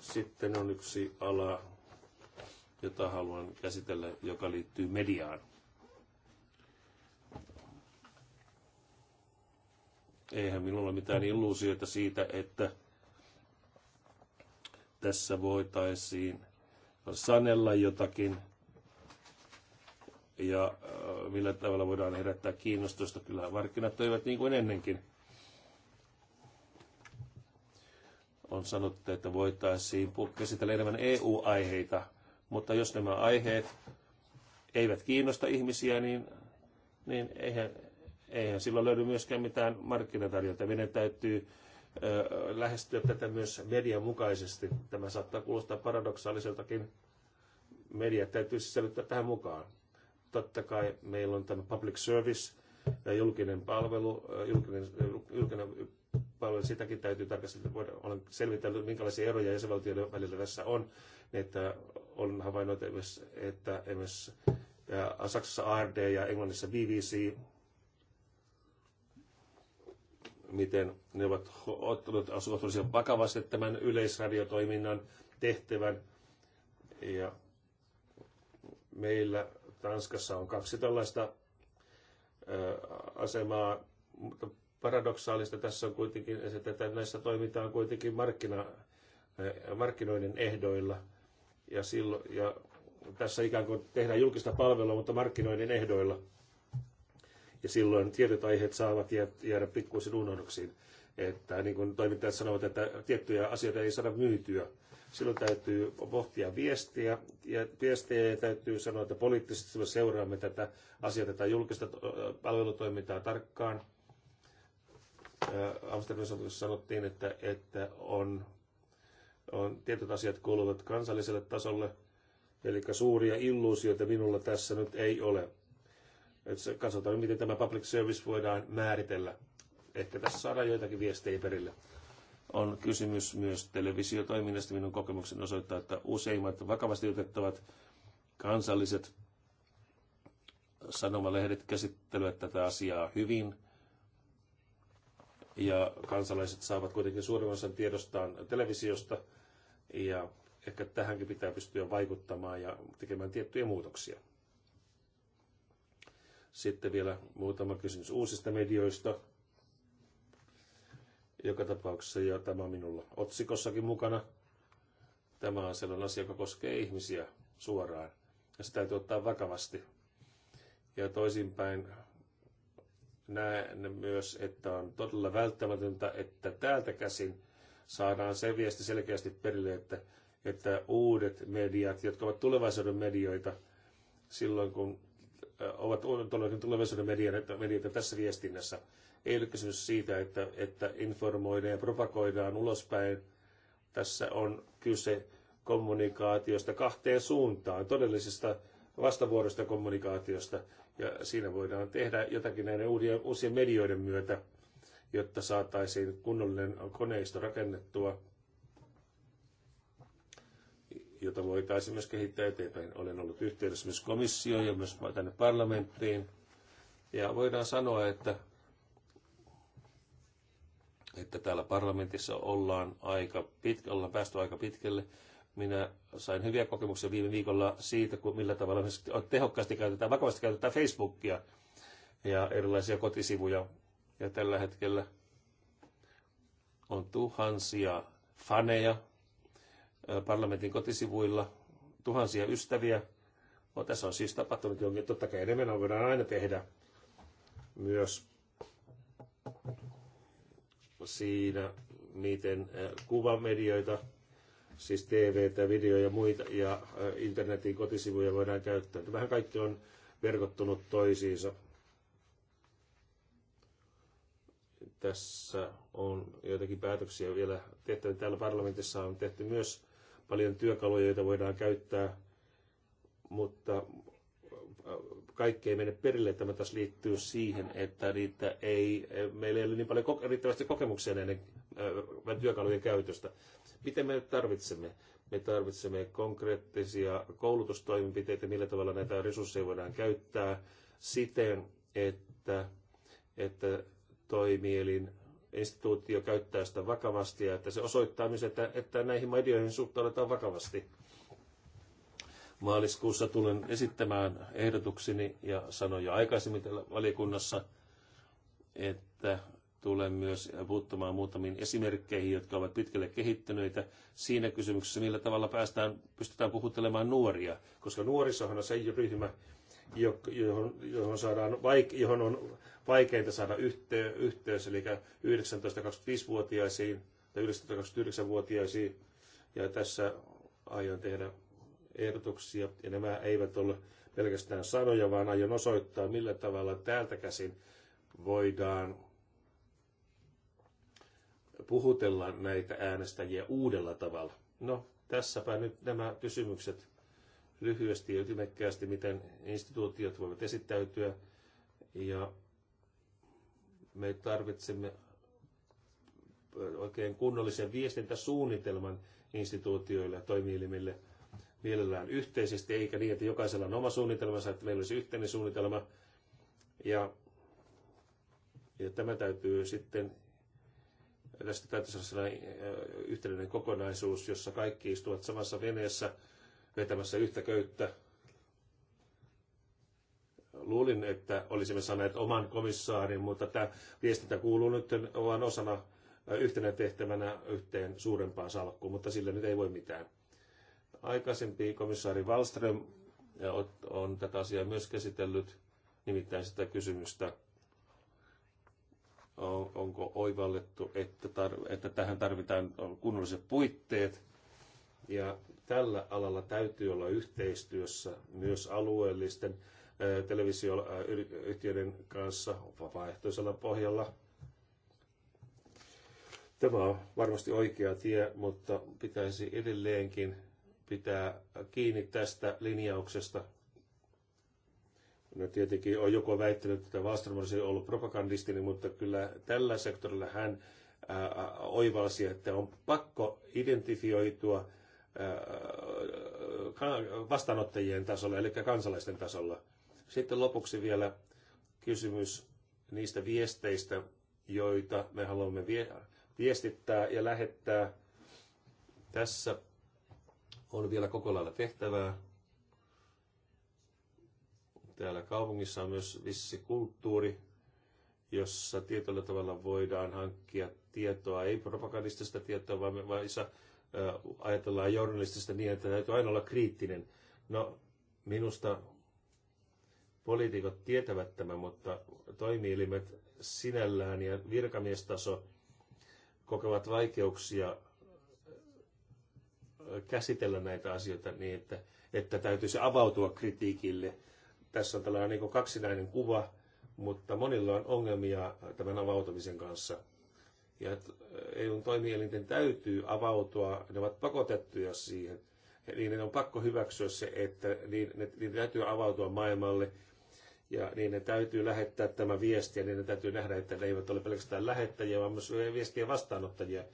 Sitten on yksi ala, jota haluan käsitellä, joka liittyy mediaan. Eihän minulla ole mitään illuusioita siitä, että tässä voitaisiin sanella jotakin ja äh, millä tavalla voidaan herättää kiinnostusta. Kyllähän markkinat toivat niin kuin ennenkin. On sanottu, että voitaisiin käsitellä enemmän EU-aiheita, mutta jos nämä aiheet eivät kiinnosta ihmisiä, niin, niin eihän eihän silloin löydy myöskään mitään markkinatarjontaa. Meidän täytyy lähestyä tätä myös median mukaisesti. Tämä saattaa kuulostaa paradoksaaliseltakin. Media täytyy sisällyttää tähän mukaan. Totta kai meillä on tämä public service julkinen palvelu, julkinen, julkinen palvelu, sitäkin täytyy tarkastella. Olen selvitellyt, minkälaisia eroja jäsenvaltioiden välillä tässä on. Että on havainnut, että esimerkiksi Saksassa ARD ja Englannissa BBC miten ne ovat ottaneet asuvat vakavasti tämän yleisradiotoiminnan tehtävän. Ja meillä Tanskassa on kaksi tällaista asemaa, mutta paradoksaalista tässä on kuitenkin, että näissä toimitaan kuitenkin markkina, markkinoiden ehdoilla. Ja, silloin, ja tässä ikään kuin tehdään julkista palvelua, mutta markkinoiden ehdoilla ja silloin tietyt aiheet saavat jäädä pikkuisen unohduksiin. Että niin kuin toimittajat sanovat, että tiettyjä asioita ei saada myytyä. Silloin täytyy pohtia viestiä ja viestejä ja täytyy sanoa, että poliittisesti me seuraamme tätä asiaa, tätä julkista palvelutoimintaa tarkkaan. Amsterdamissa sanottiin, että, että on, on, tietyt asiat kuuluvat kansalliselle tasolle, eli suuria illuusioita minulla tässä nyt ei ole että katsotaan, miten tämä public service voidaan määritellä. Ehkä tässä saadaan joitakin viestejä perille. On kysymys myös televisiotoiminnasta. Minun kokemukseni osoittaa, että useimmat vakavasti otettavat kansalliset sanomalehdet käsittelevät tätä asiaa hyvin. Ja kansalaiset saavat kuitenkin suurimman osan tiedostaan televisiosta. Ja ehkä tähänkin pitää pystyä vaikuttamaan ja tekemään tiettyjä muutoksia. Sitten vielä muutama kysymys uusista medioista. Joka tapauksessa ja tämä on minulla otsikossakin mukana. Tämä on sellainen asia, joka koskee ihmisiä suoraan. Ja sitä täytyy ottaa vakavasti. Ja toisinpäin näen myös, että on todella välttämätöntä, että täältä käsin saadaan se viesti selkeästi perille, että, että uudet mediat, jotka ovat tulevaisuuden medioita, silloin kun ovat todellakin tulevaisuuden medioita, medioita tässä viestinnässä. Ei ole kysymys siitä, että, että informoidaan ja propagoidaan ulospäin. Tässä on kyse kommunikaatiosta kahteen suuntaan, todellisesta vastavuoroista kommunikaatiosta. Ja siinä voidaan tehdä jotakin näiden uusien medioiden myötä, jotta saataisiin kunnollinen koneisto rakennettua jota voitaisiin myös kehittää eteenpäin. Olen ollut yhteydessä myös komissioon ja myös tänne parlamenttiin. Ja voidaan sanoa, että, että täällä parlamentissa ollaan aika pitkä, ollaan päästy aika pitkälle. Minä sain hyviä kokemuksia viime viikolla siitä, kun millä tavalla me tehokkaasti käytetään, vakavasti käytetään Facebookia ja erilaisia kotisivuja. Ja tällä hetkellä on tuhansia faneja, parlamentin kotisivuilla tuhansia ystäviä. No, tässä on siis tapahtunut jonkin, totta kai enemmän voidaan aina tehdä myös siinä, miten kuvamedioita, siis TVtä, video ja muita, ja internetin kotisivuja voidaan käyttää. Vähän kaikki on verkottunut toisiinsa. Tässä on joitakin päätöksiä vielä tehty. Täällä parlamentissa on tehty myös paljon työkaluja, joita voidaan käyttää, mutta äh, kaikki ei mene perille. Tämä taas liittyy siihen, että niitä ei, meillä ei ole niin paljon riittävästi kokemuksia äh, näiden työkalujen käytöstä. Miten me tarvitsemme? Me tarvitsemme konkreettisia koulutustoimenpiteitä, millä tavalla näitä resursseja voidaan käyttää siten, että, että toimielin instituutio käyttää sitä vakavasti ja että se osoittaa myös, että, että näihin medioihin suhtaudutaan vakavasti. Maaliskuussa tulen esittämään ehdotukseni ja sanoin jo aikaisemmin täällä valiokunnassa, että tulen myös puuttumaan muutamiin esimerkkeihin, jotka ovat pitkälle kehittyneitä siinä kysymyksessä, millä tavalla päästään, pystytään puhuttelemaan nuoria, koska nuorisohan on se ryhmä, johon, johon, saadaan vaik- johon on vaikeinta saada yhteys, eli 19-25-vuotiaisiin tai 19-29-vuotiaisiin. Ja tässä aion tehdä ehdotuksia, ja nämä eivät ole pelkästään sanoja, vaan aion osoittaa, millä tavalla täältä käsin voidaan puhutella näitä äänestäjiä uudella tavalla. No, tässäpä nyt nämä kysymykset lyhyesti ja ytimekkäästi, miten instituutiot voivat esittäytyä ja me tarvitsemme oikein kunnollisen viestintäsuunnitelman instituutioille ja toimielimille mielellään yhteisesti, eikä niin, että jokaisella on oma suunnitelmansa, että meillä olisi yhteinen suunnitelma. Ja, ja tämä täytyy sitten, tästä täytyy saada sellainen äh, yhteinen kokonaisuus, jossa kaikki istuvat samassa veneessä vetämässä yhtä köyttä Luulin, että olisimme saaneet oman komissaarin, mutta tämä viestintä kuuluu nyt vain osana yhtenä tehtävänä yhteen suurempaan salkkuun, mutta sille nyt ei voi mitään. Aikaisempi komissaari Wallström on tätä asiaa myös käsitellyt, nimittäin sitä kysymystä, onko oivallettu, että, tar- että tähän tarvitaan kunnolliset puitteet. Ja tällä alalla täytyy olla yhteistyössä myös alueellisten televisioyhtiöiden kanssa vapaaehtoisella pohjalla. Tämä on varmasti oikea tie, mutta pitäisi edelleenkin pitää kiinni tästä linjauksesta. No tietenkin on joko väittänyt, että Wallström olisi ollut propagandistini, mutta kyllä tällä sektorilla hän oivalsi, että on pakko identifioitua vastaanottajien tasolla, eli kansalaisten tasolla. Sitten lopuksi vielä kysymys niistä viesteistä, joita me haluamme viestittää ja lähettää. Tässä on vielä koko lailla tehtävää. Täällä kaupungissa on myös vissi kulttuuri, jossa tietyllä tavalla voidaan hankkia tietoa, ei propagandistista tietoa, vaan, vaan ajatellaan journalistista niin, että täytyy aina olla kriittinen. No, minusta Poliitikot tietävät tämän, mutta toimielimet sinällään ja virkamiestaso kokevat vaikeuksia äh, käsitellä näitä asioita niin, että, että täytyisi avautua kritiikille. Tässä on tällainen niin kaksinainen kuva, mutta monilla on ongelmia tämän avautumisen kanssa. Ja äh, EUn toimielinten täytyy avautua, ne ovat pakotettuja siihen. ne on pakko hyväksyä se, että niin täytyy avautua maailmalle ja niiden täytyy lähettää tämä viesti, ja niiden täytyy nähdä, että ne eivät ole pelkästään lähettäjiä, vaan myös viestien vastaanottajia.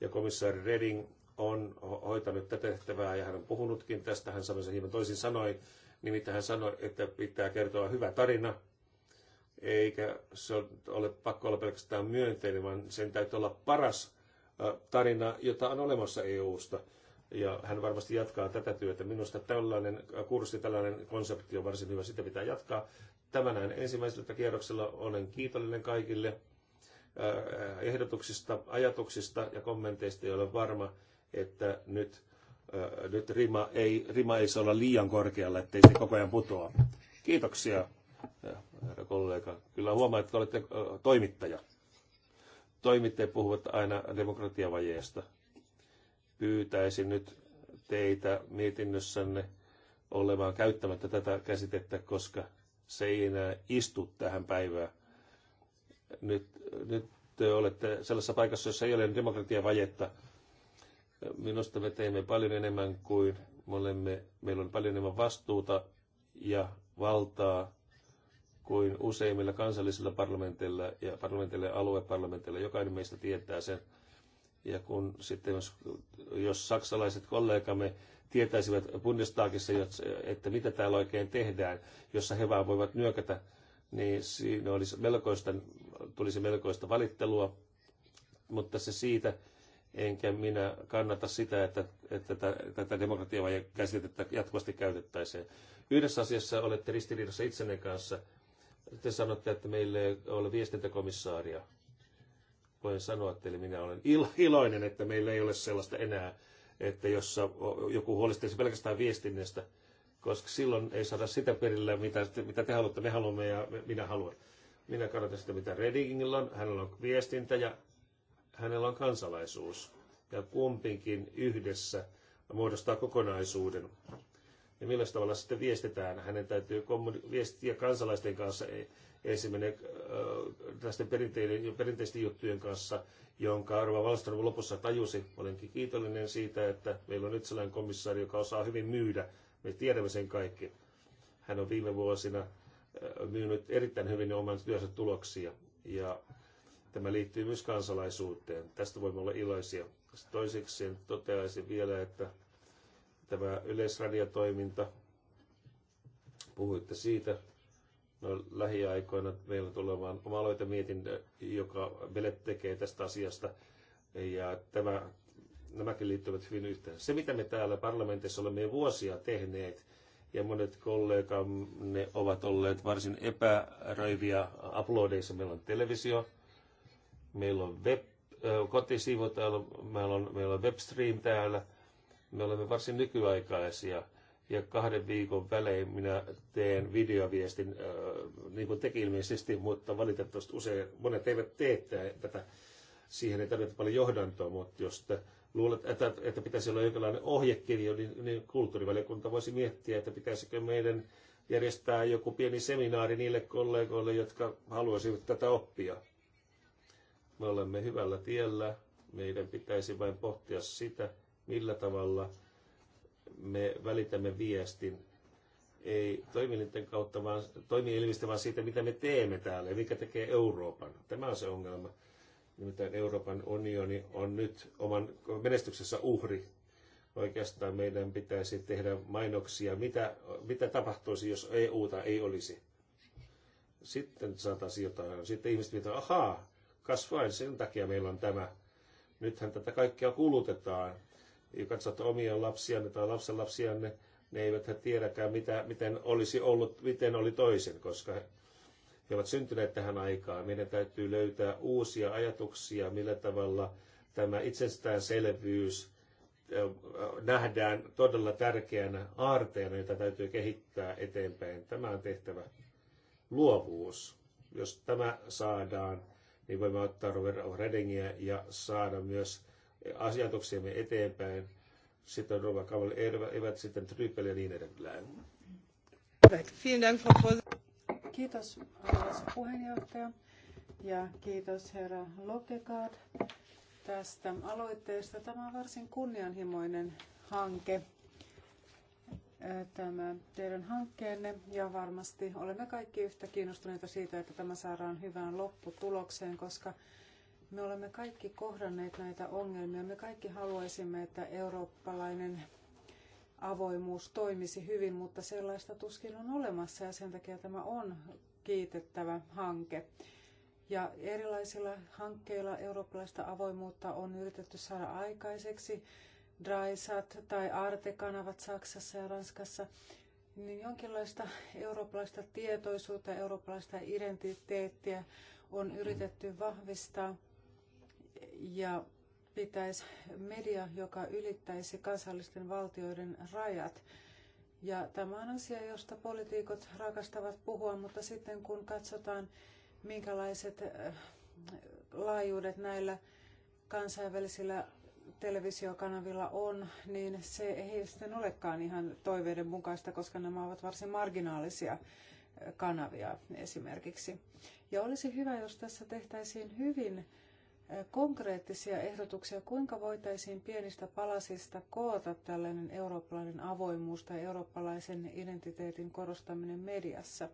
Ja komissaari Reding on hoitanut tätä tehtävää, ja hän on puhunutkin tästä, hän sanoi sen hieman toisin sanoi, nimittäin hän sanoi, että pitää kertoa hyvä tarina, eikä se ole pakko olla pelkästään myönteinen, vaan sen täytyy olla paras tarina, jota on olemassa EU-sta. Ja hän varmasti jatkaa tätä työtä. Minusta tällainen kurssi, tällainen konsepti on varsin hyvä, sitä pitää jatkaa tämän näin ensimmäiseltä kierroksella olen kiitollinen kaikille äh, ehdotuksista, ajatuksista ja kommenteista, ja olen varma, että nyt, äh, nyt rima, ei, rima ei saa olla liian korkealla, ettei se koko ajan putoa. Kiitoksia, äh, herra kollega. Kyllä huomaa, että olette toimittaja. Toimittajat puhuvat aina demokratiavajeesta. Pyytäisin nyt teitä mietinnössänne olemaan käyttämättä tätä käsitettä, koska se ei enää istu tähän päivään. Nyt, nyt te olette sellaisessa paikassa, jossa ei ole demokratiavajetta. Minusta me teemme paljon enemmän kuin me olemme, meillä on paljon enemmän vastuuta ja valtaa kuin useimmilla kansallisilla parlamenteilla ja parlamenteilla ja alueparlamenteilla. Jokainen meistä tietää sen. Ja kun sitten, jos, jos saksalaiset kollegamme tietäisivät Bundestagissa, että mitä täällä oikein tehdään, jossa he vaan voivat nyökätä, niin siinä olisi melkoista, tulisi melkoista valittelua, mutta se siitä, enkä minä kannata sitä, että, että tätä ja käsitettä jatkuvasti käytettäisiin. Yhdessä asiassa olette ristiriidassa itsenne kanssa. Te sanotte, että meillä ei ole viestintäkomissaaria. Voin sanoa teille, minä olen iloinen, että meillä ei ole sellaista enää että jossa joku huolehtii pelkästään viestinnästä, koska silloin ei saada sitä perille, mitä, mitä te haluatte, me haluamme ja minä haluan. Minä kannatan sitä, mitä Redingillä on. Hänellä on viestintä ja hänellä on kansalaisuus. Ja kumpinkin yhdessä muodostaa kokonaisuuden ja millä tavalla sitten viestitään. Hänen täytyy viestiä kansalaisten kanssa, ei se mene perinteisten juttujen kanssa, jonka Arva Wallström lopussa tajusi. Olenkin kiitollinen siitä, että meillä on nyt sellainen komissaari, joka osaa hyvin myydä. Me tiedämme sen kaikki. Hän on viime vuosina myynyt erittäin hyvin oman työnsä tuloksia. Ja tämä liittyy myös kansalaisuuteen. Tästä voimme olla iloisia. Toiseksi toteaisin vielä, että tämä yleisradiotoiminta, puhuitte siitä. No, lähiaikoina meillä tulee vaan oma mietintö, joka meille tekee tästä asiasta. Ja tämä, nämäkin liittyvät hyvin yhteen. Se, mitä me täällä parlamentissa olemme vuosia tehneet, ja monet kollegamme ovat olleet varsin epäröiviä uploadeissa. Meillä on televisio, meillä on web, kotisivu täällä, meillä on, meillä on webstream täällä – me olemme varsin nykyaikaisia ja kahden viikon välein minä teen videoviestin, niin kuin teki ilmeisesti, mutta valitettavasti usein monet eivät tee tätä. Siihen ei tarvita paljon johdantoa, mutta jos te luulet, että, että pitäisi olla jonkinlainen ohjekirjo, niin, niin kulttuurivaliokunta voisi miettiä, että pitäisikö meidän järjestää joku pieni seminaari niille kollegoille, jotka haluaisivat tätä oppia. Me olemme hyvällä tiellä. Meidän pitäisi vain pohtia sitä, millä tavalla me välitämme viestin ei toimielinten kautta, vaan toimielimistä, vaan siitä, mitä me teemme täällä ja mikä tekee Euroopan. Tämä on se ongelma. Nimittäin Euroopan unioni on nyt oman menestyksessä uhri. Oikeastaan meidän pitäisi tehdä mainoksia, mitä, mitä tapahtuisi, jos EUta ei olisi. Sitten saataisiin jotain. Sitten ihmiset mitä ahaa, kasvain, sen takia meillä on tämä. Nythän tätä kaikkea kulutetaan ja katsot omia lapsianne niin tai lapsen niin ne eivät he tiedäkään, mitä, miten olisi ollut, miten oli toisen, koska he ovat syntyneet tähän aikaan. Meidän täytyy löytää uusia ajatuksia, millä tavalla tämä itsestäänselvyys nähdään todella tärkeänä aarteena, jota täytyy kehittää eteenpäin. Tämä on tehtävä luovuus. Jos tämä saadaan, niin voimme ottaa Robert Redingiä ja saada myös asiantuksiamme eteenpäin. Sitten Rova Kavali Evät, sitten Trypel ja niin edelleen. Kiitos arvoisa puheenjohtaja ja kiitos herra Lokekaat, tästä aloitteesta. Tämä on varsin kunnianhimoinen hanke, tämä teidän hankkeenne ja varmasti olemme kaikki yhtä kiinnostuneita siitä, että tämä saadaan hyvään lopputulokseen, koska me olemme kaikki kohdanneet näitä ongelmia. Me kaikki haluaisimme, että eurooppalainen avoimuus toimisi hyvin, mutta sellaista tuskin on olemassa ja sen takia tämä on kiitettävä hanke. Ja erilaisilla hankkeilla eurooppalaista avoimuutta on yritetty saada aikaiseksi. Draisat tai Arte-kanavat Saksassa ja Ranskassa, niin jonkinlaista eurooppalaista tietoisuutta ja eurooppalaista identiteettiä on yritetty vahvistaa ja pitäisi media, joka ylittäisi kansallisten valtioiden rajat. Ja tämä on asia, josta poliitikot rakastavat puhua, mutta sitten kun katsotaan, minkälaiset eh, laajuudet näillä kansainvälisillä televisiokanavilla on, niin se ei sitten olekaan ihan toiveiden mukaista, koska nämä ovat varsin marginaalisia eh, kanavia esimerkiksi. Ja olisi hyvä, jos tässä tehtäisiin hyvin konkreettisia ehdotuksia, kuinka voitaisiin pienistä palasista koota tällainen eurooppalainen avoimuus tai eurooppalaisen identiteetin korostaminen mediassa.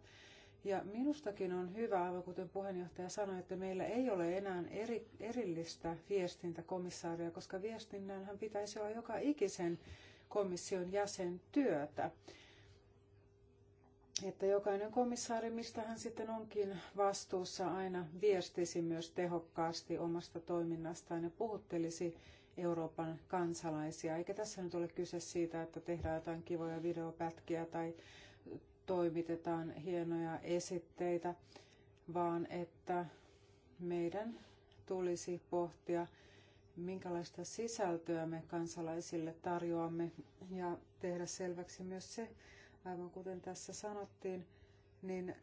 Ja minustakin on hyvä, aivan kuten puheenjohtaja sanoi, että meillä ei ole enää eri, erillistä viestintäkomissaaria, koska viestinnänhän pitäisi olla joka ikisen komission jäsen työtä että jokainen komissaari, mistä hän sitten onkin vastuussa, aina viestisi myös tehokkaasti omasta toiminnastaan ja puhuttelisi Euroopan kansalaisia. Eikä tässä nyt ole kyse siitä, että tehdään jotain kivoja videopätkiä tai toimitetaan hienoja esitteitä, vaan että meidän tulisi pohtia, minkälaista sisältöä me kansalaisille tarjoamme ja tehdä selväksi myös se, Aivan kuten tässä sanottiin, niin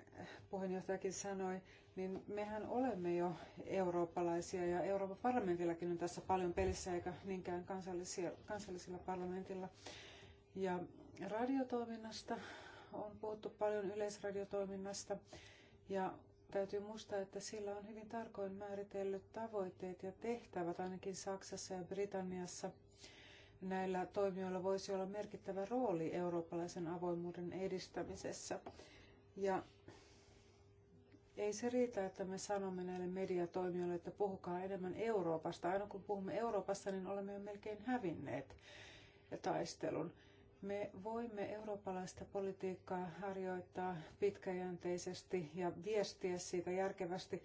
puheenjohtajakin sanoi, niin mehän olemme jo eurooppalaisia ja Euroopan parlamentillakin on tässä paljon pelissä eikä niinkään kansallisilla, parlamentilla. Ja radiotoiminnasta on puhuttu paljon yleisradiotoiminnasta ja täytyy muistaa, että sillä on hyvin tarkoin määritellyt tavoitteet ja tehtävät ainakin Saksassa ja Britanniassa – näillä toimijoilla voisi olla merkittävä rooli eurooppalaisen avoimuuden edistämisessä. Ja ei se riitä, että me sanomme näille mediatoimijoille, että puhukaa enemmän Euroopasta. Aina kun puhumme Euroopasta, niin olemme jo melkein hävinneet taistelun. Me voimme eurooppalaista politiikkaa harjoittaa pitkäjänteisesti ja viestiä siitä järkevästi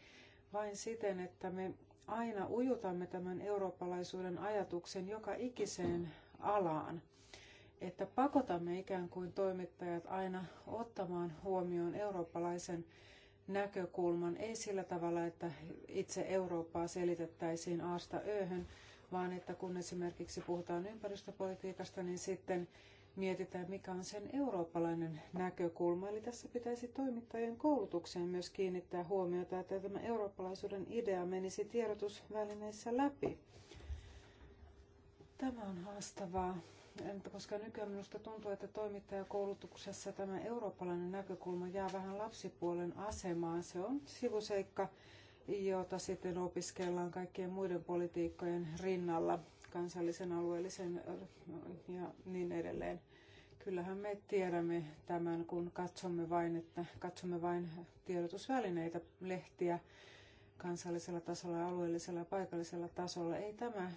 vain siten, että me aina ujutamme tämän eurooppalaisuuden ajatuksen joka ikiseen alaan, että pakotamme ikään kuin toimittajat aina ottamaan huomioon eurooppalaisen näkökulman, ei sillä tavalla, että itse Eurooppaa selitettäisiin aasta ööhön, vaan että kun esimerkiksi puhutaan ympäristöpolitiikasta, niin sitten mietitään, mikä on sen eurooppalainen näkökulma. Eli tässä pitäisi toimittajien koulutukseen myös kiinnittää huomiota, että tämä eurooppalaisuuden idea menisi tiedotusvälineissä läpi. Tämä on haastavaa, koska nykyään minusta tuntuu, että toimittajakoulutuksessa tämä eurooppalainen näkökulma jää vähän lapsipuolen asemaan. Se on sivuseikka, jota sitten opiskellaan kaikkien muiden politiikkojen rinnalla kansallisen, alueellisen ja niin edelleen. Kyllähän me tiedämme tämän, kun katsomme vain, että katsomme vain tiedotusvälineitä, lehtiä kansallisella tasolla, alueellisella ja paikallisella tasolla. Ei tämä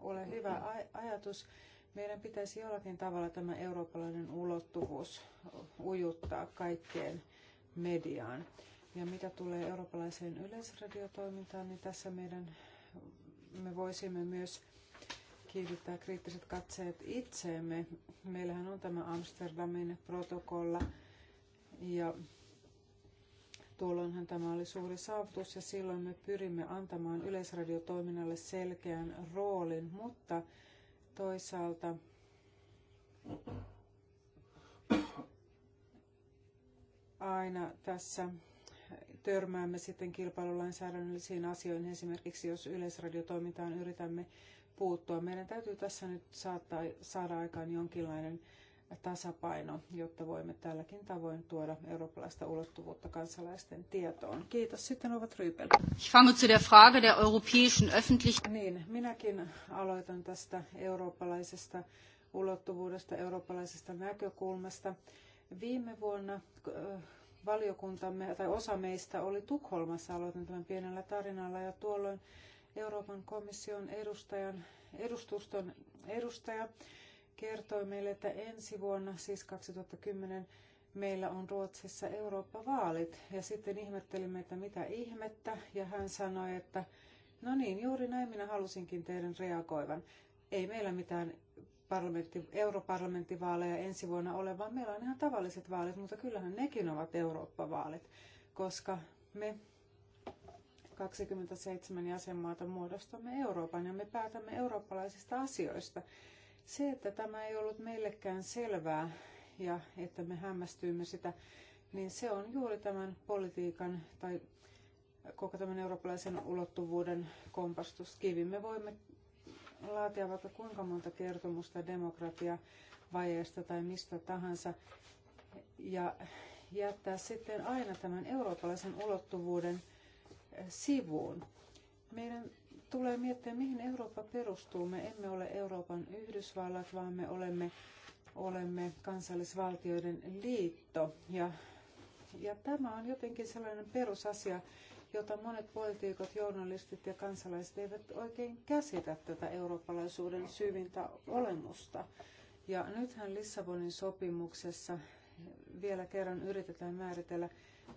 ole hyvä ajatus. Meidän pitäisi jollakin tavalla tämä eurooppalainen ulottuvuus ujuttaa kaikkeen mediaan. Ja mitä tulee eurooppalaiseen yleisradiotoimintaan, niin tässä meidän me voisimme myös kiinnittää kriittiset katseet itseemme. Meillähän on tämä Amsterdamin protokolla ja tuolloinhan tämä oli suuri saavutus ja silloin me pyrimme antamaan yleisradiotoiminnalle selkeän roolin, mutta toisaalta aina tässä törmäämme sitten kilpailulainsäädännöllisiin asioihin, esimerkiksi jos yleisradiotoimintaan yritämme puuttua. Meidän täytyy tässä nyt saattaa, saada aikaan jonkinlainen tasapaino, jotta voimme tälläkin tavoin tuoda eurooppalaista ulottuvuutta kansalaisten tietoon. Kiitos. Sitten ovat Ryypel. Niin, minäkin aloitan tästä eurooppalaisesta ulottuvuudesta, eurooppalaisesta näkökulmasta. Viime vuonna äh, valiokuntamme tai osa meistä oli Tukholmassa, aloitan tämän pienellä tarinalla ja tuolloin Euroopan komission edustajan, edustuston edustaja kertoi meille, että ensi vuonna, siis 2010, meillä on Ruotsissa Eurooppa-vaalit. Ja sitten ihmettelimme, että mitä ihmettä, ja hän sanoi, että no niin, juuri näin minä halusinkin teidän reagoivan. Ei meillä mitään parlamentti, europarlamenttivaaleja ensi vuonna ole, vaan meillä on ihan tavalliset vaalit, mutta kyllähän nekin ovat Eurooppa-vaalit, koska me 27 jäsenmaata muodostamme Euroopan ja me päätämme eurooppalaisista asioista. Se, että tämä ei ollut meillekään selvää ja että me hämmästyimme sitä, niin se on juuri tämän politiikan tai koko tämän eurooppalaisen ulottuvuuden kompastuskivi. Me voimme laatia vaikka kuinka monta kertomusta demokratiavajeesta tai mistä tahansa ja jättää sitten aina tämän eurooppalaisen ulottuvuuden – sivuun. Meidän tulee miettiä, mihin Eurooppa perustuu. Me emme ole Euroopan Yhdysvallat, vaan me olemme, olemme kansallisvaltioiden liitto. Ja, ja tämä on jotenkin sellainen perusasia, jota monet poliitikot, journalistit ja kansalaiset eivät oikein käsitä tätä eurooppalaisuuden syvintä olemusta. Ja nythän Lissabonin sopimuksessa vielä kerran yritetään määritellä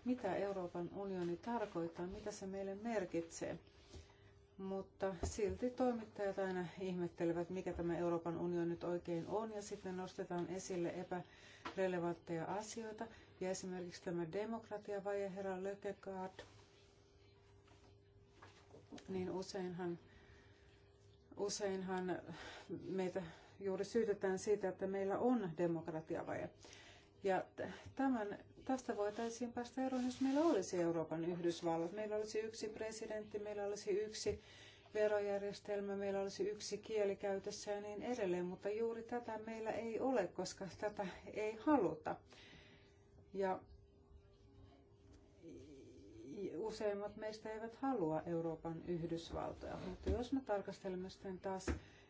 mitä Euroopan unioni tarkoittaa, mitä se meille merkitsee. Mutta silti toimittajat aina ihmettelevät, mikä tämä Euroopan unioni nyt oikein on, ja sitten nostetaan esille epärelevantteja asioita. Ja esimerkiksi tämä demokratiavaje, herra Lökegaard, niin useinhan, useinhan meitä juuri syytetään siitä, että meillä on demokratiavaje. Ja tämän, tästä voitaisiin päästä eroon, jos meillä olisi Euroopan Yhdysvallat. Meillä olisi yksi presidentti, meillä olisi yksi verojärjestelmä, meillä olisi yksi kieli käytössä ja niin edelleen, mutta juuri tätä meillä ei ole, koska tätä ei haluta. Ja useimmat meistä eivät halua Euroopan Yhdysvaltoja, mutta jos me tarkastelemme sitten taas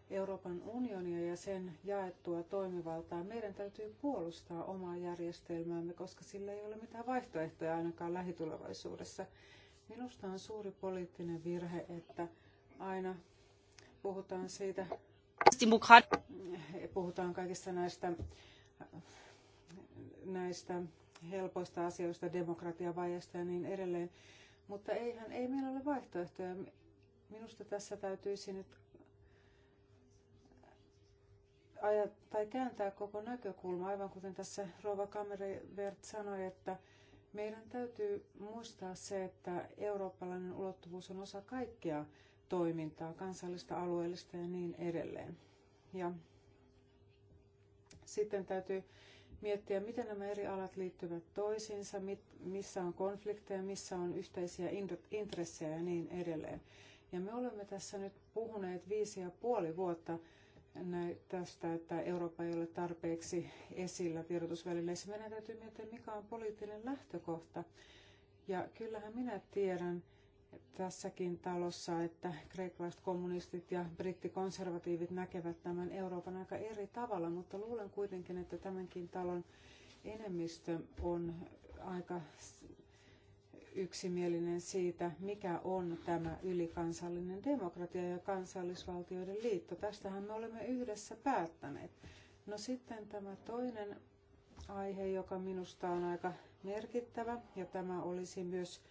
Euroopan unionia ja sen jaettua toimivaltaa, meidän täytyy puolustaa omaa järjestelmäämme, koska sillä ei ole mitään vaihtoehtoja ainakaan lähitulevaisuudessa. Minusta on suuri poliittinen virhe, että aina puhutaan siitä, puhutaan kaikista näistä, näistä helpoista asioista, demokratiavajeista ja niin edelleen. Mutta eihän, ei meillä ole vaihtoehtoja. Minusta tässä täytyisi nyt tai kääntää koko näkökulma, aivan kuten tässä Rova Kamerivert sanoi, että meidän täytyy muistaa se, että eurooppalainen ulottuvuus on osa kaikkea toimintaa, kansallista, alueellista ja niin edelleen. Ja sitten täytyy miettiä, miten nämä eri alat liittyvät toisiinsa, mit, missä on konflikteja, missä on yhteisiä intressejä ja niin edelleen. Ja me olemme tässä nyt puhuneet viisi ja puoli vuotta tästä, että Eurooppa ei ole tarpeeksi esillä tiedotusvälineissä. Meidän täytyy miettiä, mikä on poliittinen lähtökohta. Ja kyllähän minä tiedän tässäkin talossa, että kreikkalaiset kommunistit ja brittikonservatiivit näkevät tämän Euroopan aika eri tavalla, mutta luulen kuitenkin, että tämänkin talon enemmistö on aika yksimielinen siitä, mikä on tämä ylikansallinen demokratia ja kansallisvaltioiden liitto. Tästähän me olemme yhdessä päättäneet. No sitten tämä toinen aihe, joka minusta on aika merkittävä, ja tämä olisi myös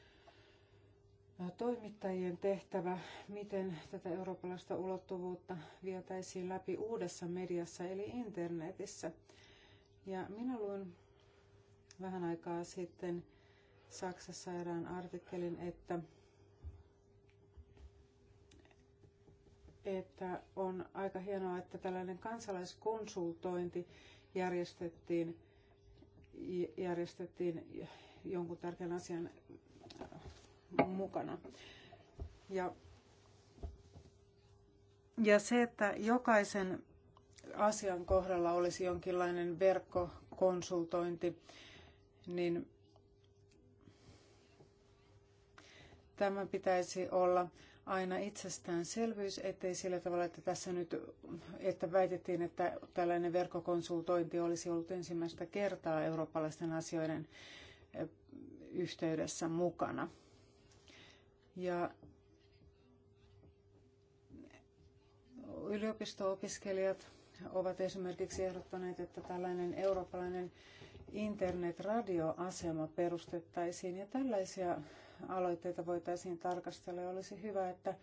no, toimittajien tehtävä, miten tätä eurooppalaista ulottuvuutta vietäisiin läpi uudessa mediassa eli internetissä. Ja minä luin vähän aikaa sitten Saksassa erään artikkelin, että, että on aika hienoa, että tällainen kansalaiskonsultointi järjestettiin, järjestettiin jonkun tärkeän asian äh, mukana. Ja, ja se, että jokaisen asian kohdalla olisi jonkinlainen verkkokonsultointi, niin Tämä pitäisi olla aina itsestäänselvyys, ettei sillä tavalla, että tässä nyt, että väitettiin, että tällainen verkkokonsultointi olisi ollut ensimmäistä kertaa eurooppalaisten asioiden yhteydessä mukana. Ja yliopisto-opiskelijat ovat esimerkiksi ehdottaneet, että tällainen eurooppalainen internetradioasema perustettaisiin. Ja tällaisia aloitteita voitaisiin tarkastella. Ja olisi hyvä, että,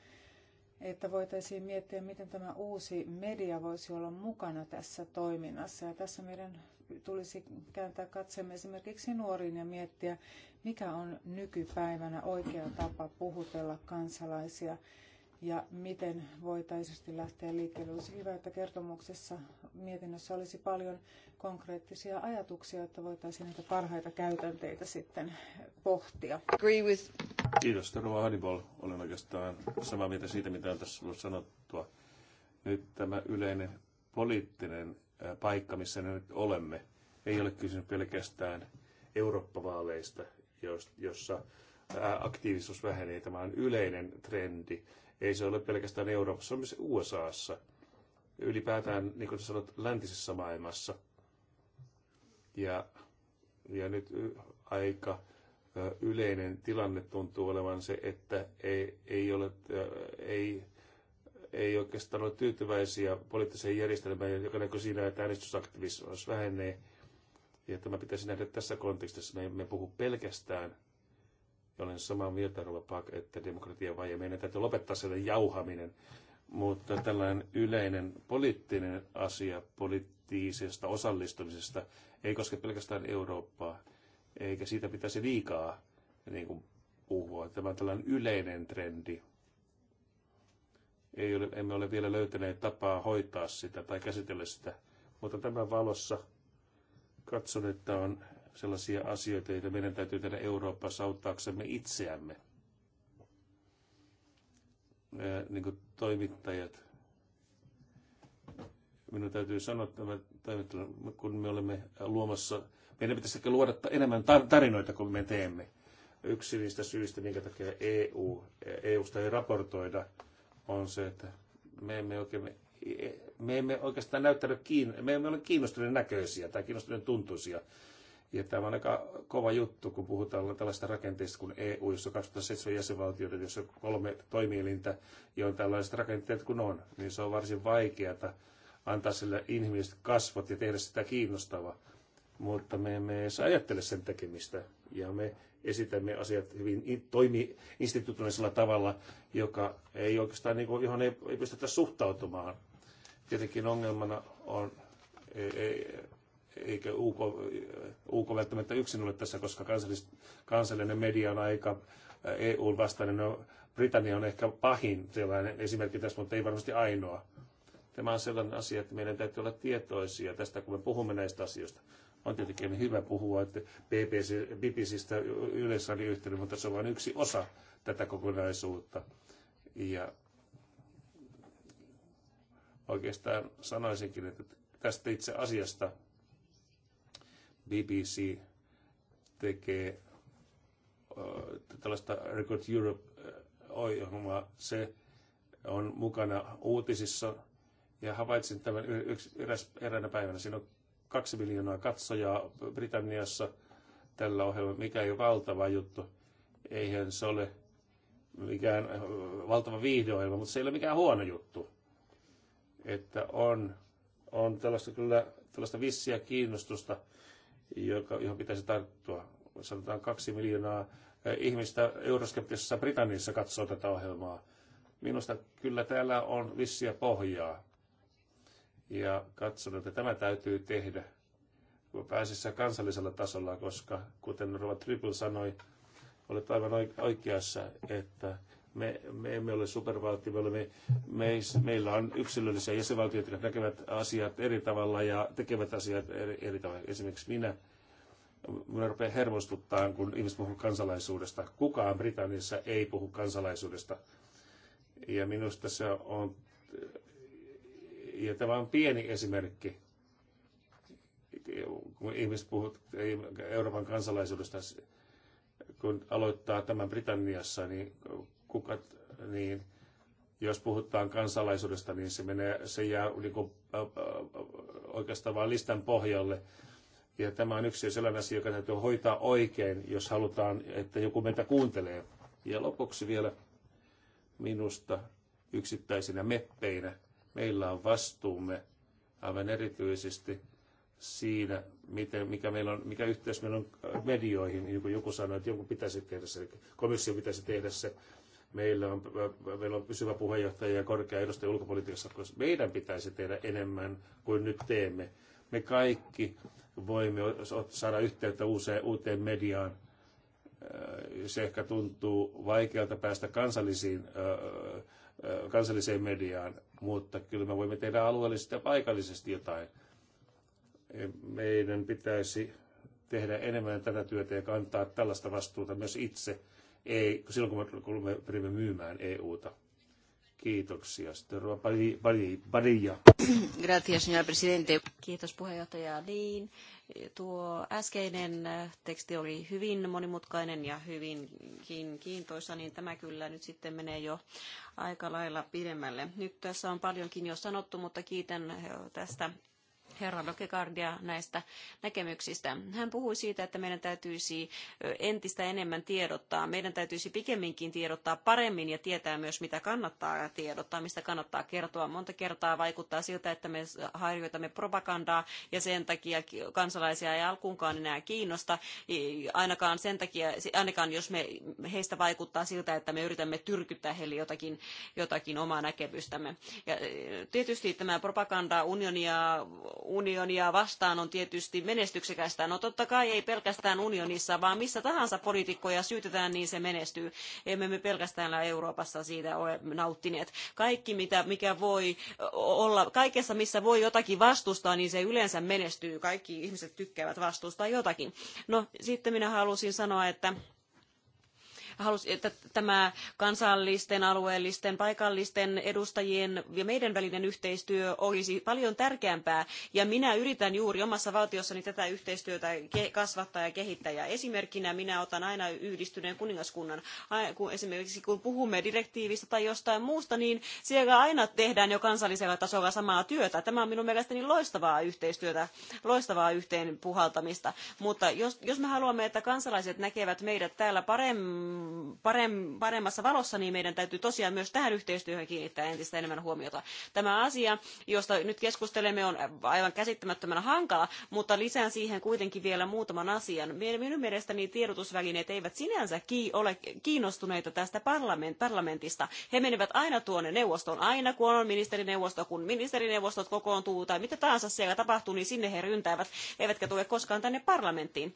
että voitaisiin miettiä, miten tämä uusi media voisi olla mukana tässä toiminnassa. Ja tässä meidän tulisi kääntää katseemme esimerkiksi nuoriin ja miettiä, mikä on nykypäivänä oikea tapa puhutella kansalaisia ja miten voitaisiin lähteä liikkeelle. Olisi hyvä, että kertomuksessa mietinnössä olisi paljon konkreettisia ajatuksia, että voitaisiin näitä parhaita käytänteitä sitten pohtia. Kiitos, Rova Hannibal. Olen oikeastaan samaa mieltä siitä, mitä on tässä ollut sanottua. Nyt tämä yleinen poliittinen paikka, missä nyt olemme, ei ole kysynyt pelkästään Eurooppa-vaaleista, jossa aktiivisuus vähenee. Tämä on yleinen trendi ei se ole pelkästään Euroopassa, on myös USAssa. Ylipäätään, niin kuin sanot, läntisessä maailmassa. Ja, ja nyt aika yleinen tilanne tuntuu olevan se, että ei, ei, ole, ei, ei oikeastaan ole tyytyväisiä poliittiseen järjestelmään, joka näkyy siinä, että äänestysaktiivisuus vähenee. Ja tämä pitäisi nähdä tässä kontekstissa. Me emme puhu pelkästään ja olen samaa mieltä, Pak, että demokratian vaje, meidän täytyy lopettaa sen jauhaminen, mutta tällainen yleinen poliittinen asia poliittisesta osallistumisesta ei koske pelkästään Eurooppaa, eikä siitä pitäisi liikaa niin kuin, puhua. Tämä on tällainen yleinen trendi. Ei ole, emme ole vielä löytäneet tapaa hoitaa sitä tai käsitellä sitä, mutta tämän valossa katson, että on sellaisia asioita, joita meidän täytyy tehdä Euroopassa auttaaksemme itseämme. Niin kuin toimittajat, minun täytyy sanoa, että kun me olemme luomassa, meidän pitäisi ehkä luoda enemmän tarinoita kuin me teemme. Yksi niistä syistä, minkä takia EU, EUsta ei raportoida, on se, että me emme oikein me emme oikeastaan näyttänyt kiin, me emme ole kiinnostuneen näköisiä tai kiinnostuneen tuntuisia. Ja tämä on aika kova juttu, kun puhutaan tällaista rakenteista kuin EU, jossa on 27 jäsenvaltioita, jossa on kolme toimielintä, joilla tällaiset rakenteet kun on, niin se on varsin vaikeata antaa sille inhimilliset kasvot ja tehdä sitä kiinnostavaa. Mutta me emme edes ajattele sen tekemistä. Ja me esitämme asiat hyvin toimi institutionaalisella tavalla, joka ei oikeastaan, niin kuin, johon ei, ei pystytä suhtautumaan. Tietenkin ongelmana on, ei, ei, eikä UK, UK välttämättä yksin ole tässä, koska kansallis, kansallinen media on aika EU-vastainen. No, Britannia on ehkä pahin sellainen esimerkki tässä, mutta ei varmasti ainoa. Tämä on sellainen asia, että meidän täytyy olla tietoisia tästä, kun me puhumme näistä asioista. On tietenkin hyvä puhua että BBC, BBCstä yhteyden, mutta se on vain yksi osa tätä kokonaisuutta. Ja oikeastaan sanoisinkin, että tästä itse asiasta BBC tekee tällaista Record Europe-ohjelmaa. Se on mukana uutisissa ja havaitsin tämän yks, eräs, eräänä päivänä. Siinä on kaksi miljoonaa katsojaa Britanniassa tällä ohjelmalla, mikä ei ole valtava juttu. Eihän se ole mikään valtava viihdeohjelma, mutta se ei ole mikään huono juttu. Että on, on tällaista kyllä tällaista vissiä kiinnostusta – joka, johon pitäisi tarttua. Sanotaan kaksi miljoonaa eh, ihmistä euroskeptisessa Britanniassa katsoo tätä ohjelmaa. Minusta kyllä täällä on vissiä pohjaa. Ja katson, että tämä täytyy tehdä pääsissä kansallisella tasolla, koska kuten Rova Triple sanoi, olet aivan oikeassa, että me, me emme ole supervaltio, me olemme, me, meillä on yksilöllisiä jäsenvaltioita, jotka näkevät asiat eri tavalla ja tekevät asiat eri, eri tavalla. Esimerkiksi minä, minä rupean hermostuttaa, kun ihmiset puhuvat kansalaisuudesta. Kukaan Britanniassa ei puhu kansalaisuudesta. Ja minusta se on, ja tämä on pieni esimerkki, kun ihmiset puhuvat Euroopan kansalaisuudesta, kun aloittaa tämän Britanniassa, niin kuka, niin jos puhutaan kansalaisuudesta, niin se, menee, se jää niin kuin, ä, ä, oikeastaan vain listan pohjalle. Ja tämä on yksi sellainen asia, joka täytyy hoitaa oikein, jos halutaan, että joku meitä kuuntelee. Ja lopuksi vielä minusta yksittäisinä meppeinä meillä on vastuumme aivan erityisesti siinä, miten, mikä, meillä on, mikä yhteys meillä on medioihin. Niin kuin joku sanoi, että joku pitäisi tehdä se, komissio pitäisi tehdä se, Meillä on, meillä on pysyvä puheenjohtaja ja korkea edustaja ulkopolitiikassa, koska meidän pitäisi tehdä enemmän kuin nyt teemme. Me kaikki voimme saada yhteyttä uuteen, uuteen mediaan. Se ehkä tuntuu vaikealta päästä kansallisiin, kansalliseen mediaan, mutta kyllä me voimme tehdä alueellisesti ja paikallisesti jotain. Meidän pitäisi tehdä enemmän tätä työtä ja kantaa tällaista vastuuta myös itse ei, silloin kun me pyrimme myymään EUta. Kiitoksia. Sitten Padilla. Gracias, señor presidente. Kiitos puheenjohtaja Niin. Tuo äskeinen teksti oli hyvin monimutkainen ja hyvinkin kiintoisa, niin tämä kyllä nyt sitten menee jo aika lailla pidemmälle. Nyt tässä on paljonkin jo sanottu, mutta kiitän tästä herra Lokegardia näistä näkemyksistä. Hän puhui siitä, että meidän täytyisi entistä enemmän tiedottaa. Meidän täytyisi pikemminkin tiedottaa paremmin ja tietää myös, mitä kannattaa tiedottaa, mistä kannattaa kertoa. Monta kertaa vaikuttaa siltä, että me harjoitamme propagandaa ja sen takia kansalaisia ei alkuunkaan enää kiinnosta. Ainakaan sen takia, ainakaan jos me, heistä vaikuttaa siltä, että me yritämme tyrkyttää heille jotakin, jotakin omaa näkemystämme. Ja tietysti tämä propaganda unionia unionia vastaan on tietysti menestyksekästä. No totta kai ei pelkästään unionissa, vaan missä tahansa poliitikkoja syytetään, niin se menestyy. Emme me pelkästään Euroopassa siitä ole nauttineet. Kaikki, mitä, mikä voi olla, kaikessa missä voi jotakin vastustaa, niin se yleensä menestyy. Kaikki ihmiset tykkäävät vastustaa jotakin. No sitten minä halusin sanoa, että halusi, että tämä kansallisten, alueellisten, paikallisten edustajien ja meidän välinen yhteistyö olisi paljon tärkeämpää. Ja minä yritän juuri omassa valtiossani tätä yhteistyötä kasvattaa ja kehittää. Ja esimerkkinä minä otan aina yhdistyneen kuningaskunnan. Kun esimerkiksi kun puhumme direktiivistä tai jostain muusta, niin siellä aina tehdään jo kansallisella tasolla samaa työtä. Tämä on minun mielestäni loistavaa yhteistyötä, loistavaa yhteen puhaltamista. Mutta jos, jos me haluamme, että kansalaiset näkevät meidät täällä paremmin, paremmassa valossa, niin meidän täytyy tosiaan myös tähän yhteistyöhön kiinnittää entistä enemmän huomiota. Tämä asia, josta nyt keskustelemme, on aivan käsittämättömän hankala, mutta lisään siihen kuitenkin vielä muutaman asian. Minun mielestäni tiedotusvälineet eivät sinänsä ole kiinnostuneita tästä parlamentista. He menevät aina tuonne neuvostoon, aina kun on ministerineuvosto, kun ministerineuvostot kokoontuu tai mitä tahansa siellä tapahtuu, niin sinne he ryntäävät, eivätkä tule koskaan tänne parlamenttiin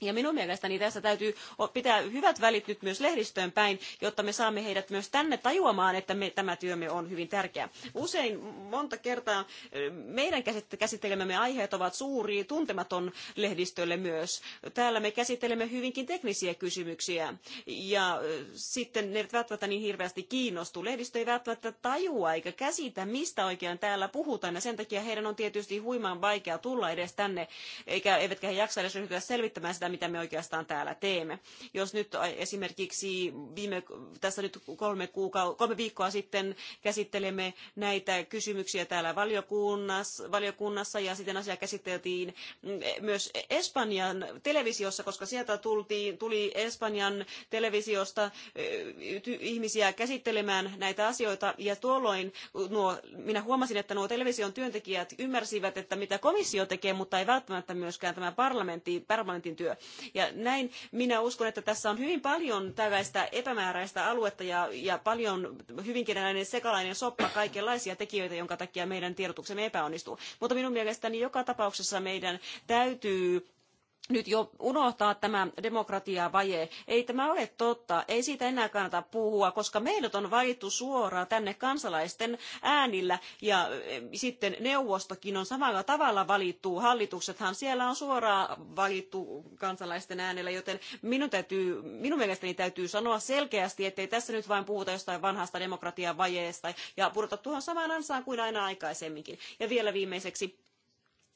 ja minun mielestäni tässä täytyy pitää hyvät välit nyt myös lehdistöön päin, jotta me saamme heidät myös tänne tajuamaan, että me, tämä työmme on hyvin tärkeä. Usein monta kertaa eh, meidän käsittelemämme aiheet ovat suuri tuntematon lehdistölle myös. Täällä me käsittelemme hyvinkin teknisiä kysymyksiä ja eh, sitten ne eivät välttämättä niin hirveästi kiinnostu. Lehdistö ei välttämättä tajua eikä käsitä, mistä oikein täällä puhutaan ja sen takia heidän on tietysti huimaan vaikea tulla edes tänne, eikä, eivätkä he jaksa edes ryhtyä selvittämään sitä, sitä, mitä me oikeastaan täällä teemme. Jos nyt äh, esimerkiksi viime, tässä nyt kolme, kuukau, kolme viikkoa sitten käsittelemme näitä kysymyksiä täällä valiokunnassa, valiokunnassa ja sitten asia käsiteltiin mm, e, myös Espanjan televisiossa, koska sieltä tultiin, tuli Espanjan televisiosta e, ihmisiä käsittelemään näitä asioita ja tuolloin nuo, minä huomasin, että nuo television työntekijät ymmärsivät, että mitä komissio tekee, mutta ei välttämättä myöskään tämä parlamentin, parlamentin työ ja näin minä uskon, että tässä on hyvin paljon tällaista epämääräistä aluetta ja, ja paljon hyvinkin tällainen sekalainen soppa kaikenlaisia tekijöitä, jonka takia meidän tiedotuksemme epäonnistuu. Mutta minun mielestäni joka tapauksessa meidän täytyy nyt jo unohtaa tämä demokratiavaje. Ei tämä ole totta. Ei siitä enää kannata puhua, koska meidät on valittu suoraan tänne kansalaisten äänillä ja eh, sitten neuvostokin on samalla tavalla valittu. Hallituksethan siellä on suoraan valittu kansalaisten äänellä, joten minun, täytyy, minun mielestäni täytyy sanoa selkeästi, ettei tässä nyt vain puhuta jostain vanhasta demokratiavajeesta ja pudota tuohon samaan ansaan kuin aina aikaisemminkin. Ja vielä viimeiseksi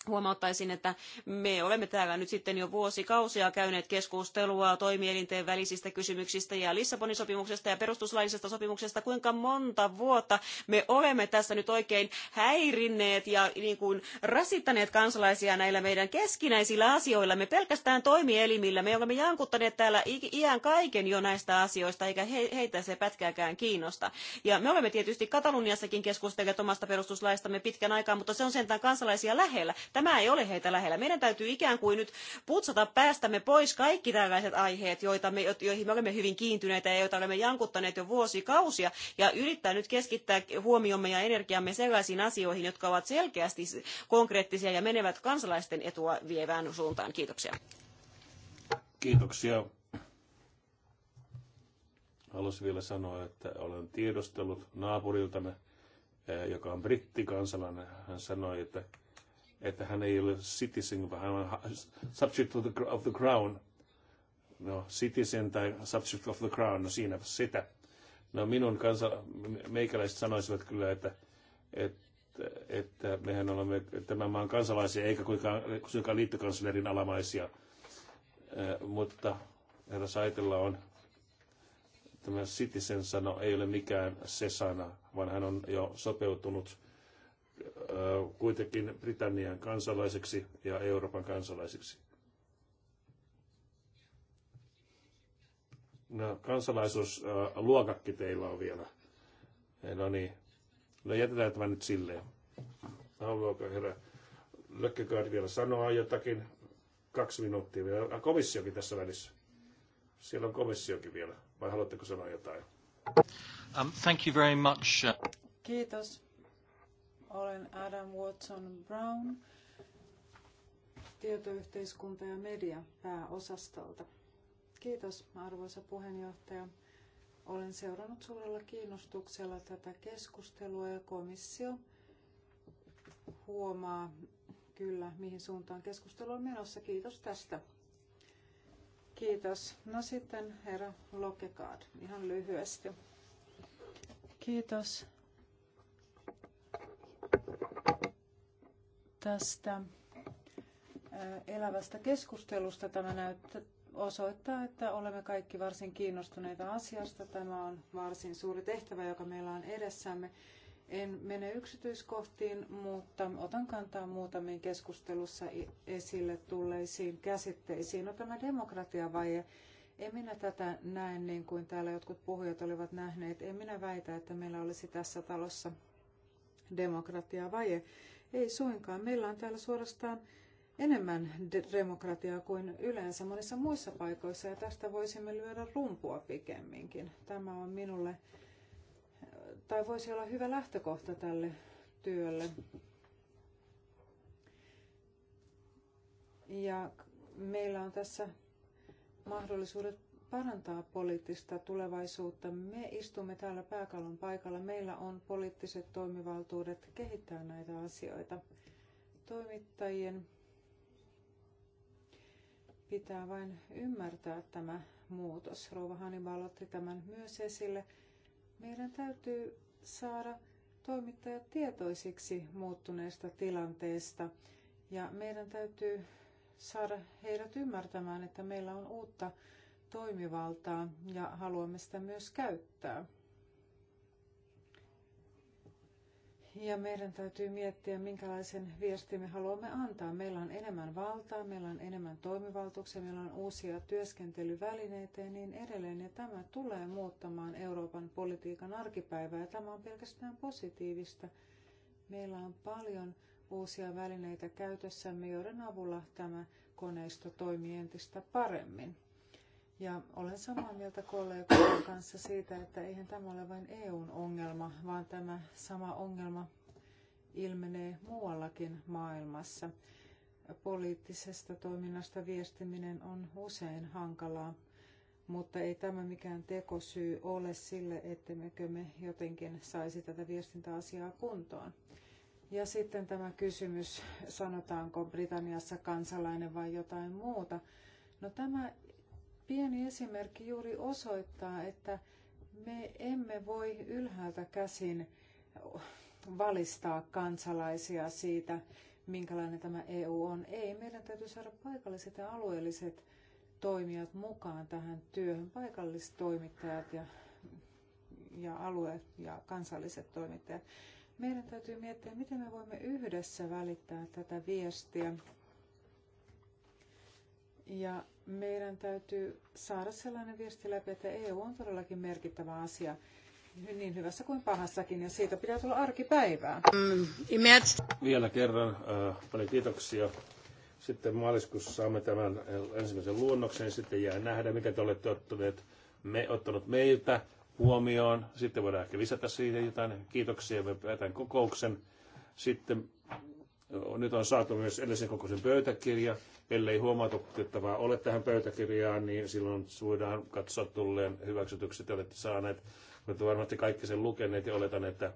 huomauttaisin, että me olemme täällä nyt sitten jo vuosikausia käyneet keskustelua toimielinten välisistä kysymyksistä ja Lissabonin sopimuksesta ja perustuslaillisesta sopimuksesta. Kuinka monta vuotta me olemme tässä nyt oikein häirinneet ja niin kuin rasittaneet kansalaisia näillä meidän keskinäisillä asioilla. Me pelkästään toimielimillä. Me olemme jankuttaneet täällä iän kaiken jo näistä asioista, eikä heitä se pätkääkään kiinnosta. Ja me olemme tietysti Kataluniassakin keskustelleet omasta perustuslaistamme pitkän aikaa, mutta se on sentään kansalaisia lähellä Tämä ei ole heitä lähellä. Meidän täytyy ikään kuin nyt putsata päästämme pois kaikki tällaiset aiheet, joita me, joihin me olemme hyvin kiintyneitä ja joita olemme jankuttaneet jo vuosikausia ja yrittää nyt keskittää huomiomme ja energiamme sellaisiin asioihin, jotka ovat selkeästi konkreettisia ja menevät kansalaisten etua vievään suuntaan. Kiitoksia. Kiitoksia. Haluaisin vielä sanoa, että olen tiedostellut naapuriltamme, eh, joka on brittikansalainen. Hän sanoi, että että hän ei ole citizen, vaan hän on subject of the, of the crown. No, citizen tai subject of the crown, no siinä sitä. No minun kansa, meikäläiset sanoisivat kyllä, että, että, että mehän olemme tämän maan kansalaisia, eikä kuinkaan, kuinkaan liittokanslerin alamaisia. Eh, mutta herra Saitella on tämä citizen-sano ei ole mikään se sana, vaan hän on jo sopeutunut kuitenkin Britannian kansalaiseksi ja Euroopan kansalaisiksi. No, kansalaisuusluokakki teillä on vielä. No niin. No jätetään tämä nyt silleen. Haluaako herra Lökkegaard vielä sanoa jotakin? Kaksi minuuttia vielä. Ah, komissiokin tässä välissä. Siellä on komissiokin vielä. Vai haluatteko sanoa jotain? Um, thank you very much. Uh- Kiitos. Olen Adam Watson Brown tietoyhteiskunta- ja media pääosastolta. Kiitos arvoisa puheenjohtaja. Olen seurannut suurella kiinnostuksella tätä keskustelua ja komissio huomaa kyllä, mihin suuntaan keskustelu on menossa. Kiitos tästä. Kiitos. No sitten herra Lokekaad, ihan lyhyesti. Kiitos tästä elävästä keskustelusta. Tämä näyttää, osoittaa, että olemme kaikki varsin kiinnostuneita asiasta. Tämä on varsin suuri tehtävä, joka meillä on edessämme. En mene yksityiskohtiin, mutta otan kantaa muutamiin keskustelussa esille tulleisiin käsitteisiin. No tämä demokratiavaje, en minä tätä näe niin kuin täällä jotkut puhujat olivat nähneet. En minä väitä, että meillä olisi tässä talossa demokratiavaje. Ei suinkaan. Meillä on täällä suorastaan enemmän demokratiaa kuin yleensä monissa muissa paikoissa ja tästä voisimme lyödä rumpua pikemminkin. Tämä on minulle, tai voisi olla hyvä lähtökohta tälle työlle. Ja meillä on tässä mahdollisuudet parantaa poliittista tulevaisuutta. Me istumme täällä pääkallon paikalla. Meillä on poliittiset toimivaltuudet kehittää näitä asioita. Toimittajien pitää vain ymmärtää tämä muutos. Rouva Hannibal otti tämän myös esille. Meidän täytyy saada toimittajat tietoisiksi muuttuneesta tilanteesta ja meidän täytyy saada heidät ymmärtämään, että meillä on uutta toimivaltaa ja haluamme sitä myös käyttää. Ja meidän täytyy miettiä, minkälaisen viestin me haluamme antaa. Meillä on enemmän valtaa, meillä on enemmän toimivaltuuksia, meillä on uusia työskentelyvälineitä ja niin edelleen. Ja tämä tulee muuttamaan Euroopan politiikan arkipäivää ja tämä on pelkästään positiivista. Meillä on paljon uusia välineitä käytössämme, joiden avulla tämä koneisto toimii entistä paremmin. Ja olen samaa mieltä kollegoiden kanssa siitä, että eihän tämä ole vain EUn ongelma, vaan tämä sama ongelma ilmenee muuallakin maailmassa. Poliittisesta toiminnasta viestiminen on usein hankalaa, mutta ei tämä mikään tekosyy ole sille, ettemmekö me jotenkin saisi tätä viestintäasiaa kuntoon. Ja sitten tämä kysymys, sanotaanko Britanniassa kansalainen vai jotain muuta. No tämä pieni esimerkki juuri osoittaa, että me emme voi ylhäältä käsin valistaa kansalaisia siitä, minkälainen tämä EU on. Ei, meidän täytyy saada paikalliset ja alueelliset toimijat mukaan tähän työhön, paikalliset toimittajat ja, ja alue- ja kansalliset toimittajat. Meidän täytyy miettiä, miten me voimme yhdessä välittää tätä viestiä ja meidän täytyy saada sellainen viesti läpi, että EU on todellakin merkittävä asia niin hyvässä kuin pahassakin, ja siitä pitää tulla arkipäivää. Mm, Vielä kerran äh, paljon kiitoksia. Sitten maaliskuussa saamme tämän äh, ensimmäisen luonnoksen, sitten jää nähdä, mitä te olette ottaneet, me, ottanut meiltä huomioon. Sitten voidaan ehkä lisätä siihen jotain. Kiitoksia, me päätän kokouksen. Sitten nyt on saatu myös edellisen kokoisen pöytäkirja. Ellei huomautettavaa ole tähän pöytäkirjaan, niin silloin voidaan katsoa tulleen hyväksytykset, olette saaneet, olette varmasti kaikki sen lukeneet ja oletan, että